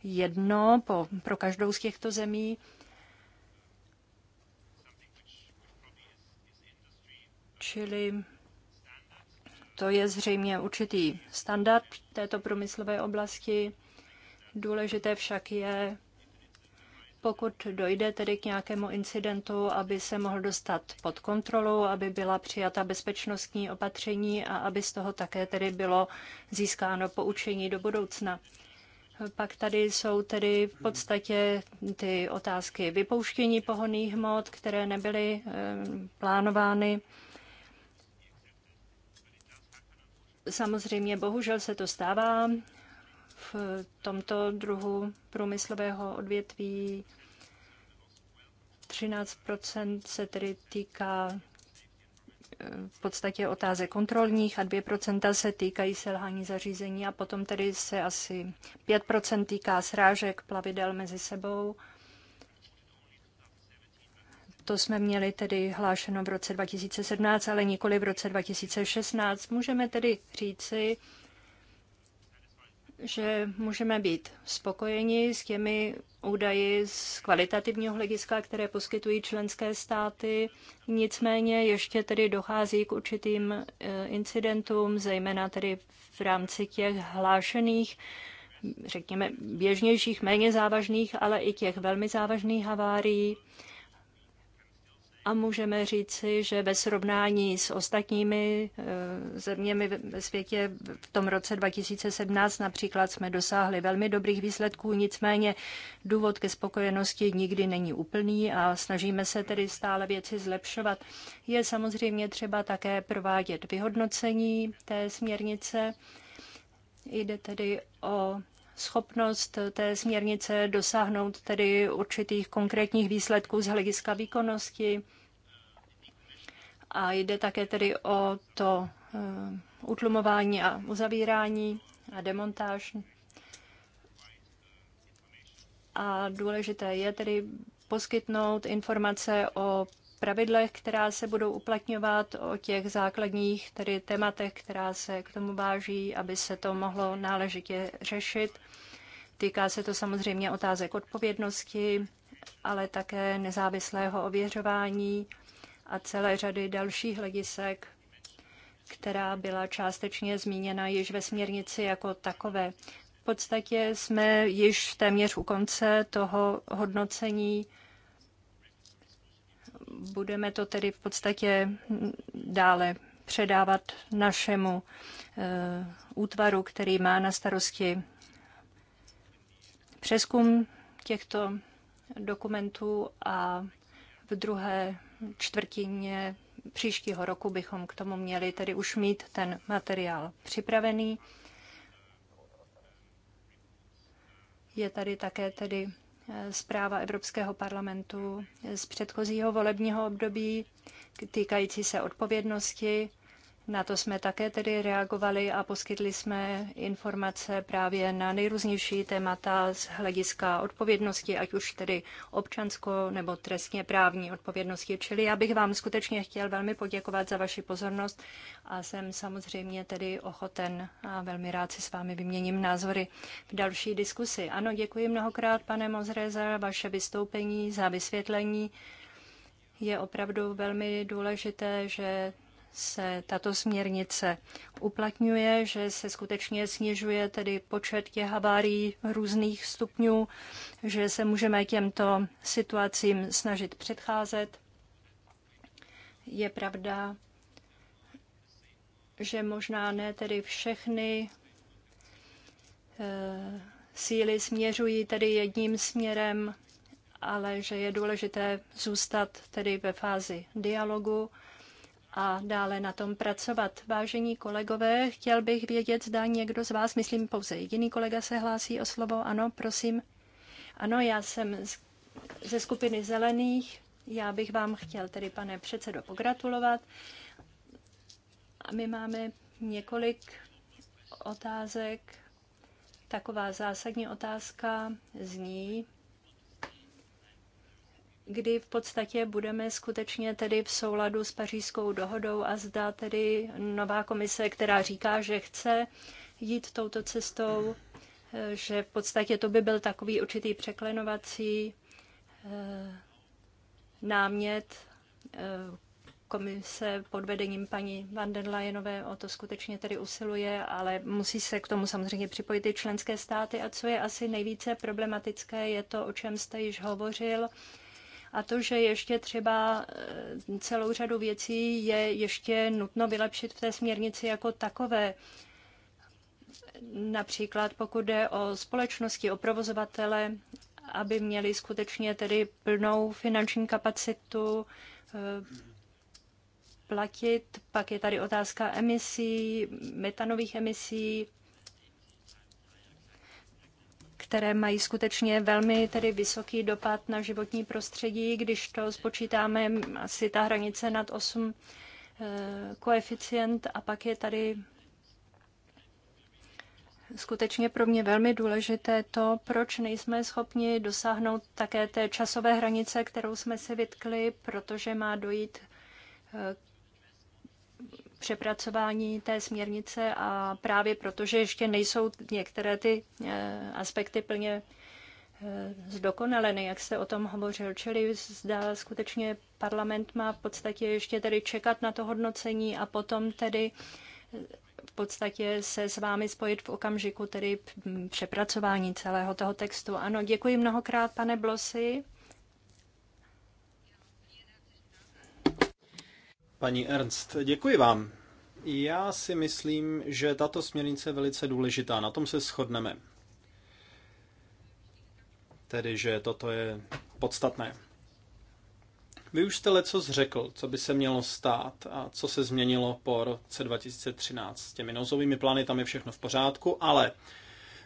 jedno po, pro každou z těchto zemí. Čili to je zřejmě určitý standard této průmyslové oblasti. Důležité však je pokud dojde tedy k nějakému incidentu, aby se mohl dostat pod kontrolu, aby byla přijata bezpečnostní opatření a aby z toho také tedy bylo získáno poučení do budoucna. Pak tady jsou tedy v podstatě ty otázky vypouštění pohoných hmot, které nebyly eh, plánovány. Samozřejmě, bohužel se to stává, v tomto druhu průmyslového odvětví 13 se tedy týká eh, v podstatě otázek kontrolních a 2% se týkají selhání zařízení a potom tedy se asi 5% týká srážek plavidel mezi sebou. To jsme měli tedy hlášeno v roce 2017, ale nikoli v roce 2016. Můžeme tedy říci, že můžeme být spokojeni s těmi údaji z kvalitativního hlediska, které poskytují členské státy. Nicméně ještě tedy dochází k určitým e, incidentům, zejména tedy v rámci těch hlášených, řekněme, běžnějších, méně závažných, ale i těch velmi závažných havárií a můžeme říci, že ve srovnání s ostatními eh, zeměmi ve světě v tom roce 2017 například jsme dosáhli velmi dobrých výsledků, nicméně důvod ke spokojenosti nikdy není úplný a snažíme se tedy stále věci zlepšovat. Je samozřejmě třeba také provádět vyhodnocení té směrnice. Jde tedy o schopnost té směrnice dosáhnout tedy určitých konkrétních výsledků z hlediska výkonnosti. A jde také tedy o to eh, utlumování a uzavírání a demontáž. A důležité je tedy poskytnout informace o pravidlech, která se budou uplatňovat, o těch základních tedy tématech, která se k tomu váží, aby se to mohlo náležitě řešit. Týká se to samozřejmě otázek odpovědnosti, ale také nezávislého ověřování a celé řady dalších legisek, která byla částečně zmíněna již ve směrnici jako takové. V podstatě jsme již téměř u konce toho hodnocení budeme to tedy v podstatě dále předávat našemu eh, útvaru, který má na starosti přeskum těchto dokumentů a v druhé čtvrtině příštího roku bychom k tomu měli tedy už mít ten materiál připravený. Je tady také tedy zpráva Evropského parlamentu z předchozího volebního období týkající se odpovědnosti na to jsme také tedy reagovali a poskytli jsme informace právě na nejrůznější témata z hlediska odpovědnosti, ať už tedy občanskou nebo trestně právní odpovědnosti. Čili já bych vám skutečně chtěl velmi poděkovat za vaši pozornost a jsem samozřejmě tedy ochoten a velmi rád si s vámi vyměním názory v další diskusi. Ano, děkuji mnohokrát, pane Mozre, za vaše vystoupení, za vysvětlení. Je opravdu velmi důležité, že se tato směrnice uplatňuje, že se skutečně snižuje tedy počet těch havárií různých stupňů, že se můžeme těmto situacím snažit předcházet. Je pravda, že možná ne tedy všechny eh, síly směřují tedy jedním směrem, ale že je důležité zůstat tedy ve fázi dialogu a dále na tom pracovat. Vážení kolegové, chtěl bych vědět, zda někdo z vás, myslím pouze jediný kolega se hlásí o slovo. Ano, prosím. Ano, já jsem ze skupiny zelených. Já bych vám chtěl tedy, pane předsedo, pogratulovat. A my máme několik otázek. Taková zásadní otázka zní, kdy v podstatě budeme skutečně tedy v souladu s pařížskou dohodou a zda tedy nová komise, která říká, že chce jít touto cestou, že v podstatě to by byl takový určitý překlenovací eh, námět eh, komise pod vedením paní van der Leyenové o to skutečně tedy usiluje, ale musí se k tomu samozřejmě připojit i členské státy. A co je asi nejvíce problematické, je to, o čem jste již hovořil, a to, že ještě třeba eh, celou řadu věcí je ještě nutno vylepšit v té směrnici jako takové. Například pokud jde o společnosti, o provozovatele, aby měli skutečně tedy plnou finanční kapacitu eh, platit. Pak je tady otázka emisí, metanových emisí, které mají skutečně velmi tedy vysoký dopad na životní prostředí. Když to spočítáme, asi ta hranice nad 8 eh, koeficient a pak je tady skutečně pro mě velmi důležité to, proč nejsme schopni dosáhnout také té časové hranice, kterou jsme si vytkli, protože má dojít eh, přepracování té směrnice a právě protože ještě nejsou některé ty eh, aspekty plně eh, zdokonaleny, jak jste o tom hovořil. Čili zdá skutečně parlament má v podstatě ještě tedy čekat na to hodnocení a potom tedy eh, v podstatě se s vámi spojit v okamžiku tedy hm, přepracování celého toho textu. Ano, děkuji mnohokrát, pane Blosy. Paní Ernst, děkuji vám. Já si myslím, že tato směrnice je velice důležitá, na tom se shodneme. Tedy, že toto je podstatné. Vy už jste leco zřekl, co by se mělo stát a co se změnilo po roce 2013. S těmi nouzovými plány tam je všechno v pořádku, ale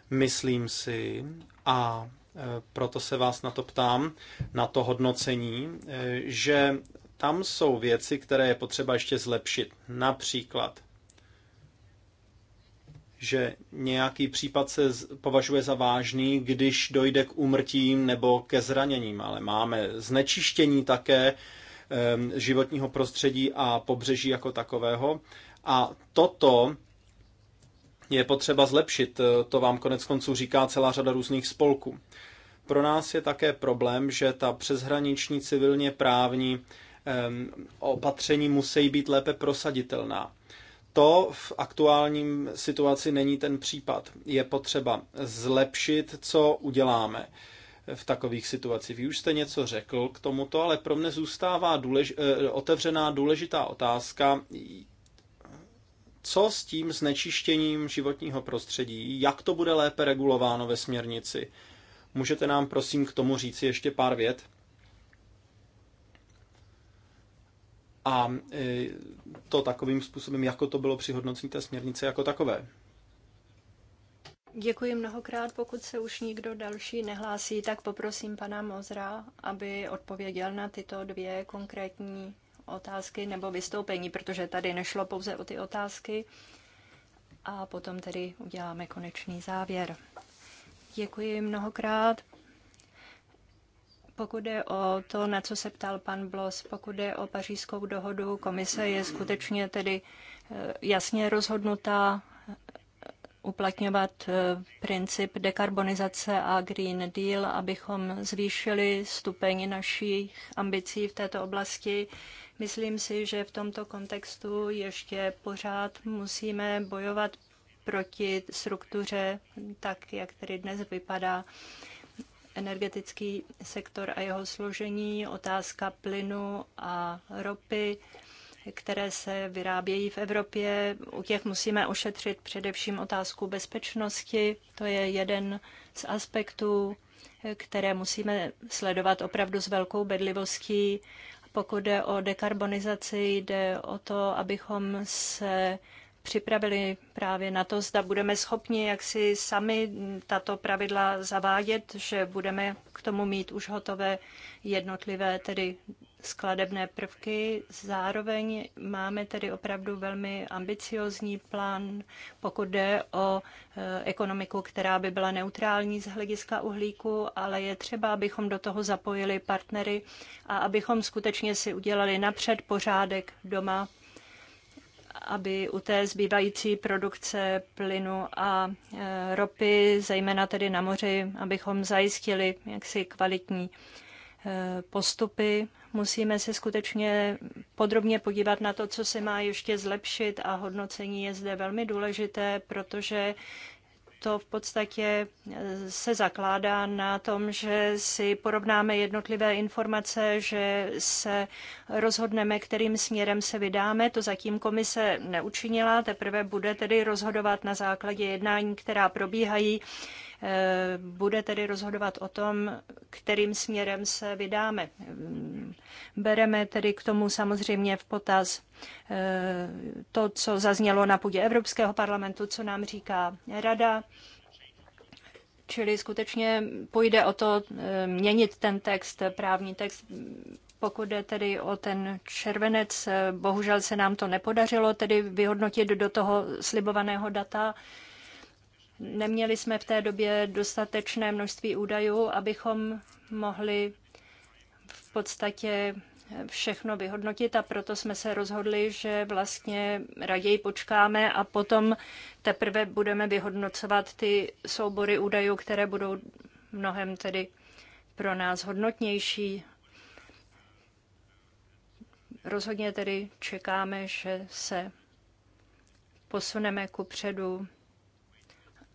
myslím si, a e, proto se vás na to ptám, na to hodnocení, e, že tam jsou věci, které je potřeba ještě zlepšit. Například, že nějaký případ se považuje za vážný, když dojde k umrtím nebo ke zraněním, ale máme znečištění také životního prostředí a pobřeží jako takového. A toto je potřeba zlepšit. To vám konec konců říká celá řada různých spolků. Pro nás je také problém, že ta přeshraniční civilně právní opatření musí být lépe prosaditelná. To v aktuálním situaci není ten případ. Je potřeba zlepšit, co uděláme v takových situacích. Vy už jste něco řekl k tomuto, ale pro mě zůstává důlež, eh, otevřená důležitá otázka, co s tím znečištěním životního prostředí, jak to bude lépe regulováno ve směrnici. Můžete nám prosím k tomu říci ještě pár vět? a e, to takovým způsobem, jako to bylo při hodnocení té směrnice jako takové. Děkuji mnohokrát. Pokud se už nikdo další nehlásí, tak poprosím pana Mozra, aby odpověděl na tyto dvě konkrétní otázky nebo vystoupení, protože tady nešlo pouze o ty otázky. A potom tedy uděláme konečný závěr. Děkuji mnohokrát. Pokud je o to, na co se ptal pan Blos, pokud je o pařížskou dohodu, komise je skutečně tedy eh, jasně rozhodnutá eh, uplatňovat eh, princip dekarbonizace a Green Deal, abychom zvýšili stupeň našich ambicí v této oblasti. Myslím si, že v tomto kontextu ještě pořád musíme bojovat proti struktuře, tak jak tedy dnes vypadá energetický sektor a jeho složení, otázka plynu a ropy, které se vyrábějí v Evropě. U těch musíme ošetřit především otázku bezpečnosti. To je jeden z aspektů, které musíme sledovat opravdu s velkou bedlivostí. Pokud jde o dekarbonizaci, jde o to, abychom se připravili právě na to, zda budeme schopni jak si sami tato pravidla zavádět, že budeme k tomu mít už hotové jednotlivé tedy skladebné prvky. Zároveň máme tedy opravdu velmi ambiciozní plán, pokud jde o eh, ekonomiku, která by byla neutrální z hlediska uhlíku, ale je třeba, abychom do toho zapojili partnery a abychom skutečně si udělali napřed pořádek doma aby u té zbývající produkce plynu a e, ropy, zejména tedy na moři, abychom zajistili jaksi kvalitní e, postupy. Musíme se skutečně podrobně podívat na to, co se má ještě zlepšit a hodnocení je zde velmi důležité, protože to v podstatě eh, se zakládá na tom, že si porovnáme jednotlivé informace, že se rozhodneme, kterým směrem se vydáme. To zatím komise neučinila, teprve bude tedy rozhodovat na základě jednání, která probíhají Eh, bude tedy rozhodovat o tom, kterým směrem se vydáme. Mm, bereme tedy k tomu samozřejmě v potaz eh, to, co zaznělo na půdě Evropského parlamentu, co nám říká Rada, Čili skutečně půjde o to eh, měnit ten text, právní text. Pokud jde tedy o ten červenec, bohužel se nám to nepodařilo tedy vyhodnotit do toho slibovaného data. Neměli jsme v té době dostatečné množství údajů, abychom mohli v podstatě všechno vyhodnotit a proto jsme se rozhodli, že vlastně raději počkáme a potom teprve budeme vyhodnocovat ty soubory údajů, které budou mnohem tedy pro nás hodnotnější. Rozhodně tedy čekáme, že se posuneme ku předu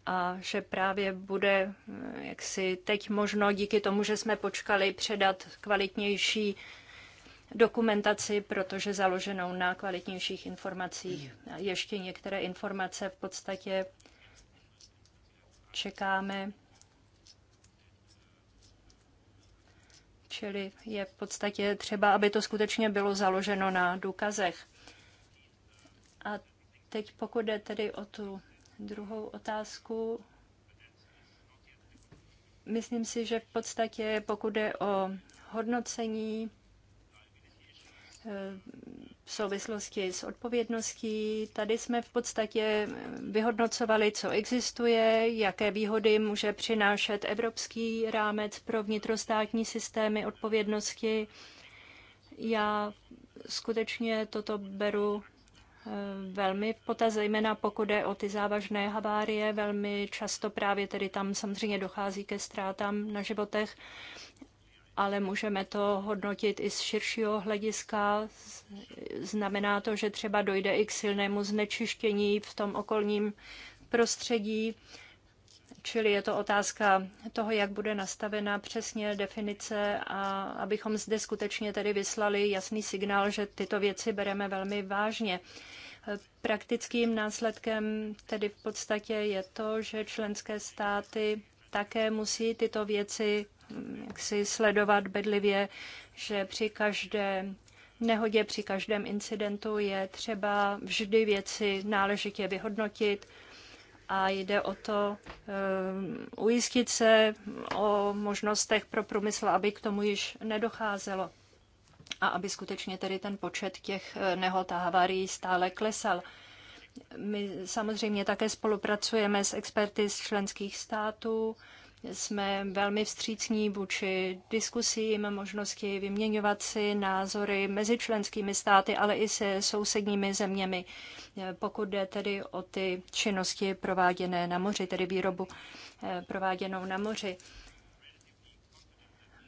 a že právě bude eh, jaksi teď možno díky tomu, že jsme počkali předat kvalitnější dokumentaci, protože založenou na kvalitnějších informacích. Ještě některé informace v podstatě čekáme. Čili je v podstatě třeba, aby to skutečně bylo založeno na důkazech. A teď pokud jde tedy o tu druhou otázku. Myslím si, že v podstatě, pokud jde o hodnocení eh, v souvislosti s odpovědností. Tady jsme v podstatě vyhodnocovali, co existuje, jaké výhody může přinášet evropský rámec pro vnitrostátní systémy odpovědnosti. Já skutečně toto beru velmi potaz, zejména pokud je o ty závažné havárie, velmi často právě tedy tam samozřejmě dochází ke ztrátám na životech, ale můžeme to hodnotit i z širšího hlediska. Znamená to, že třeba dojde i k silnému znečištění v tom okolním prostředí Čili je to otázka toho, jak bude nastavena přesně definice a abychom zde skutečně tedy vyslali jasný signál, že tyto věci bereme velmi vážně. Praktickým následkem tedy v podstatě je to, že členské státy také musí tyto věci mm, jaksi sledovat bedlivě, že při každé nehodě, při každém incidentu je třeba vždy věci náležitě vyhodnotit, a jde o to eh, ujistit se o možnostech pro průmysl, aby k tomu již nedocházelo a aby skutečně tedy ten počet těch eh, nehod a havárií stále klesal. My samozřejmě také spolupracujeme s experty z členských států, jsme velmi vstřícní vůči diskusím, možnosti vyměňovat si názory mezi členskými státy, ale i se sousedními zeměmi, pokud jde tedy o ty činnosti prováděné na moři, tedy výrobu eh, prováděnou na moři.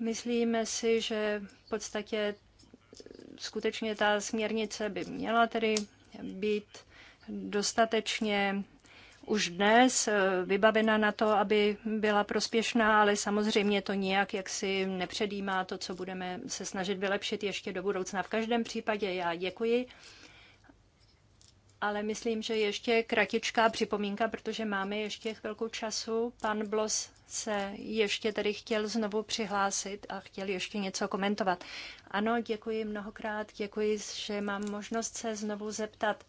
Myslíme si, že v podstatě skutečně ta směrnice by měla tedy být dostatečně už dnes eh, vybavena na to, aby byla prospěšná, ale samozřejmě to nijak jaksi nepředjímá to, co budeme se snažit vylepšit ještě do budoucna. V každém případě já děkuji ale myslím, že ještě kratičká připomínka, protože máme ještě chvilku času. Pan Blos se ještě tady chtěl znovu přihlásit a chtěl ještě něco komentovat. Ano, děkuji mnohokrát, děkuji, že mám možnost se znovu zeptat.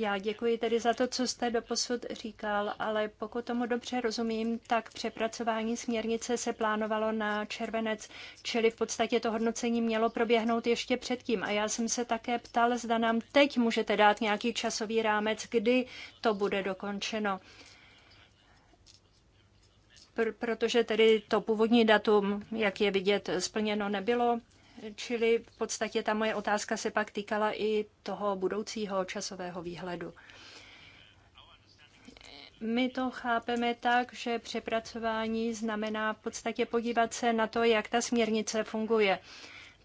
Já děkuji tedy za to, co jste doposud říkal, ale pokud tomu dobře rozumím, tak přepracování směrnice se plánovalo na červenec, čili v podstatě to hodnocení mělo proběhnout ještě předtím. A já jsem se také ptal, zda nám teď můžete dát nějaký časový rámec, kdy to bude dokončeno protože tedy to původní datum, jak je vidět, splněno nebylo. Čili v podstatě ta moje otázka se pak týkala i toho budoucího časového výhledu. My to chápeme tak, že přepracování znamená v podstatě podívat se na to, jak ta směrnice funguje.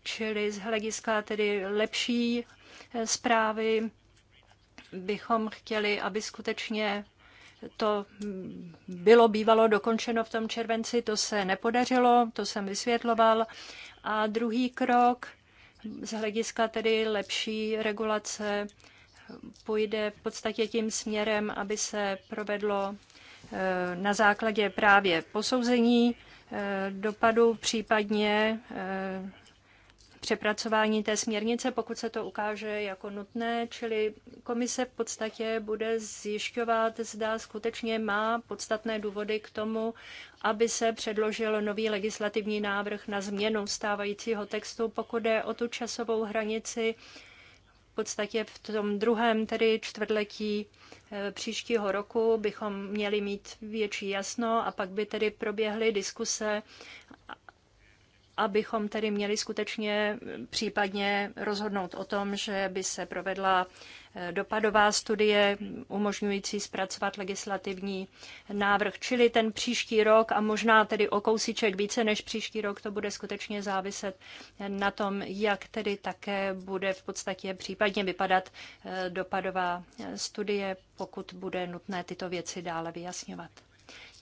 Čili z hlediska tedy lepší eh, zprávy bychom chtěli, aby skutečně to bylo bývalo dokončeno v tom červenci, to se nepodařilo, to jsem vysvětloval. A druhý krok z hlediska tedy lepší regulace půjde v podstatě tím směrem, aby se provedlo eh, na základě právě posouzení eh, dopadu, případně eh, přepracování té směrnice, pokud se to ukáže jako nutné, čili komise v podstatě bude zjišťovat, zda skutečně má podstatné důvody k tomu, aby se předložil nový legislativní návrh na změnu stávajícího textu, pokud je o tu časovou hranici v podstatě v tom druhém, tedy čtvrtletí eh, příštího roku bychom měli mít větší jasno a pak by tedy proběhly diskuse abychom tedy měli skutečně případně rozhodnout o tom, že by se provedla eh, dopadová studie umožňující zpracovat legislativní návrh, čili ten příští rok a možná tedy o kousíček více než příští rok, to bude skutečně záviset eh, na tom, jak tedy také bude v podstatě případně vypadat eh, dopadová studie, pokud bude nutné tyto věci dále vyjasňovat.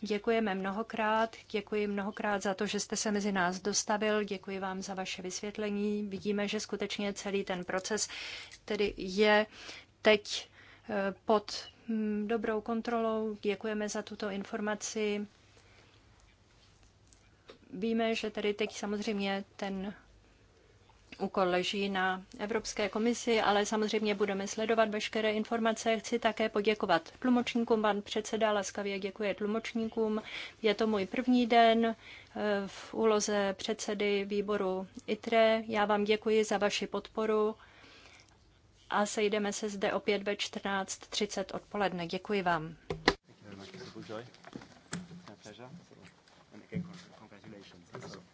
Děkujeme mnohokrát, děkuji mnohokrát za to, že jste se mezi nás dostavil, děkuji vám za vaše vysvětlení. Vidíme, že skutečně celý ten proces tedy je teď eh, pod hm, dobrou kontrolou. Děkujeme za tuto informaci. Víme, že tedy teď samozřejmě ten úkol leží na Evropské komisi, ale samozřejmě budeme sledovat veškeré informace. Chci také poděkovat tlumočníkům. Pan předseda laskavě děkuje tlumočníkům. Je to můj první den eh, v úloze předsedy výboru ITRE. Já vám děkuji za vaši podporu a sejdeme se zde opět ve 14.30 odpoledne. Děkuji vám. Thank you very much.